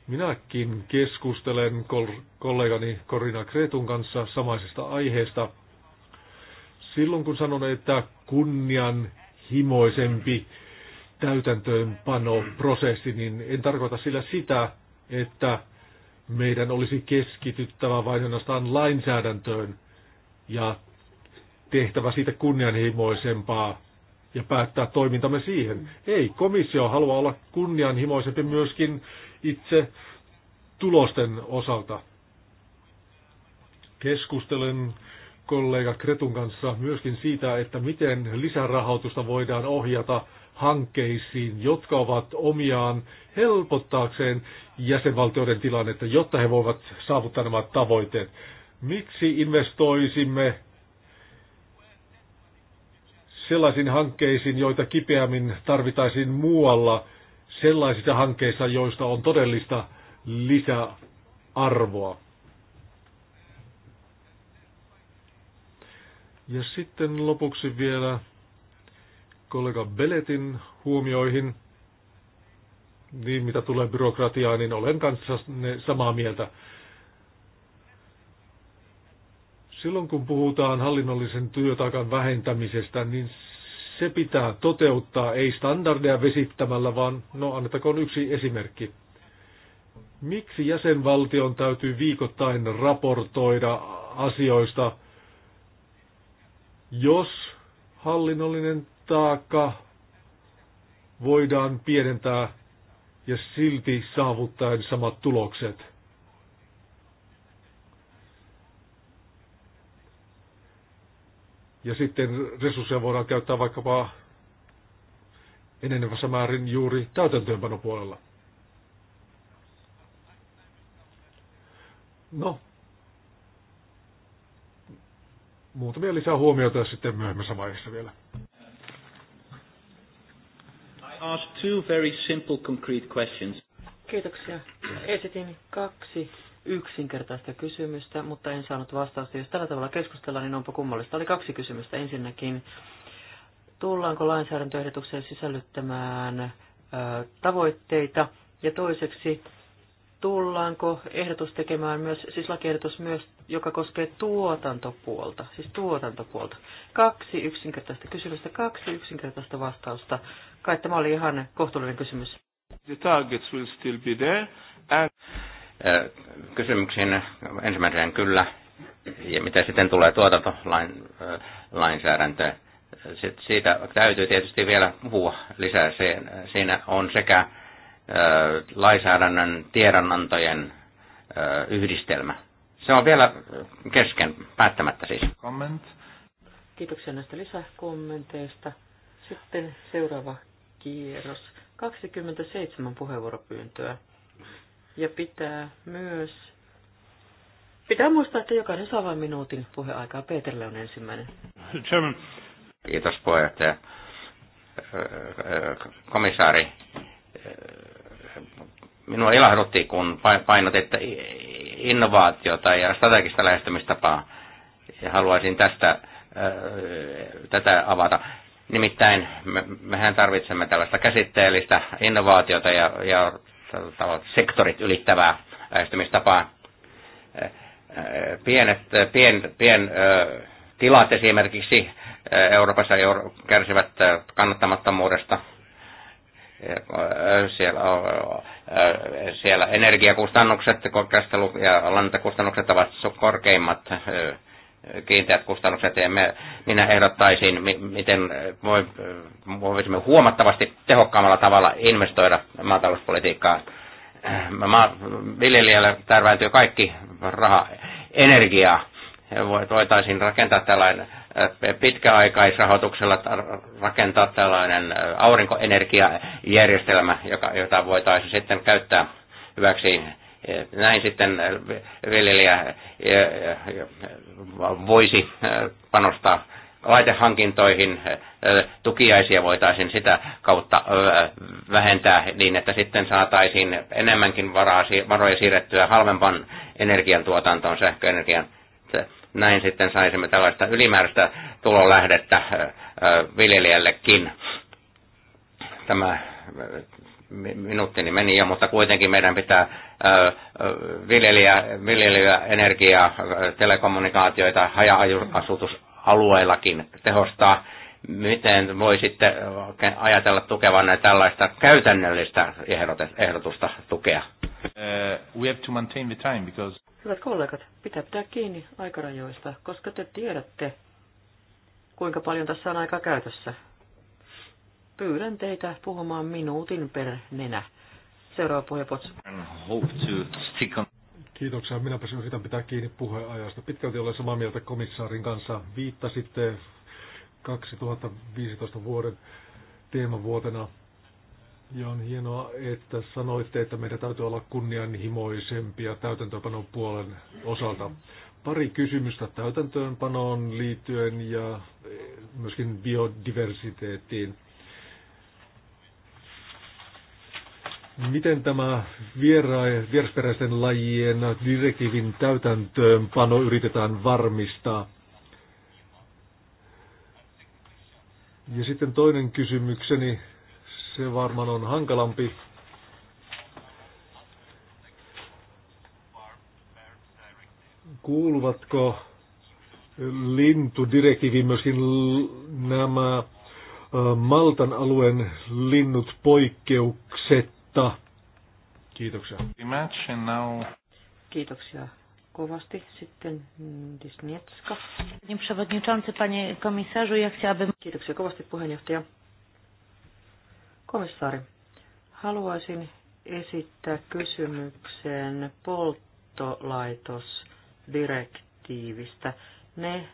Minäkin keskustelen kollegani Korina Kretun kanssa samaisesta aiheesta. Silloin kun sanon, että kunnian himoisempi täytäntöönpanoprosessi, niin en tarkoita sillä sitä, että meidän olisi keskityttävä vain ainoastaan lainsäädäntöön ja tehtävä siitä kunnianhimoisempaa ja päättää toimintamme siihen. Ei, komissio haluaa olla kunnianhimoisempi myöskin itse tulosten osalta. Keskustelen kollega Kretun kanssa myöskin siitä, että miten lisärahoitusta voidaan ohjata hankkeisiin, jotka ovat omiaan helpottaakseen jäsenvaltioiden tilannetta, jotta he voivat saavuttaa nämä tavoitteet. Miksi investoisimme sellaisiin hankkeisiin, joita kipeämmin tarvitaisiin muualla, sellaisissa hankkeissa, joista on todellista lisäarvoa? Ja sitten lopuksi vielä kollega Beletin huomioihin. Niin mitä tulee byrokratiaan, niin olen kanssa samaa mieltä. Silloin kun puhutaan hallinnollisen työtaakan vähentämisestä, niin se pitää toteuttaa ei standardeja vesittämällä, vaan no annettakoon yksi esimerkki. Miksi jäsenvaltion täytyy viikoittain raportoida asioista, jos hallinnollinen taakka voidaan pienentää ja silti saavuttaen samat tulokset. Ja sitten resursseja voidaan käyttää vaikkapa enenevässä määrin juuri täytäntöönpanopuolella. No, muutamia lisää huomioita sitten myöhemmässä vaiheessa vielä. I asked two very simple concrete questions. Kiitoksia. Esitin kaksi yksinkertaista kysymystä, mutta en saanut vastausta. Jos tällä tavalla keskustellaan, niin onpa kummallista. Oli kaksi kysymystä. Ensinnäkin, tullaanko lainsäädäntöehdotukseen sisällyttämään tavoitteita? Ja toiseksi, tullaanko ehdotus tekemään myös, siis lakiehdotus myös joka koskee tuotantopuolta, siis tuotantopuolta. Kaksi yksinkertaista kysymystä, kaksi yksinkertaista vastausta. Kai tämä oli ihan kohtuullinen kysymys. The targets will still be there. And... Kysymyksiin ensimmäiseen kyllä. Ja mitä sitten tulee tuotantolainsäädäntöön? Sitten siitä täytyy tietysti vielä puhua lisää. Siinä on sekä lainsäädännön tiedonantojen yhdistelmä – se on vielä kesken, päättämättä siis. Comment. Kiitoksia näistä lisäkommenteista. Sitten seuraava kierros. 27 puheenvuoropyyntöä. Ja pitää myös... Pitää muistaa, että jokainen saa vain minuutin puheaikaa. Peterille on ensimmäinen. German. Kiitos puheenjohtaja. Komissaari, minua ilahdutti, kun painot että innovaatiota ja strategista lähestymistapaa. Ja haluaisin tästä äh, tätä avata. Nimittäin mehän tarvitsemme tällaista käsitteellistä innovaatiota ja, ja sektorit ylittävää lähestymistapaa. Äh, pienet pien, pien, äh, tilat esimerkiksi Euroopassa kärsivät kannattamattomuudesta siellä, äh, siellä energiakustannukset, ja lantakustannukset ovat korkeimmat äh, kiinteät kustannukset, ja me, minä ehdottaisin, miten voi, voisimme huomattavasti tehokkaammalla tavalla investoida maatalouspolitiikkaan. Äh, ma, viljelijälle tärväytyy kaikki raha energiaa voitaisiin rakentaa tällainen pitkäaikaisrahoituksella rakentaa tällainen aurinkoenergiajärjestelmä, joka, jota voitaisiin sitten käyttää hyväksi. Näin sitten viljelijä voisi panostaa laitehankintoihin, tukiaisia voitaisiin sitä kautta vähentää niin, että sitten saataisiin enemmänkin varoja siirrettyä halvempan energiantuotantoon, sähköenergian näin sitten saisimme tällaista ylimääräistä tulonlähdettä viljelijällekin. Tämä minuuttini meni jo, mutta kuitenkin meidän pitää viljelijä, viljelyä, energiaa, telekommunikaatioita, haja-asutusalueillakin tehostaa. Miten voi sitten ajatella tukevanne tällaista käytännöllistä ehdotusta tukea? Uh, we have to maintain the time because... Hyvät kollegat, pitää pitää kiinni aikarajoista, koska te tiedätte, kuinka paljon tässä on aikaa käytössä. Pyydän teitä puhumaan minuutin per nenä. Seuraava puheenvuoro. Kiitoksia. Minäpä yritän pitää kiinni puheajasta. Pitkälti olen samaa mieltä komissaarin kanssa. Viittasitte 2015 vuoden teemavuotena ja on hienoa, että sanoitte, että meidän täytyy olla kunnianhimoisempia täytäntöönpanon puolen osalta. Pari kysymystä täytäntöönpanoon liittyen ja eh, myöskin biodiversiteettiin. Miten tämä vierasperäisten lajien direktiivin täytäntöönpano yritetään varmistaa? Ja sitten toinen kysymykseni se varmaan on hankalampi. Kuuluvatko lintudirektiiviin myöskin nämä Maltan alueen linnut poikkeuksetta? Kiitoksia. Kiitoksia kovasti. Sitten Disnietska. panie komisarzu, ja chciałabym... Kiitoksia kovasti puheenjohtaja. Komissaari, haluaisin esittää kysymyksen polttolaitosdirektiivistä. Ne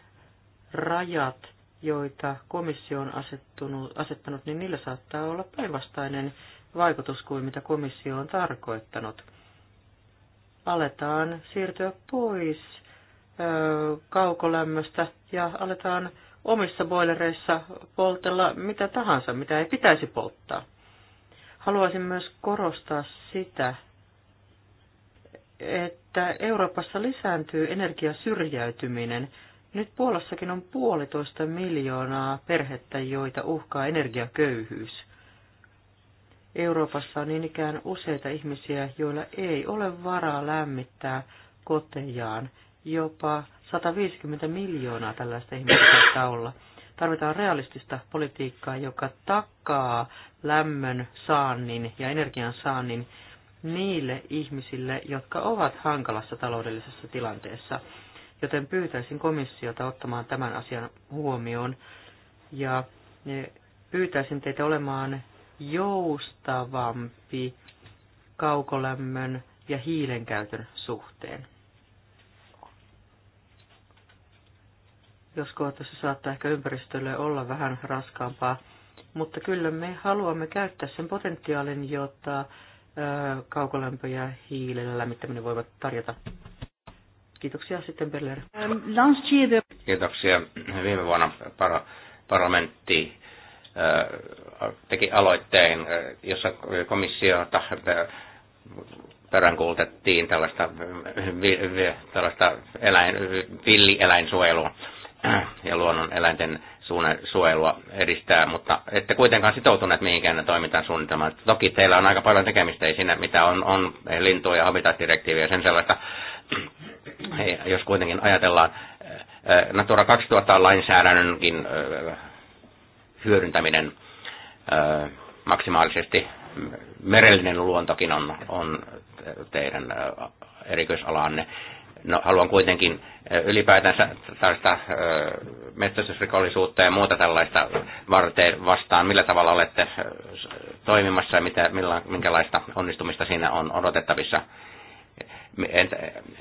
rajat, joita komissio on asettanut, niin niillä saattaa olla päinvastainen vaikutus kuin mitä komissio on tarkoittanut. Aletaan siirtyä pois kaukolämmöstä ja aletaan omissa boilereissa poltella mitä tahansa, mitä ei pitäisi polttaa. Haluaisin myös korostaa sitä, että Euroopassa lisääntyy energiasyrjäytyminen. Nyt Puolassakin on puolitoista miljoonaa perhettä, joita uhkaa energiaköyhyys. Euroopassa on niin ikään useita ihmisiä, joilla ei ole varaa lämmittää kotejaan. Jopa 150 miljoonaa tällaista ihmistä saattaa olla. Tarvitaan realistista politiikkaa, joka takaa lämmön saannin ja energian saannin niille ihmisille, jotka ovat hankalassa taloudellisessa tilanteessa. Joten pyytäisin komissiota ottamaan tämän asian huomioon ja e, pyytäisin teitä olemaan joustavampi kaukolämmön ja hiilen käytön suhteen. Joskus se saattaa ehkä ympäristölle olla vähän raskaampaa, mutta kyllä me haluamme käyttää sen potentiaalin, jota kaukolämpö ja hiilellä lämmittäminen voivat tarjota. Kiitoksia sitten Berler. Ähm, Kiitoksia. Viime vuonna para, parlamentti teki aloitteen, jossa komissiota peräänkuultettiin tällaista, vi, vi, tällaista eläin, villieläinsuojelua ja luonnon eläinten suojelua edistää, mutta ette kuitenkaan sitoutuneet mihinkään toimintaan suunnitelmaan. Toki teillä on aika paljon tekemistä, ei siinä mitä on, on lintuja ja habitat ja sen sellaista. Jos kuitenkin ajatellaan äh, Natura 2000-lainsäädännönkin äh, hyödyntäminen äh, maksimaalisesti mm, merellinen luontokin on, on teidän erikoisalanne. No, haluan kuitenkin ylipäätänsä tällaista metsästysrikollisuutta ja muuta tällaista varten vastaan. Millä tavalla olette toimimassa ja mitä, millä, minkälaista onnistumista siinä on odotettavissa?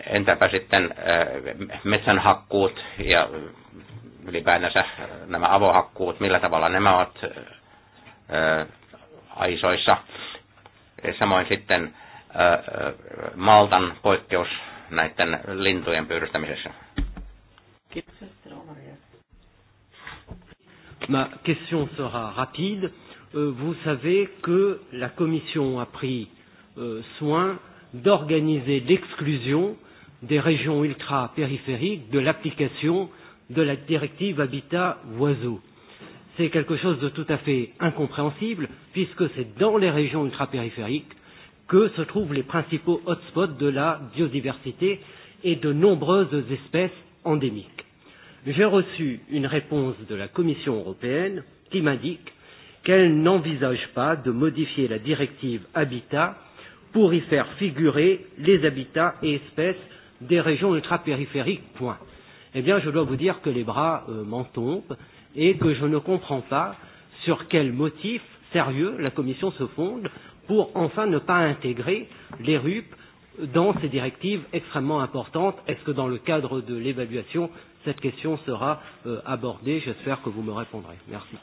Entäpä sitten metsänhakkuut ja ylipäätänsä nämä avohakkuut, millä tavalla nämä ovat aisoissa? Samoin sitten Maltan poikkeus näiden lintujen pyydystämisessä. Ma question sera rapide. Euh, vous savez que la Commission a pris euh, soin d'organiser l'exclusion des régions ultra-périphériques de l'application de la directive Habitat Oiseaux. C'est quelque chose de tout à fait incompréhensible puisque c'est dans les régions ultra-périphériques que se trouvent les principaux hotspots de la biodiversité et de nombreuses espèces endémiques. J'ai reçu une réponse de la Commission européenne qui m'indique qu'elle n'envisage pas de modifier la directive Habitat pour y faire figurer les habitats et espèces des régions ultrapériphériques. Point. Eh bien, je dois vous dire que les bras euh, m'en tombent et que je ne comprends pas sur quel motif sérieux la Commission se fonde pour enfin ne pas intégrer les RUP dans ces directives extrêmement importantes. Est-ce que dans le cadre de l'évaluation, cette question sera euh, abordée J'espère que vous me répondrez. Merci.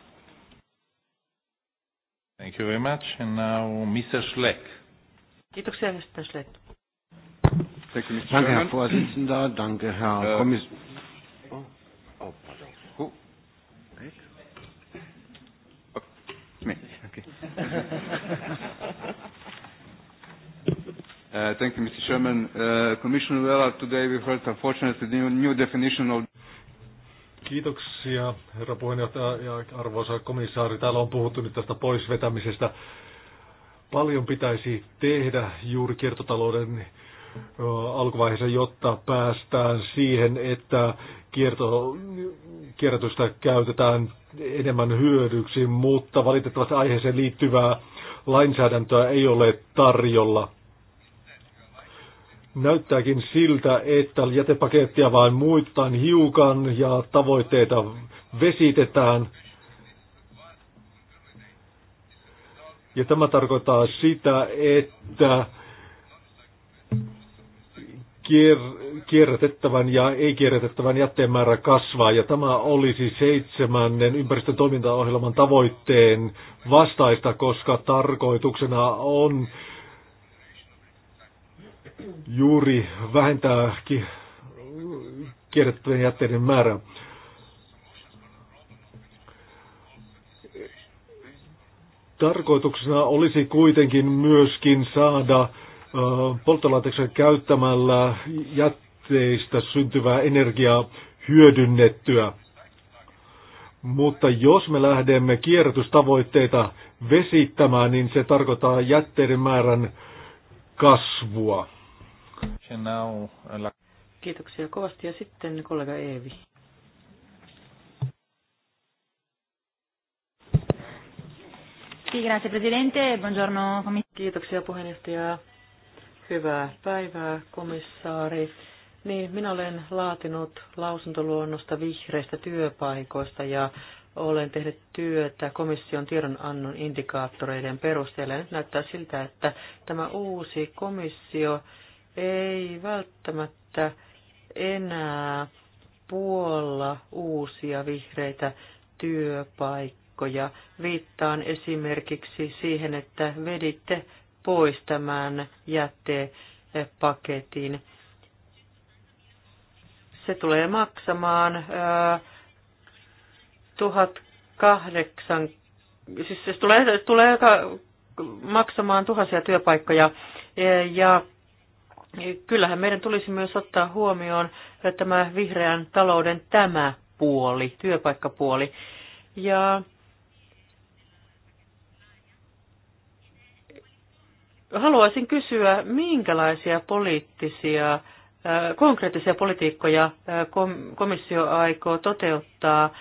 Thank you very much. And now Mr. Schleck. Kiitoksia, Mr. Schleck. Thank you, Mr. Danke, Herr Vorsitzender. Danke, Herr uh, äh, Kommissar. Oh, oh, pardon. Oh. Okay. Uh, thank you, Mr. Chairman. Uh, Commissioner Vela, today we heard unfortunately new, new definition of... Kiitoksia, herra puheenjohtaja ja arvoisa komissaari. Täällä on puhuttu nyt tästä poisvetämisestä. Paljon pitäisi tehdä juuri kiertotalouden alkuvaiheessa, jotta päästään siihen, että kierto, kierrätystä käytetään enemmän hyödyksi, mutta valitettavasti aiheeseen liittyvää lainsäädäntöä ei ole tarjolla näyttääkin siltä, että jätepakettia vain muuttaan hiukan ja tavoitteita vesitetään. Ja tämä tarkoittaa sitä, että kier- kierrätettävän ja ei-kierrätettävän jätteen määrä kasvaa, ja tämä olisi seitsemännen ympäristön toimintaohjelman tavoitteen vastaista, koska tarkoituksena on juuri vähentää kierrättävien jätteiden määrää. Tarkoituksena olisi kuitenkin myöskin saada polttolaitoksen käyttämällä jätteistä syntyvää energiaa hyödynnettyä. Mutta jos me lähdemme kierrätystavoitteita vesittämään, niin se tarkoittaa jätteiden määrän kasvua. Kiitoksia kovasti. Ja sitten kollega Eevi. Grazie Presidente, buongiorno Kiitoksia puheenjohtaja. Hyvää päivää komissaari. Niin, minä olen laatinut lausuntoluonnosta vihreistä työpaikoista ja olen tehnyt työtä komission tiedonannon indikaattoreiden perusteella. Nyt näyttää siltä, että tämä uusi komissio ei välttämättä enää puolla uusia vihreitä työpaikkoja. Viittaan esimerkiksi siihen, että veditte pois tämän jätepaketin. Se tulee maksamaan ää, 1008, siis se tulee, tulee maksamaan tuhansia työpaikkoja ja kyllähän meidän tulisi myös ottaa huomioon tämä vihreän talouden tämä puoli, työpaikkapuoli. Ja haluaisin kysyä, minkälaisia poliittisia, äh, konkreettisia politiikkoja äh, komissio aikoo toteuttaa äh,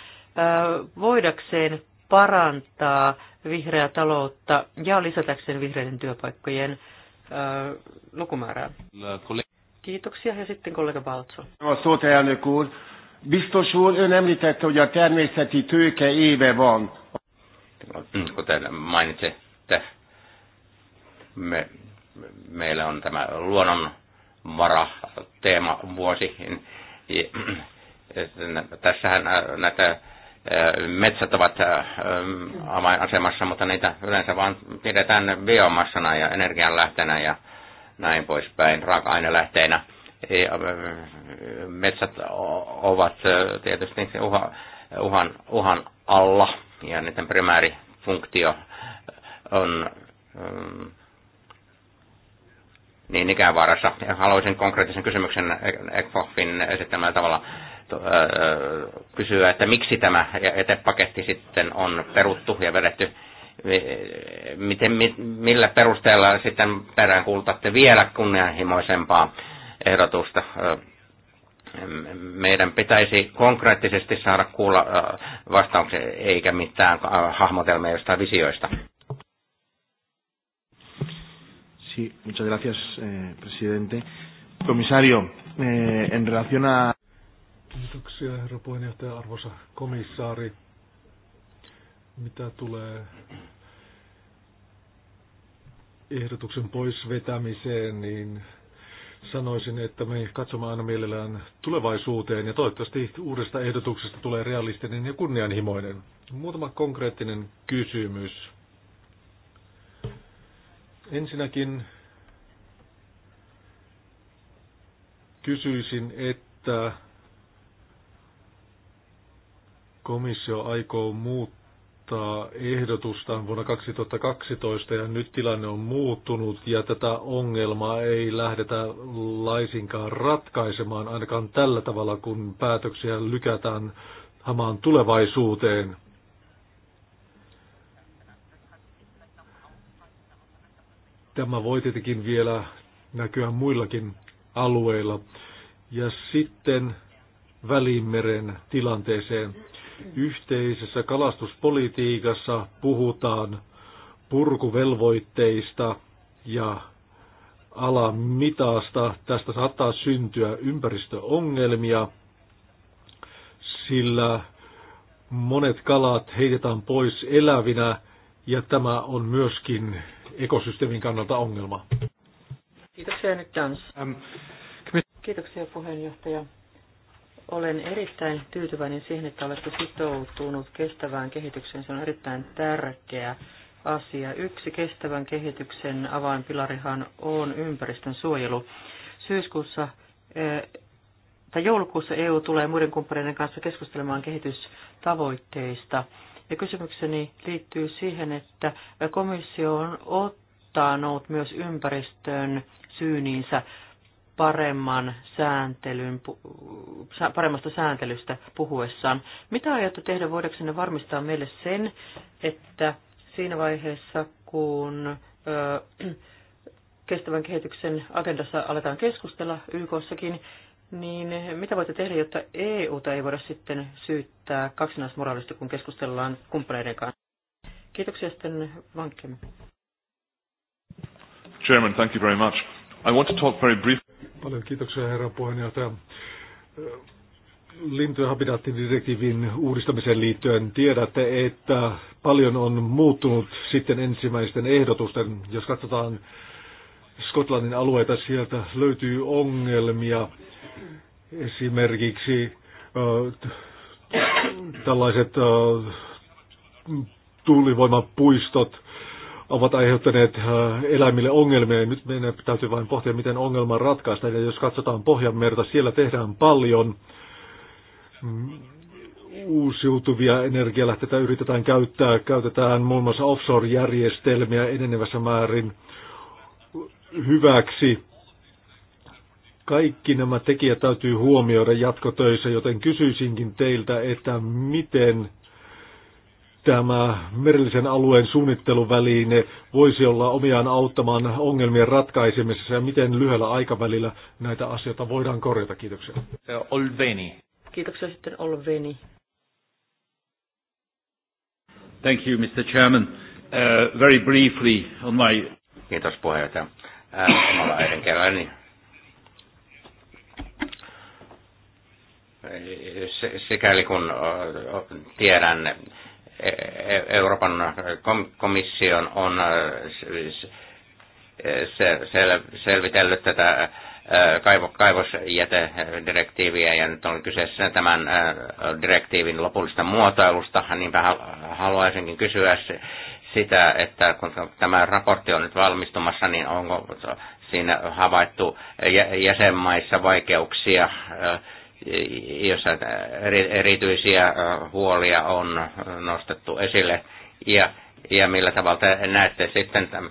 voidakseen parantaa vihreää taloutta ja lisätäkseen vihreiden työpaikkojen lukumäärää. Kiitoksia ja sitten kollega Baltso. Szót elnök úr. Biztos úr, ön említette, hogy a természeti tőke éve van. Kuten mainitsitte, me, me, meillä on tämä luonnonvara teema vuosi. Tässähän näitä metsät ovat avainasemassa, mutta niitä yleensä vaan pidetään biomassana ja energianlähteenä ja näin poispäin, raaka-ainelähteenä. Metsät ovat tietysti uhan, uhan, uhan alla ja niiden funktio on niin ikään vaarassa. Haluaisin konkreettisen kysymyksen ECFOFin esittämällä tavalla kysyä, että miksi tämä etepaketti sitten on peruttu ja vedetty. Miten, millä perusteella sitten peräänkuultatte vielä kunnianhimoisempaa ehdotusta? Meidän pitäisi konkreettisesti saada kuulla vastauksia, eikä mitään hahmotelmia jostain visioista. Sí, muchas gracias, eh, presidente. Comisario, eh, en relación a... Kiitoksia herra puheenjohtaja, arvoisa komissaari. Mitä tulee ehdotuksen pois vetämiseen, niin sanoisin, että me katsomme aina mielellään tulevaisuuteen ja toivottavasti uudesta ehdotuksesta tulee realistinen ja kunnianhimoinen. Muutama konkreettinen kysymys. Ensinnäkin kysyisin, että komissio aikoo muuttaa ehdotustaan vuonna 2012 ja nyt tilanne on muuttunut ja tätä ongelmaa ei lähdetä laisinkaan ratkaisemaan ainakaan tällä tavalla, kun päätöksiä lykätään hamaan tulevaisuuteen. Tämä voi tietenkin vielä näkyä muillakin alueilla. Ja sitten Välimeren tilanteeseen. Yhteisessä kalastuspolitiikassa puhutaan purkuvelvoitteista ja alan mitasta. Tästä saattaa syntyä ympäristöongelmia, sillä monet kalat heitetään pois elävinä ja tämä on myöskin ekosysteemin kannalta ongelma. Kiitoksia nyt Jans. Ähm, Kiitoksia puheenjohtaja. Olen erittäin tyytyväinen siihen, että olette sitoutunut kestävään kehitykseen. Se on erittäin tärkeä asia. Yksi kestävän kehityksen avainpilarihan on ympäristön suojelu. Syyskuussa eh, tai joulukuussa EU tulee muiden kumppaneiden kanssa keskustelemaan kehitystavoitteista. Ja kysymykseni liittyy siihen, että komissio on ottanut myös ympäristön syyniinsä paremman sääntelyn, paremmasta sääntelystä puhuessaan. Mitä aiotte tehdä voidaksenne varmistaa meille sen, että siinä vaiheessa, kun ö, kestävän kehityksen agendassa aletaan keskustella YKssakin, niin mitä voitte tehdä, jotta EUta ei voida sitten syyttää kaksinaismoraalista, kun keskustellaan kumppaneiden kanssa? Kiitoksia sitten Vankkemme. Chairman, thank you very much. I want to talk very briefly. Paljon kiitoksia herra puheenjohtaja. Lintu- ja habitaattidirektiivin uudistamiseen liittyen tiedätte, että paljon on muuttunut sitten ensimmäisten ehdotusten. Jos katsotaan Skotlannin alueita, sieltä löytyy ongelmia. Esimerkiksi äh, tällaiset äh, tuulivoimapuistot ovat aiheuttaneet äh, eläimille ongelmia. Ja nyt meidän täytyy vain pohtia, miten ongelma ratkaistaan. Ja jos katsotaan Pohjanmerta, siellä tehdään paljon mm, uusiutuvia energialähteitä yritetään käyttää. Käytetään muun muassa offshore-järjestelmiä enenevässä määrin hyväksi. Kaikki nämä tekijät täytyy huomioida jatkotöissä, joten kysyisinkin teiltä, että miten tämä merellisen alueen suunnitteluväline voisi olla omiaan auttamaan ongelmien ratkaisemisessa ja miten lyhyellä aikavälillä näitä asioita voidaan korjata? Kiitoksia. Olveni. Kiitoksia sitten Olveni. Thank you, Mr. Chairman. Uh, very briefly on my... Kiitos puheenjohtaja. Äh, omalla äidinkielelläni sikäli kun tiedän E-, e-, Euroopan äh, komission on äh, selvitellyt tätä äh, kaivosjätedirektiiviä ja nyt on kyseessä tämän direktiivin lopullista muotoilusta, niinpä haluaisinkin kysyä sitä, että kun tämä raportti on nyt valmistumassa, niin onko siinä havaittu jäsenmaissa vaikeuksia jossa erityisiä huolia on nostettu esille, ja, ja millä tavalla te näette sitten tämän,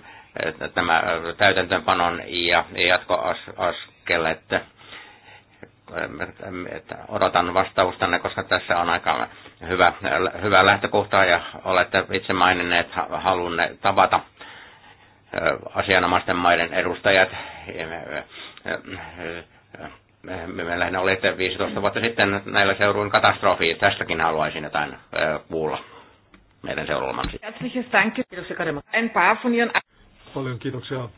tämä täytäntöönpanon ja jatkoaskeleet. Odotan vastaustanne, koska tässä on aika hyvä, hyvä lähtökohta ja olette itse maininneet halunne tavata asianomaisten maiden edustajat me me lähinnä oli, että 15 vuotta sitten näillä seuduin katastrofi. Tästäkin haluaisin jotain kuulla meidän seuraavaksi. Paljon kiitoksia.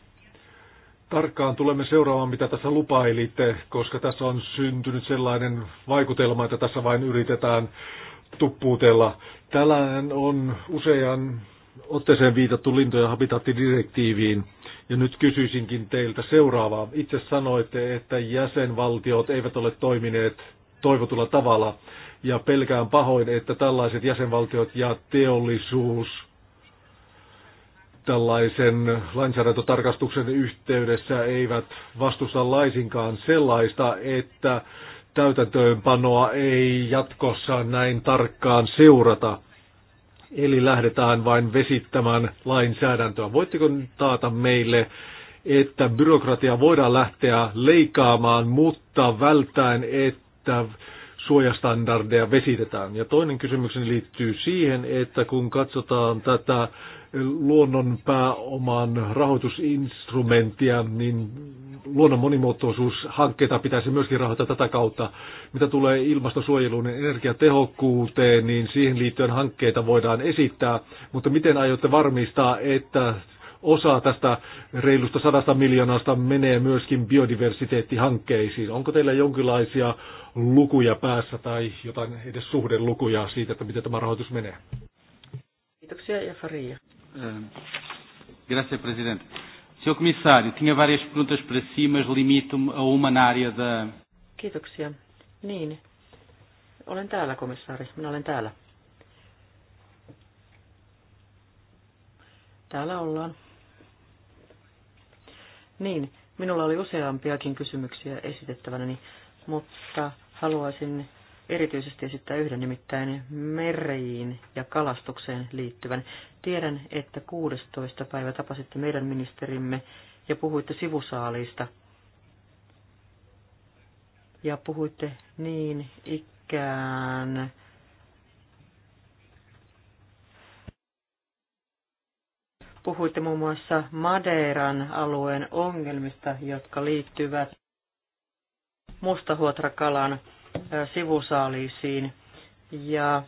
Tarkkaan tulemme seuraamaan, mitä tässä lupailitte, koska tässä on syntynyt sellainen vaikutelma, että tässä vain yritetään tuppuutella. Tällään on usean otteeseen viitattu lintojen habitaattidirektiiviin. direktiiviin ja nyt kysyisinkin teiltä seuraavaa. Itse sanoitte, että jäsenvaltiot eivät ole toimineet toivotulla tavalla ja pelkään pahoin, että tällaiset jäsenvaltiot ja teollisuus tällaisen lainsäädäntötarkastuksen yhteydessä eivät vastusta laisinkaan sellaista, että täytäntöönpanoa ei jatkossa näin tarkkaan seurata. Eli lähdetään vain vesittämään lainsäädäntöä. Voitteko taata meille, että byrokratia voidaan lähteä leikkaamaan, mutta välttäen, että suojastandardeja vesitetään. Ja toinen kysymykseni liittyy siihen, että kun katsotaan tätä luonnon pääoman rahoitusinstrumenttia, niin luonnon monimuotoisuushankkeita pitäisi myöskin rahoittaa tätä kautta. Mitä tulee ilmastosuojeluun ja energiatehokkuuteen, niin siihen liittyen hankkeita voidaan esittää, mutta miten aiotte varmistaa, että osa tästä reilusta sadasta miljoonasta menee myöskin biodiversiteettihankkeisiin. Onko teillä jonkinlaisia lukuja päässä tai jotain edes suhdelukuja siitä, että miten tämä rahoitus menee? Kiitoksia ja Faria. Uh, graças, Presidente. Senhor Comissário, tinha várias perguntas para si, mas limito-me a uma na área da... Kiitoksia. Niin. Olen täällä, komissaari. Minä olen täällä. Täällä ollaan. Niin, minulla oli useampiakin kysymyksiä esitettävänäni, mutta haluaisin erityisesti esittää yhden nimittäin meriin ja kalastukseen liittyvän. Tiedän, että 16. päivä tapasitte meidän ministerimme ja puhuitte sivusaalista. Ja puhuitte niin ikään puhuitte muun muassa Madeiran alueen ongelmista, jotka liittyvät mustahuotrakalan sivusaaliisiin ja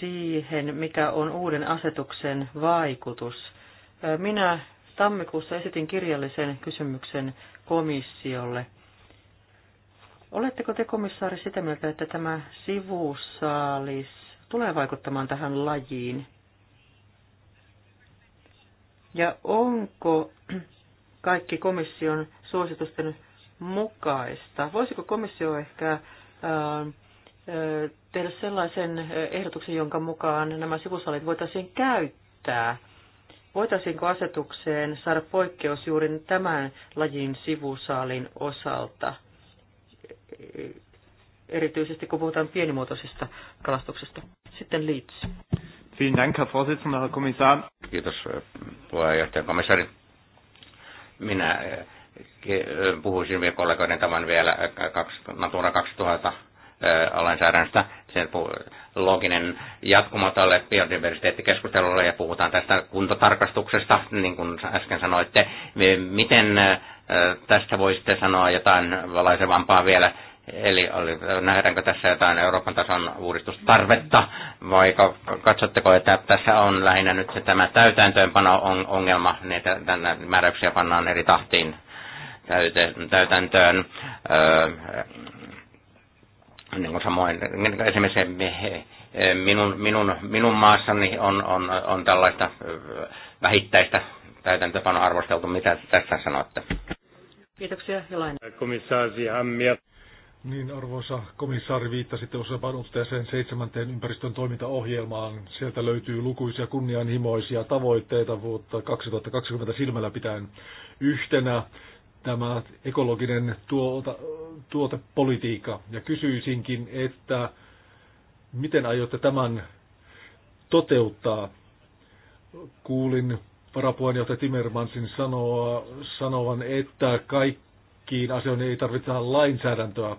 siihen, mikä on uuden asetuksen vaikutus. Minä tammikuussa esitin kirjallisen kysymyksen komissiolle. Oletteko te, komissaari, sitä mieltä, että tämä sivusaalis tulee vaikuttamaan tähän lajiin? Ja onko kaikki komission suositusten mukaista. Voisiko komissio ehkä äh, äh, tehdä sellaisen äh, ehdotuksen, jonka mukaan nämä sivusalit voitaisiin käyttää? Voitaisiinko asetukseen saada poikkeus juuri tämän lajin sivusalin osalta, erityisesti kun puhutaan pienimuotoisesta kalastuksesta? Sitten liitsi. Vielen Dank, Herr Vorsitzender, Herr Kommissar. Kiitos, puheenjohtaja komissari. Minä puhuisin kollegoiden tavan vielä Natura 2000 lainsäädännöstä, sen looginen jatkumo tälle biodiversiteettikeskustelulle ja puhutaan tästä kuntotarkastuksesta, niin kuin äsken sanoitte. Miten tästä voisitte sanoa jotain valaisevampaa vielä? Eli oli, nähdäänkö tässä jotain Euroopan tason uudistustarvetta vai katsotteko, että tässä on lähinnä nyt se tämä täytäntöönpano-ongelma, niin että määräyksiä pannaan eri tahtiin täytäntöön. Niin kuin samoin niin esimerkiksi minun, minun, minun maassani on, on, on tällaista vähittäistä täytäntöpanoa arvosteltu. Mitä tässä sanotte? Kiitoksia, Jolainen. Komissaari Hammia. Niin, arvoisa komissaari, viittasitte useampaan otteeseen seitsemänteen ympäristön toimintaohjelmaan. Sieltä löytyy lukuisia kunnianhimoisia tavoitteita vuotta 2020 silmällä pitäen. Yhtenä tämä ekologinen tuota, tuotepolitiikka. Ja kysyisinkin, että miten aiotte tämän toteuttaa? Kuulin varapuheenjohtaja Timmermansin sanoa, sanovan, että kaikkiin asioihin ei tarvita lainsäädäntöä.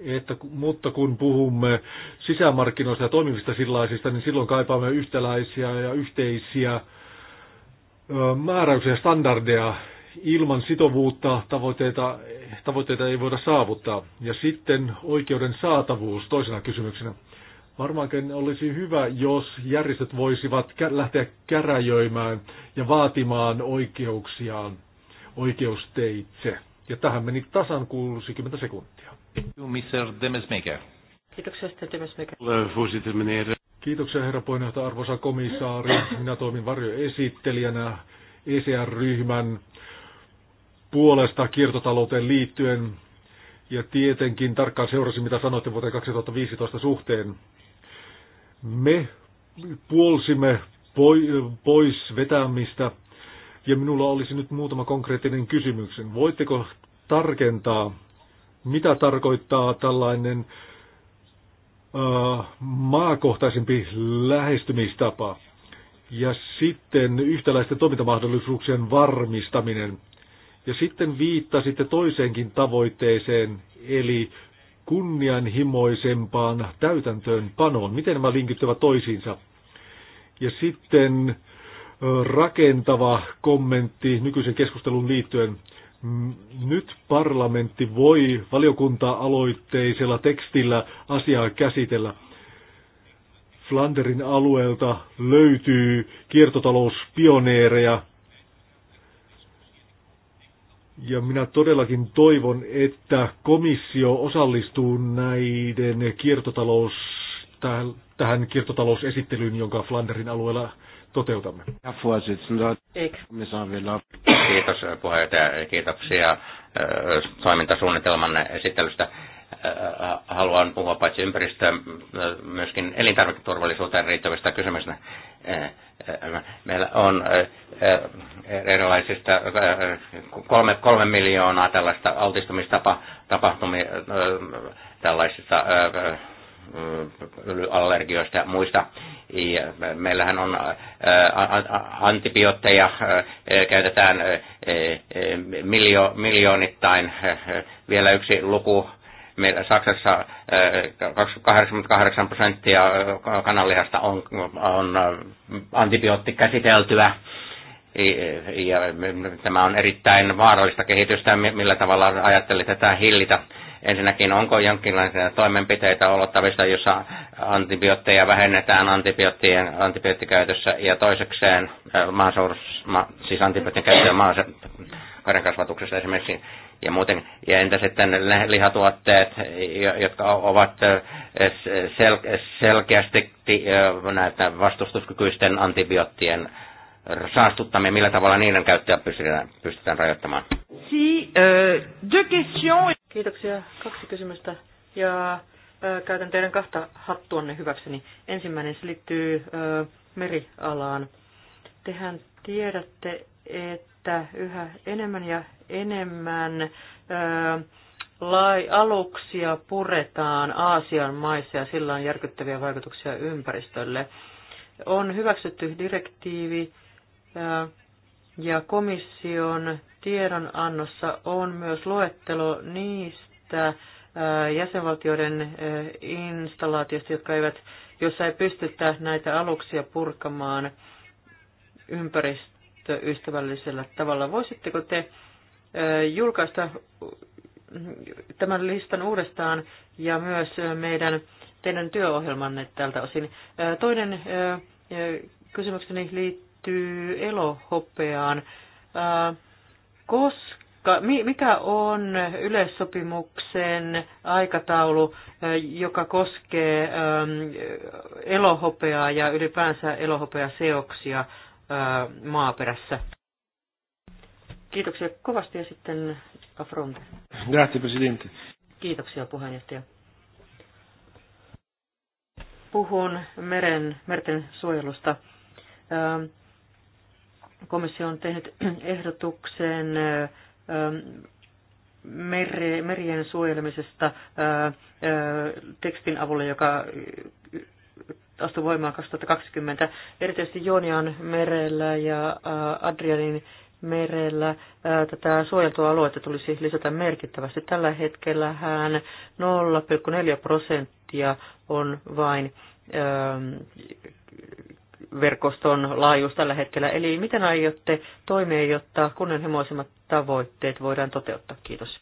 Että, mutta kun puhumme sisämarkkinoista ja toimivista sillaisista, niin silloin kaipaamme yhtäläisiä ja yhteisiä määräyksiä ja standardeja ilman sitovuutta tavoitteita, tavoitteita ei voida saavuttaa. Ja sitten oikeuden saatavuus toisena kysymyksenä. Varmaankin olisi hyvä, jos järjestöt voisivat lähteä käräjöimään ja vaatimaan oikeuksiaan oikeusteitse. Ja tähän meni tasan 60 sekuntia. Kiitoksia, Mr. Demesmaker. Kiitoksia, herra puheenjohtaja, arvoisa komissaari. Minä toimin varjoesittelijänä ECR-ryhmän puolesta kiertotalouteen liittyen. Ja tietenkin tarkkaan seurasin, mitä sanoitte vuoteen 2015 suhteen. Me puolsimme pois vetämistä ja minulla olisi nyt muutama konkreettinen kysymys. Voitteko tarkentaa, mitä tarkoittaa tällainen äh, maakohtaisempi lähestymistapa ja sitten yhtäläisten toimintamahdollisuuksien varmistaminen. Ja sitten viittasitte toiseenkin tavoitteeseen, eli kunnianhimoisempaan täytäntöönpanoon. Miten nämä linkittyvät toisiinsa? Ja sitten rakentava kommentti nykyisen keskustelun liittyen. Mm, nyt parlamentti voi valiokunta-aloitteisella tekstillä asiaa käsitellä. Flanderin alueelta löytyy kiertotalouspioneereja, ja minä todellakin toivon, että komissio osallistuu näiden kiertotalous, tähän kiertotalousesittelyyn, jonka Flanderin alueella toteutamme. Kiitos puheenjohtaja, kiitoksia toimintasuunnitelman esittelystä. Haluan puhua paitsi ympäristöön, myöskin elintarviketurvallisuuteen riittävistä kysymyksistä meillä on erilaisista kolme, kolme miljoonaa tällaista altistumistapahtumia tällaisista allergioista ja muista. Meillähän on antibiootteja, käytetään miljoonittain. Vielä yksi luku Meillä Saksassa 88 äh, prosenttia äh, kananlihasta on, on äh, antibiootti käsiteltyä. Ja tämä on erittäin vaarallista kehitystä, millä tavalla ajattelit tätä hillitä. Ensinnäkin, onko jonkinlaisia toimenpiteitä olottavissa, jossa antibiootteja vähennetään antibioottien, antibioottikäytössä ja toisekseen maasous, ma, siis antibioottien käyttöä maaseuran kasvatuksessa esimerkiksi ja muuten, ja entä sitten lihatuotteet, jotka ovat sel- selkeästi näitä vastustuskykyisten antibioottien saastuttamia, millä tavalla niiden käyttöä pystytään, pystytään rajoittamaan? Si, uh, Kiitoksia. Kaksi kysymystä. Ja käytän teidän kahta hattuanne hyväkseni. Ensimmäinen se liittyy uh, merialaan. Tehän tiedätte, että yhä enemmän ja enemmän ö, lai, aluksia puretaan Aasian maissa ja sillä on järkyttäviä vaikutuksia ympäristölle. On hyväksytty direktiivi ö, ja komission tiedonannossa on myös luettelo niistä ö, jäsenvaltioiden ö, installaatiosta, jotka eivät, jossa ei pystytä näitä aluksia purkamaan ympäristöystävällisellä tavalla. Voisitteko te julkaista tämän listan uudestaan ja myös meidän teidän työohjelmanne tältä osin. Toinen kysymykseni liittyy elohopeaan. Koska, mikä on yleissopimuksen aikataulu, joka koskee elohopeaa ja ylipäänsä elohopeaseoksia maaperässä? Kiitoksia kovasti ja sitten Afronte. Grazie, Presidente. Kiitoksia puheenjohtaja. Puhun meren, merten suojelusta. Ähm, komissio on tehnyt ehdotuksen ähm, merien suojelemisesta äh, äh, tekstin avulla, joka astui voimaan 2020. Erityisesti Joonian merellä ja äh, Adrianin merellä tätä suojeltua aluetta tulisi lisätä merkittävästi. Tällä hetkellä 0,4 prosenttia on vain verkoston laajuus tällä hetkellä. Eli miten aiotte toimia, jotta kunnianhimoisimmat tavoitteet voidaan toteuttaa? Kiitos.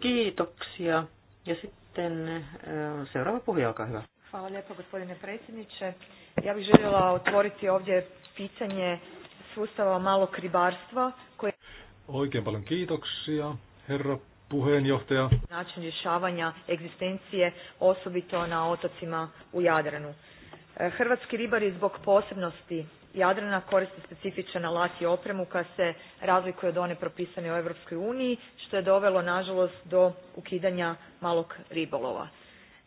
Kiitoksia. Ja sitten seuraava puhuja, olkaa hyvä. Hvala lijepo gospodine predsjedniče. Ja bih željela otvoriti ovdje pitanje sustava malog ribarstva. Koje... Oikein paljon kiitoksia, herra puheenjohtaja. Način rješavanja egzistencije osobito na otocima u Jadranu. E, hrvatski ribari zbog posebnosti Jadrana koriste specifičan alat i opremu koja se razlikuje od one propisane u Europskoj uniji, što je dovelo, nažalost, do ukidanja malog ribolova.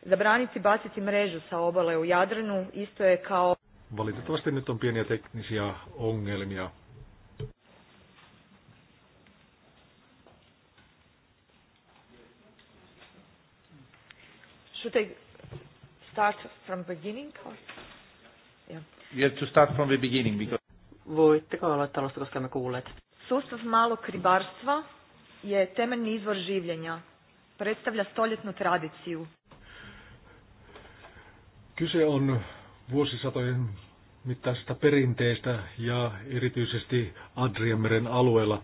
Zabraniti baciti mrežu sa obale u Jadranu isto je kao Valitettavasti nyt on pieniä teknisiä ongelmia. Should I start from beginning? Or? Yeah. You have to start from the beginning because... Voitteko aloittaa alusta, koska me kuulet? Sustav malog ribarstva je temeljni izvor življenja. Predstavlja stoljetnu tradiciju. Kyse on vuosisatojen mittaisesta perinteestä ja erityisesti Adriameren alueella.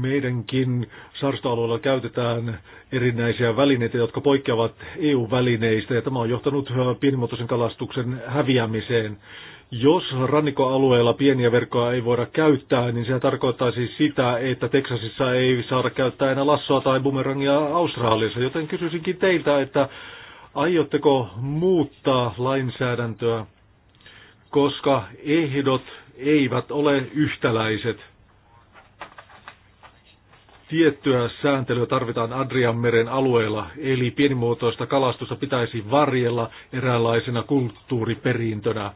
Meidänkin saaristoalueella käytetään erinäisiä välineitä, jotka poikkeavat EU-välineistä, ja tämä on johtanut pienimuotoisen kalastuksen häviämiseen. Jos rannikkoalueella pieniä verkkoja ei voida käyttää, niin se tarkoittaa siis sitä, että Teksasissa ei saada käyttää enää lassoa tai bumerangia Australiassa. Joten kysyisinkin teiltä, että Aiotteko muuttaa lainsäädäntöä, koska ehdot eivät ole yhtäläiset? Tiettyä sääntelyä tarvitaan Adrianmeren alueella, eli pienimuotoista kalastusta pitäisi varjella eräänlaisena kulttuuriperintönä.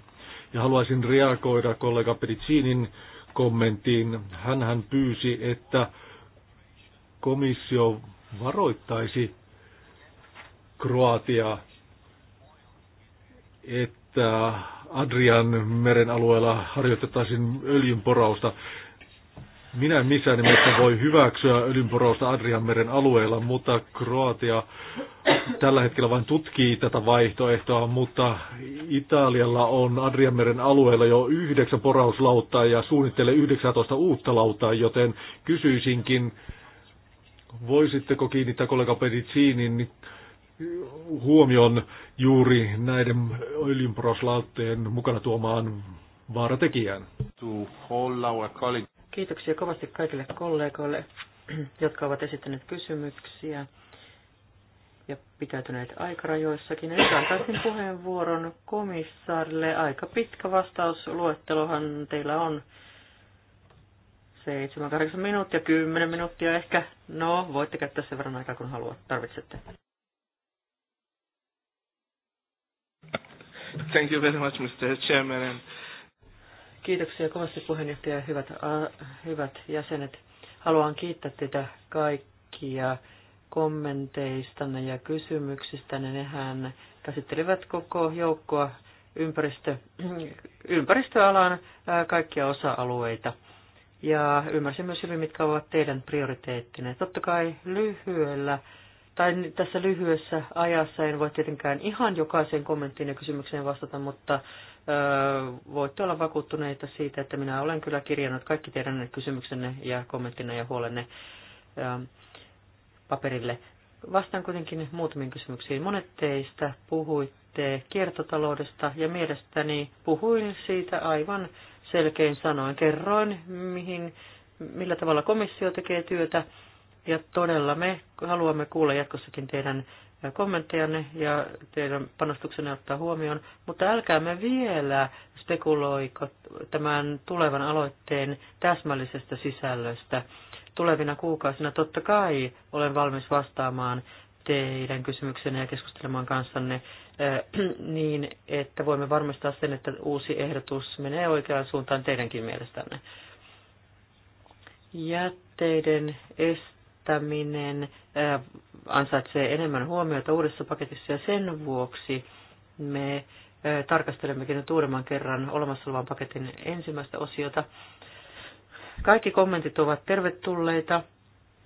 Ja haluaisin reagoida kollega Pedicinin kommenttiin. Hänhän pyysi, että komissio varoittaisi Kroatia että Adrian meren alueella harjoitettaisiin öljynporausta. Minä en missään nimessä voi hyväksyä öljynporausta Adrian meren alueella, mutta Kroatia tällä hetkellä vain tutkii tätä vaihtoehtoa, mutta Italialla on Adrian meren alueella jo yhdeksän porauslauttaa ja suunnittelee 19 uutta lautaa, joten kysyisinkin, voisitteko kiinnittää kollega Pedicinin niin huomion juuri näiden öljynporauslautteen mukana tuomaan vaaratekijään. Kiitoksia kovasti kaikille kollegoille, jotka ovat esittäneet kysymyksiä ja pitäytyneet aikarajoissakin. Nyt antaisin puheenvuoron komissaarille. Aika pitkä vastausluettelohan teillä on. 7-8 minuuttia, 10 minuuttia ehkä. No, voitte käyttää sen verran aikaa, kun haluat, tarvitsette. Thank you very much, Mr. Chairman. Kiitoksia kovasti puheenjohtaja ja hyvät, uh, hyvät jäsenet. Haluan kiittää teitä kaikkia kommenteistanne ja kysymyksistänne. Nehän käsittelivät koko joukkoa ympäristö, ympäristöalan kaikkia osa-alueita. Ja ymmärsin myös hyvin, mitkä ovat teidän prioriteettinne. Totta kai lyhyellä tai tässä lyhyessä ajassa en voi tietenkään ihan jokaiseen kommenttiin ja kysymykseen vastata, mutta ö, voitte olla vakuuttuneita siitä, että minä olen kyllä kirjannut kaikki teidän kysymyksenne ja kommenttina ja huolenne ö, paperille. Vastaan kuitenkin muutamiin kysymyksiin. Monet teistä puhuitte kiertotaloudesta ja mielestäni puhuin siitä aivan selkein sanoin. Kerroin, mihin, millä tavalla komissio tekee työtä ja todella me haluamme kuulla jatkossakin teidän kommenttejanne ja teidän panostuksenne ottaa huomioon, mutta älkäämme vielä spekuloiko tämän tulevan aloitteen täsmällisestä sisällöstä. Tulevina kuukausina totta kai olen valmis vastaamaan teidän kysymyksenne ja keskustelemaan kanssanne niin, että voimme varmistaa sen, että uusi ehdotus menee oikeaan suuntaan teidänkin mielestänne. Jätteiden est kehittäminen ansaitsee enemmän huomiota uudessa paketissa ja sen vuoksi me tarkastelemmekin nyt uudemman kerran olemassa olevan paketin ensimmäistä osiota. Kaikki kommentit ovat tervetulleita.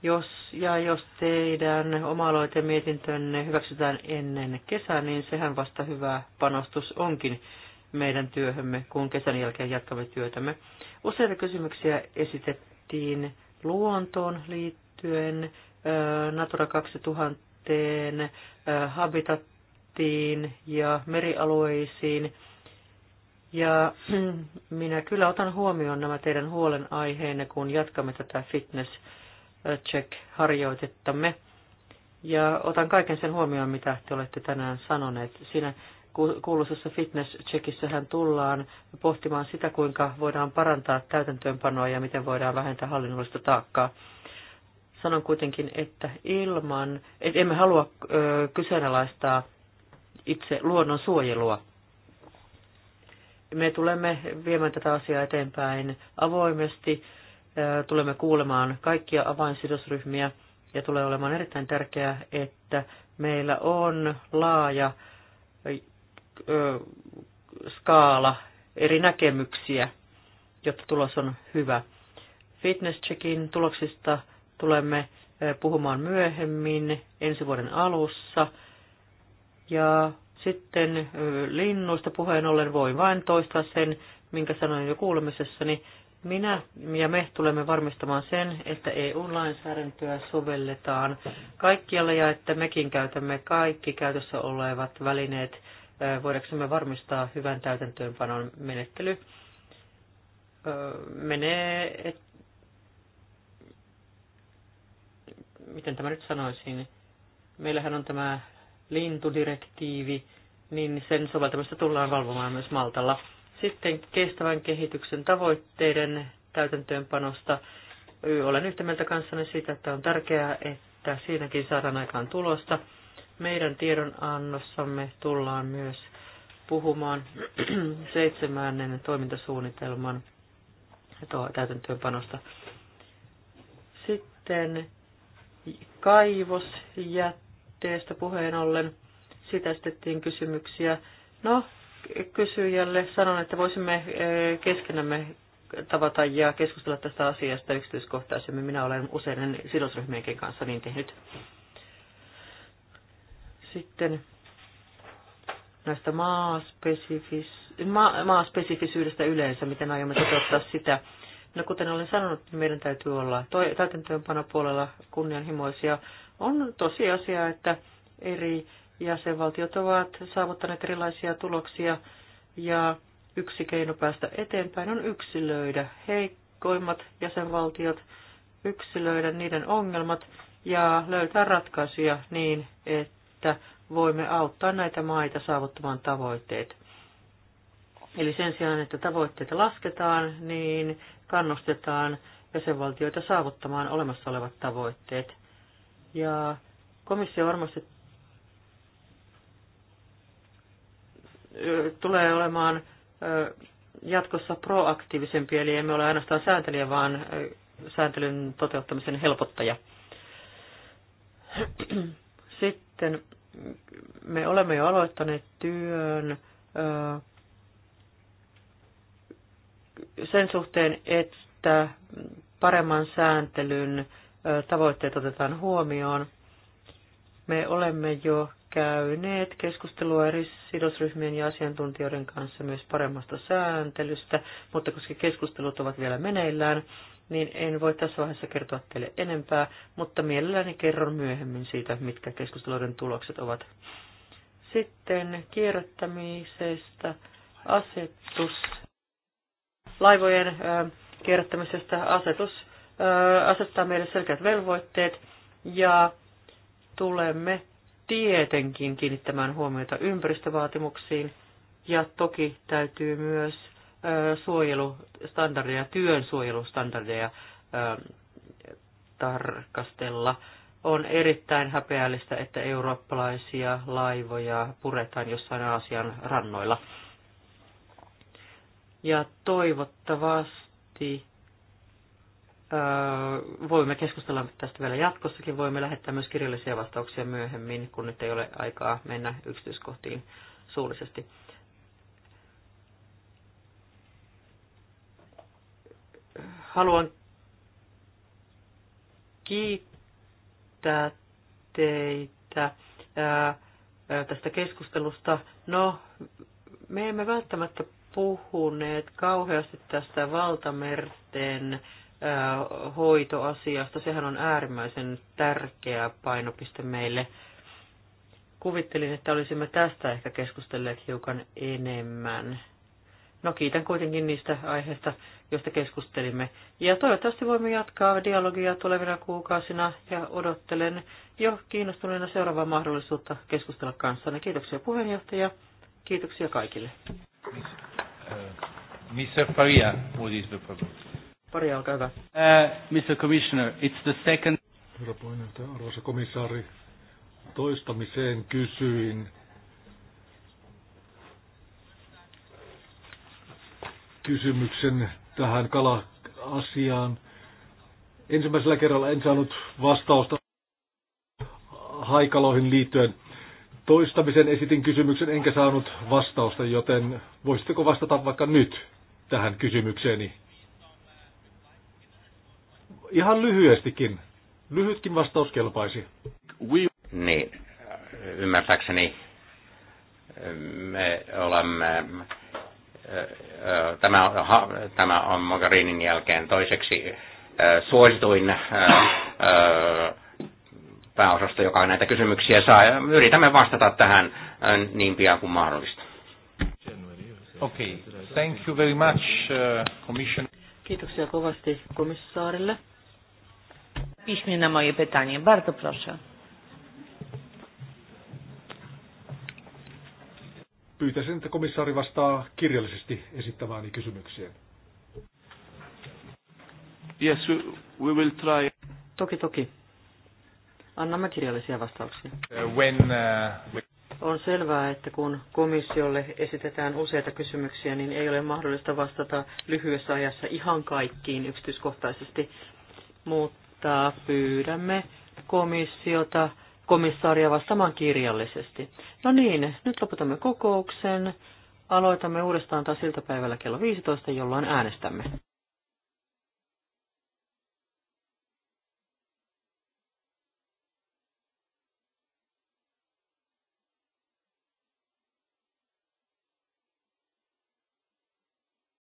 Jos, ja jos teidän oma-aloitemietintönne hyväksytään ennen kesää, niin sehän vasta hyvä panostus onkin meidän työhömme, kun kesän jälkeen jatkamme työtämme. Useita kysymyksiä esitettiin luontoon liittyen liittyen Natura 2000 habitattiin ja merialueisiin. Ja minä kyllä otan huomioon nämä teidän huolenaiheenne, kun jatkamme tätä fitness check-harjoitettamme. Ja otan kaiken sen huomioon, mitä te olette tänään sanoneet. Siinä kuuluisessa fitness checkissähän tullaan pohtimaan sitä, kuinka voidaan parantaa täytäntöönpanoa ja miten voidaan vähentää hallinnollista taakkaa sanon kuitenkin, että ilman, et emme halua ö, kyseenalaistaa itse luonnon suojelua. Me tulemme viemään tätä asiaa eteenpäin avoimesti, ö, tulemme kuulemaan kaikkia avainsidosryhmiä ja tulee olemaan erittäin tärkeää, että meillä on laaja ö, skaala eri näkemyksiä, jotta tulos on hyvä. Fitness checkin tuloksista tulemme puhumaan myöhemmin ensi vuoden alussa. Ja sitten linnuista puheen ollen voin vain toistaa sen, minkä sanoin jo kuulemisessani. Minä ja me tulemme varmistamaan sen, että EU-lainsäädäntöä sovelletaan kaikkialla ja että mekin käytämme kaikki käytössä olevat välineet voidaksemme varmistaa hyvän täytäntöönpanon menettely menee että miten tämä nyt sanoisin, meillähän on tämä lintudirektiivi, niin sen soveltamista tullaan valvomaan myös Maltalla. Sitten kestävän kehityksen tavoitteiden täytäntöönpanosta. Olen yhtä mieltä kanssanne siitä, että on tärkeää, että siinäkin saadaan aikaan tulosta. Meidän tiedonannossamme tullaan myös puhumaan seitsemännen toimintasuunnitelman täytäntöönpanosta. Sitten kaivosjätteestä puheen ollen. Sitä esitettiin kysymyksiä. No, kysyjälle sanon, että voisimme eh, keskenämme tavata ja keskustella tästä asiasta yksityiskohtaisemmin. Minä olen useiden sidosryhmienkin kanssa niin tehnyt. Sitten näistä maaspesifis, ma, maaspesifisyydestä yleensä, miten aiomme toteuttaa sitä. No kuten olen sanonut, niin meidän täytyy olla täytäntöönpanopuolella kunnianhimoisia. On tosiasia, että eri jäsenvaltiot ovat saavuttaneet erilaisia tuloksia ja yksi keino päästä eteenpäin on yksilöidä heikkoimmat jäsenvaltiot, yksilöidä niiden ongelmat ja löytää ratkaisuja niin, että voimme auttaa näitä maita saavuttamaan tavoitteet. Eli sen sijaan, että tavoitteita lasketaan, niin kannustetaan jäsenvaltioita saavuttamaan olemassa olevat tavoitteet. Ja komissio varmasti tulee olemaan jatkossa proaktiivisempi, eli emme ole ainoastaan sääntelijä, vaan sääntelyn toteuttamisen helpottaja. Sitten me olemme jo aloittaneet työn sen suhteen, että paremman sääntelyn tavoitteet otetaan huomioon. Me olemme jo käyneet keskustelua eri sidosryhmien ja asiantuntijoiden kanssa myös paremmasta sääntelystä, mutta koska keskustelut ovat vielä meneillään, niin en voi tässä vaiheessa kertoa teille enempää, mutta mielelläni kerron myöhemmin siitä, mitkä keskusteluiden tulokset ovat. Sitten kierrättämisestä asetus laivojen kierrättämisestä asetus asettaa meille selkeät velvoitteet ja tulemme tietenkin kiinnittämään huomiota ympäristövaatimuksiin ja toki täytyy myös suojelustandardeja, työn suojelustandardeja tarkastella. On erittäin häpeällistä, että eurooppalaisia laivoja puretaan jossain Aasian rannoilla ja toivottavasti voimme keskustella tästä vielä jatkossakin. Voimme lähettää myös kirjallisia vastauksia myöhemmin, kun nyt ei ole aikaa mennä yksityiskohtiin suullisesti. Haluan kiittää teitä tästä keskustelusta. No, me emme välttämättä puhuneet kauheasti tästä valtamerten hoitoasiasta. Sehän on äärimmäisen tärkeä painopiste meille. Kuvittelin, että olisimme tästä ehkä keskustelleet hiukan enemmän. No kiitän kuitenkin niistä aiheista, joista keskustelimme. Ja toivottavasti voimme jatkaa dialogia tulevina kuukausina ja odottelen jo kiinnostuneena seuraavaa mahdollisuutta keskustella kanssanne. Kiitoksia puheenjohtaja. Kiitoksia kaikille. Uh, Mr. Faria, what is the problem. Faria, olkaa hyvä. Uh, Mr. Commissioner, it's the second... Herra puheenjohtaja, arvoisa komissaari, toistamiseen kysyin. Kysymyksen tähän kala-asiaan. Ensimmäisellä kerralla en saanut vastausta haikaloihin liittyen toistamisen esitin kysymyksen enkä saanut vastausta, joten voisitteko vastata vaikka nyt tähän kysymykseeni? Ihan lyhyestikin. Lyhytkin vastaus kelpaisi. Niin, ymmärtääkseni eh, me olemme eh, tämä, tämä on Mogherinin jälkeen toiseksi eh, suosituin pääosasta, joka näitä kysymyksiä saa. Yritämme vastata tähän niin pian kuin mahdollista. Okay. Thank you very much, uh, commission. Kiitoksia kovasti komissaarille. Piśmie na moje pytanie. Bardzo proszę. Pyytäisin, että komissaari vastaa kirjallisesti esittämääni kysymykseen. Yes, we will try. Toki, toki. Annamme kirjallisia vastauksia. Uh, when, uh... On selvää, että kun komissiolle esitetään useita kysymyksiä, niin ei ole mahdollista vastata lyhyessä ajassa ihan kaikkiin yksityiskohtaisesti, mutta pyydämme komissiota komissaaria vastaamaan kirjallisesti. No niin, nyt lopetamme kokouksen. Aloitamme uudestaan taas iltapäivällä kello 15, jolloin äänestämme.